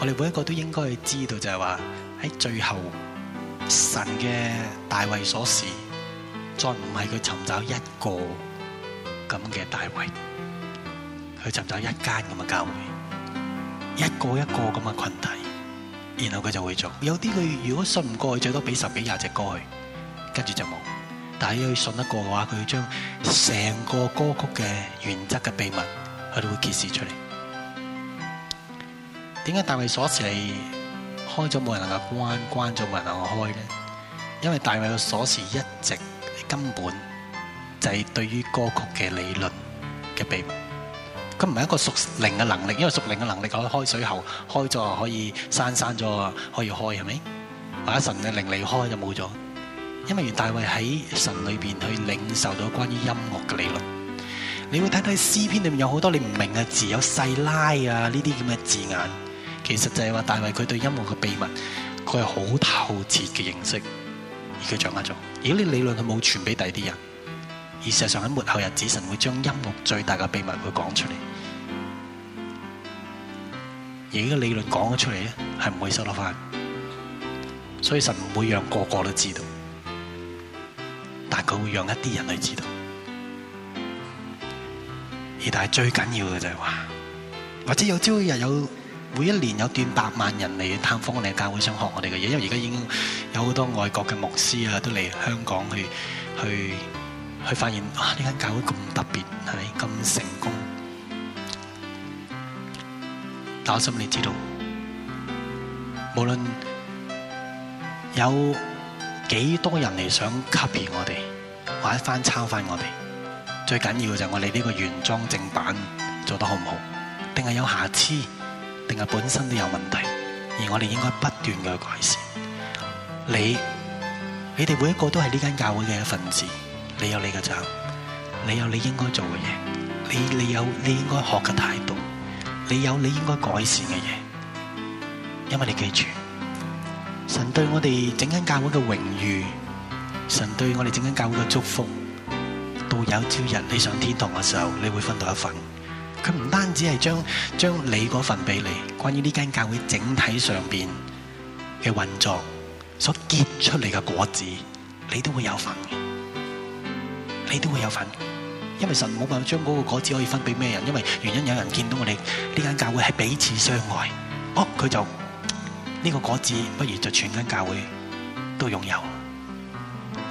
我哋每一個都應該知道，就係話喺最後神嘅大衛鎖匙，再唔係佢尋找一個咁嘅大衛，去尋找一間咁嘅教會。一個一個咁嘅群體，然後佢就會做。有啲佢如果信唔過，最多俾十幾廿隻歌去，跟住就冇。但係佢信得過嘅話，佢會將成個歌曲嘅原則嘅秘密，佢都會揭示出嚟。點解大衛鎖匙開咗冇人能夠關，關咗冇人能夠開咧？因為大衛嘅鎖匙一直根本就係對於歌曲嘅理論嘅秘密。佢唔係一個屬靈嘅能力，因為屬靈嘅能力可以開水喉，開咗可以閂閂咗，可以開係咪？或者神嘅靈離開就冇咗。因為原大衛喺神裏邊去領受到關於音樂嘅理論，你會睇睇詩篇裏面有好多你唔明嘅字，有細拉啊呢啲咁嘅字眼，其實就係話大衛佢對音樂嘅秘密，佢係好透徹嘅認識，而佢掌握咗。如果你理論佢冇傳俾第啲人。而事實上喺末後日子，神會將音樂最大嘅秘密會講出嚟。而呢個理論講咗出嚟咧，係唔會收得返。所以神唔會讓個個都知道，但佢會讓一啲人去知道。而但係最緊要嘅就係話，或者有朝一日有每一年有段百萬人嚟探訪我哋教會，想學我哋嘅嘢。因為而家已經有好多外國嘅牧師啊，都嚟香港去去。去發現哇！啊，呢間教會咁特別，係咪咁成功？但我心裡知道，無論有幾多人嚟想 copy 我哋，或者翻抄翻我哋，最緊要就係我哋呢個原裝正版做得好唔好？定係有瑕疵？定係本身都有問題？而我哋應該不斷嘅改善。你你哋每一個都係呢間教會嘅一份子。你有你嘅責，你有你應該做嘅嘢，你你有你應該學嘅態度，你有你應該改善嘅嘢，因為你記住，神對我哋整間教會嘅榮譽，神對我哋整間教會嘅祝福，到有朝日你上天堂嘅時候，你會分到一份。佢唔單止係將將你嗰份俾你，關於呢間教會整體上邊嘅運作所結出嚟嘅果子，你都會有份嘅。你都會有份，因為神冇辦法將嗰個果子可以分俾咩人，因為原因有人見到我哋呢間教會係彼此相愛，哦，佢就呢、這個果子不如就全間教會都擁有，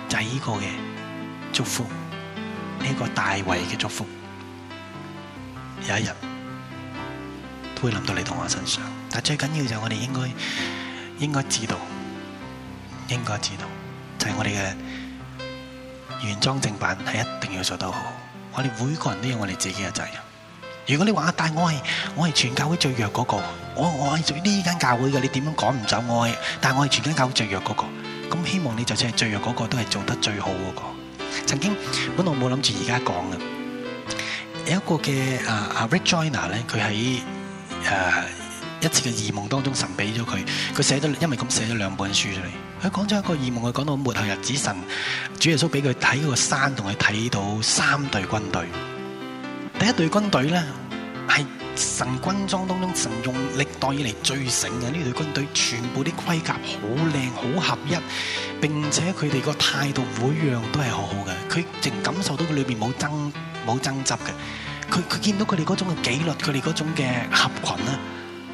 就係呢個嘅祝福，呢、這個大衛嘅祝福，有一日都會臨到你同我身上。但最緊要就係我哋應該應該知道，應該知道就係、是、我哋嘅。原裝正版係一定要做得好，我哋每個人都有我哋自己嘅責任。如果你話啊，但我係我係全教會最弱嗰個我，我我係做呢間教會嘅，你點樣趕唔走我？但我係全間教會最弱嗰個，咁希望你就算係最弱嗰、嗰個，都係做得最好嗰個。曾經本來我冇諗住而家講嘅，有一個嘅啊 Rick Joyner，啊 Rick Joyner 咧，佢喺誒，一次嘅異夢當中，神俾咗佢，佢寫咗，因為咁寫咗兩本書出嚟。佢講咗一個異夢，佢講到末後日子，神主耶穌俾佢睇個山，同佢睇到三隊軍隊。第一隊軍隊咧，係神軍裝當中，神用歷代以嚟最醒嘅呢隊軍隊，全部啲盔甲好靚好合一，並且佢哋個態度每樣都係好好嘅。佢淨感受到佢裏邊冇爭冇爭執嘅。佢佢見到佢哋嗰種嘅紀律，佢哋嗰種嘅合羣啦。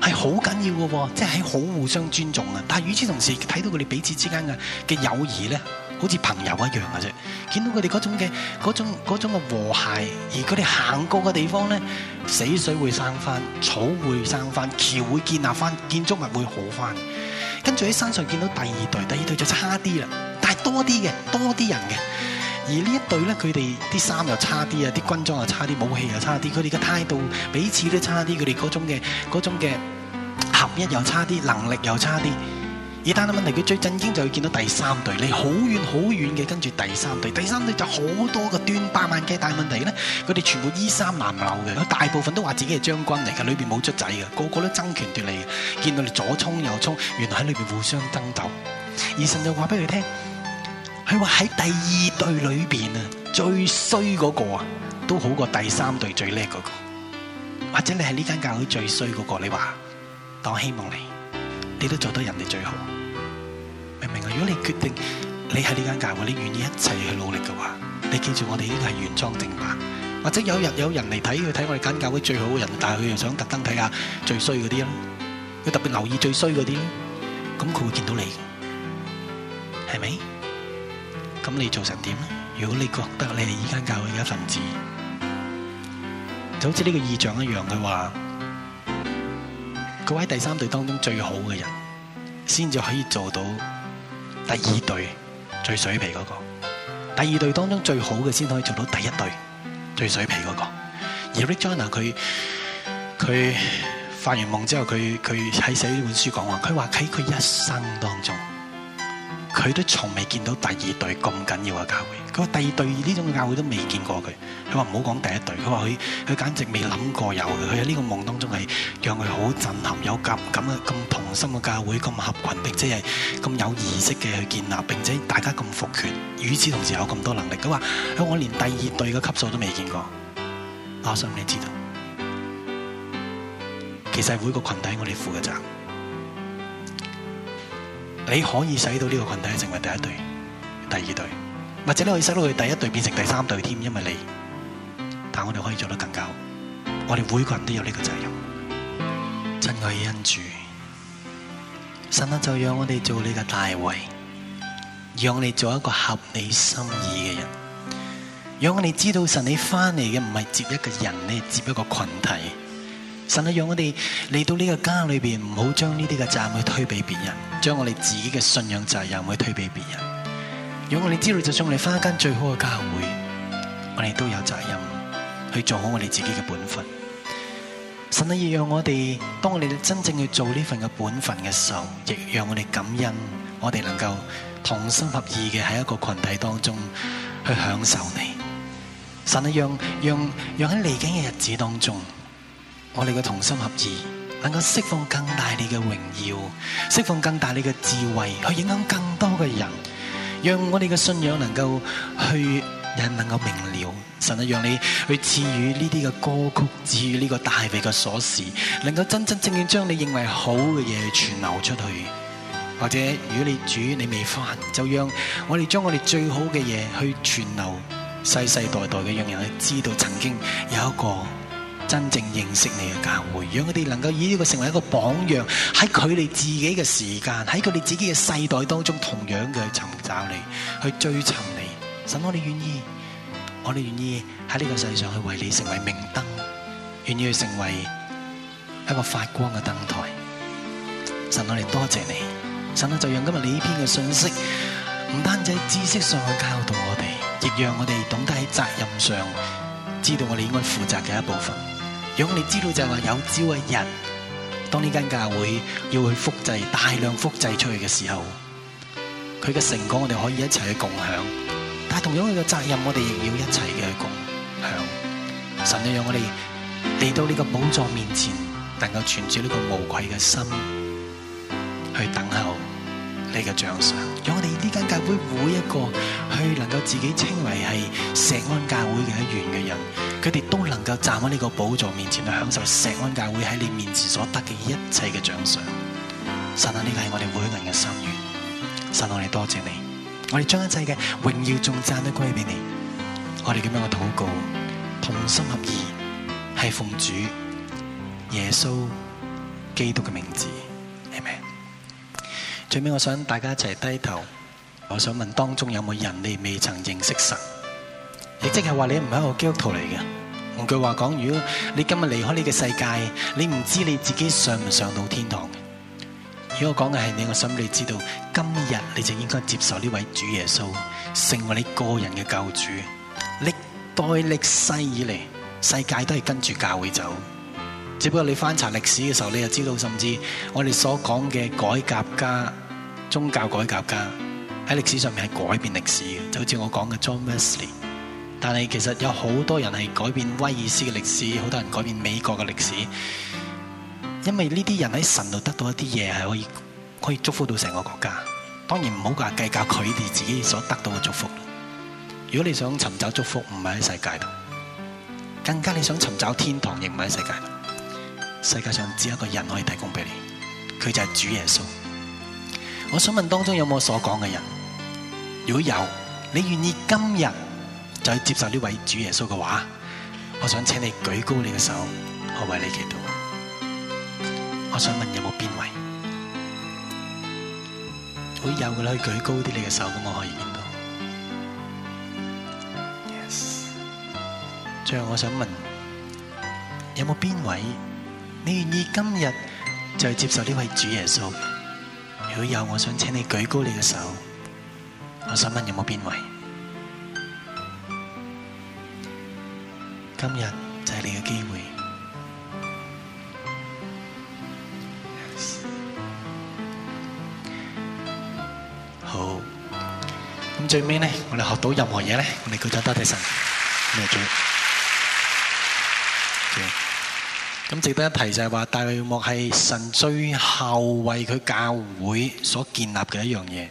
係好緊要嘅，即係喺好互相尊重啊！但係與此同時，睇到佢哋彼此之間嘅嘅友誼咧，好似朋友一樣嘅啫。見到佢哋嗰種嘅嗰種嘅和諧，而佢哋行過嘅地方咧，死水會生翻，草會生翻，橋會建立翻，建築物會好翻。跟住喺山上見到第二隊，第二隊就差啲啦，但係多啲嘅，多啲人嘅。而呢一隊咧，佢哋啲衫又差啲啊，啲軍裝又差啲，武器又差啲，佢哋嘅態度彼此都差啲，佢哋嗰種嘅嗰種嘅合一又差啲，能力又差啲。而單單問題，佢最震驚就係見到第三隊，你好遠好遠嘅跟住第三隊，第三隊就好多個端百萬計，大問題咧，佢哋全部衣衫難留嘅，佢大部分都話自己係將軍嚟嘅，裏邊冇卒仔嘅，個個都爭權奪利嘅，見到你左衝右衝，原來喺裏邊互相爭鬥。而神就話俾佢哋聽。佢話喺第二隊裏邊啊，最衰嗰個啊，都好過第三隊最叻嗰個。或者你係呢間教會最衰嗰個，你話，當希望你，你都做得人哋最好，明唔明啊？如果你決定你喺呢間教會，你願意一齊去努力嘅話，你記住我哋已經係原裝正版。或者有日有人嚟睇，佢睇我哋間教會最好嘅人，但係佢又想特登睇下最衰嗰啲咯，佢特別留意最衰嗰啲，咁佢會見到你，係咪？咁你做成點咧？如果你覺得你係而家教會嘅一份子，就好似呢個意象一樣，佢話，佢喺第三隊當中最好嘅人，先至可以做到第二隊最水皮嗰個；第二隊當中最好嘅先可以做到第一隊最水皮嗰個。而 Rick Joyner 佢佢發完夢之後，佢佢喺寫呢本書講話，佢話喺佢一生當中。佢都從未見到第二隊咁緊要嘅教會，佢話第二隊呢種教會都未見過佢。佢話唔好講第一隊，佢話佢，佢話佢佢簡直未諗過有嘅。佢喺呢個夢當中係讓佢好震撼，有咁咁啊咁同心嘅教會，咁合群，並且係咁有儀式嘅去建立，並且大家咁服權。與此同時有咁多能力，佢話我連第二隊嘅級數都未見過。阿想你知道其實每個群體我哋負嘅責。你可以使到呢個群體成為第一隊，第二隊或者你可以使到佢第一隊變成第三隊添，因為你。但我哋可以做得更加好，我哋每個人都有呢個責任。親愛恩主，神就讓我哋做你嘅大衛，讓你做一個合你心意嘅人，讓我哋知道神你翻嚟嘅唔係接一個人，你係接一個群體。神啊，讓我哋嚟到呢個家裏邊，唔好將呢啲嘅責任去推俾別人，將我哋自己嘅信仰責任去推俾別人。如果我哋知道就算我哋返一間最好嘅家會，我哋都有責任去做好我哋自己嘅本分。神啊，要讓我哋，當我哋真正去做呢份嘅本分嘅時候，亦讓我哋感恩，我哋能夠同心合意嘅喺一個群體當中去享受你。神啊，讓讓讓喺嚟緊嘅日子當中，我哋嘅同心合意，能夠釋放更大你嘅榮耀，釋放更大你嘅智慧，去影響更多嘅人，讓我哋嘅信仰能夠去人能夠明了。甚至讓你去賜予呢啲嘅歌曲，賜予呢個大衛嘅鎖匙，能夠真真正正將你認為好嘅嘢傳流出去。或者，如果你主你未返，就讓我哋將我哋最好嘅嘢去傳流，世世代代嘅讓人去知道曾經有一個真正認識你嘅教會，讓佢哋能夠以呢個成為一個榜樣，喺佢哋自己嘅時間，喺佢哋自己嘅世代當中同樣嘅尋找你，去追尋你。神，我哋願意，我哋願意喺呢個世上去為你成為明燈，願意去成為一個發光嘅燈台。神，我哋多謝、謝你。神，就讓今日你呢篇嘅信息，唔單止喺知識上去教導我哋，亦讓我哋懂得喺責任上知道我哋應該負責嘅一部分。如果你知道就係話有朝一日，當呢間教會要去複製大量複製出去嘅時候，佢嘅成果我哋可以一齊去共享，但係同樣，佢嘅責任我哋亦要一齊嘅共享。神要讓我哋嚟到呢個寶座面前，能夠存住呢個無愧嘅心去等候。你嘅獎賞，讓我哋呢間教會每一個去能夠自己稱為係錫安教會嘅一員嘅人，佢哋都能夠站喺呢個寶座面前，去享受錫安教會喺你面前所得嘅一切嘅獎賞。神啊，呢個係我哋每一人嘅心願。神，我哋多謝，謝你，我哋將一切嘅榮耀頌讚都歸俾你。我哋咁樣嘅禱告，同心合意，係奉主耶穌基督嘅名字，Amen。最尾我想大家一齊低頭，我想問當中有冇人你未曾認識神？亦即係話你唔係一個基督徒嚟嘅。換句話講，如果你今日離開呢個世界，你唔知你自己上唔上到天堂。如果我講嘅係你，我想你知道今日你就應該接受呢位主耶穌，成為你個人嘅救主。歷代歷世以嚟，世界都係跟住教會走，只不過你翻查歷史嘅時候，你就知道，甚至我哋所講嘅改革家。宗教改革家喺歷史上面係改變歷史嘅，就好似我講嘅 John Wesley。但係其實有好多人係改變威爾斯嘅歷史，好多人改變美國嘅歷史。因為呢啲人喺神度得到一啲嘢係可以可以祝福到成個國家。當然唔好話計較佢哋自己所得到嘅祝福。如果你想尋找祝福，唔係喺世界度，更加你想尋找天堂，亦唔係喺世界度。世界上只有一個人可以提供俾你，佢就係主耶穌。我想問當中有冇我所講嘅人？如果有，你願意今日就去接受呢位主耶穌嘅話，我想請你舉高你嘅手，我為你祈禱。我想問有冇邊位？如果有嘅，你可以舉高啲你嘅手，咁我可以見到。Yes。最後我想問，有冇邊位你願意今日就去接受呢位主耶穌？如果有，我想請你舉高你嘅手，我想問有冇邊位，今日就係你嘅機會。好，咁最尾呢，我哋學到任何嘢呢，我哋就多謝神，咩做？咁值得一提就係話大衛幕係神最後為佢教會所建立嘅一樣嘢，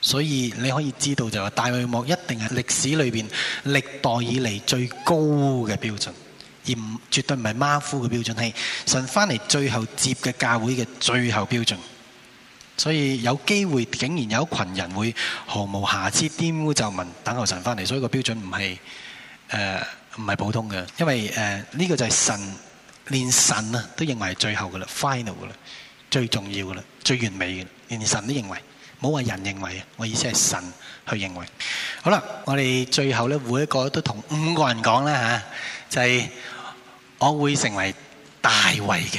所以你可以知道就係大衛幕一定係歷史裏邊歷代以嚟最高嘅標準而，而唔絕對唔係馬虎嘅標準，係神翻嚟最後接嘅教會嘅最後標準。所以有機會竟然有一群人會毫無瑕疵，玷污皺紋等候神翻嚟，所以個標準唔係誒唔係普通嘅，因為誒呢、呃這個就係神。連神啊都認為係最後嘅啦，final 嘅啦，最重要嘅啦，最完美嘅。連神都認為，唔好話人認為啊。我意思係神去認為。好啦，我哋最後咧，每一個都同五個人講啦吓，就係、是、我會成為大衛嘅。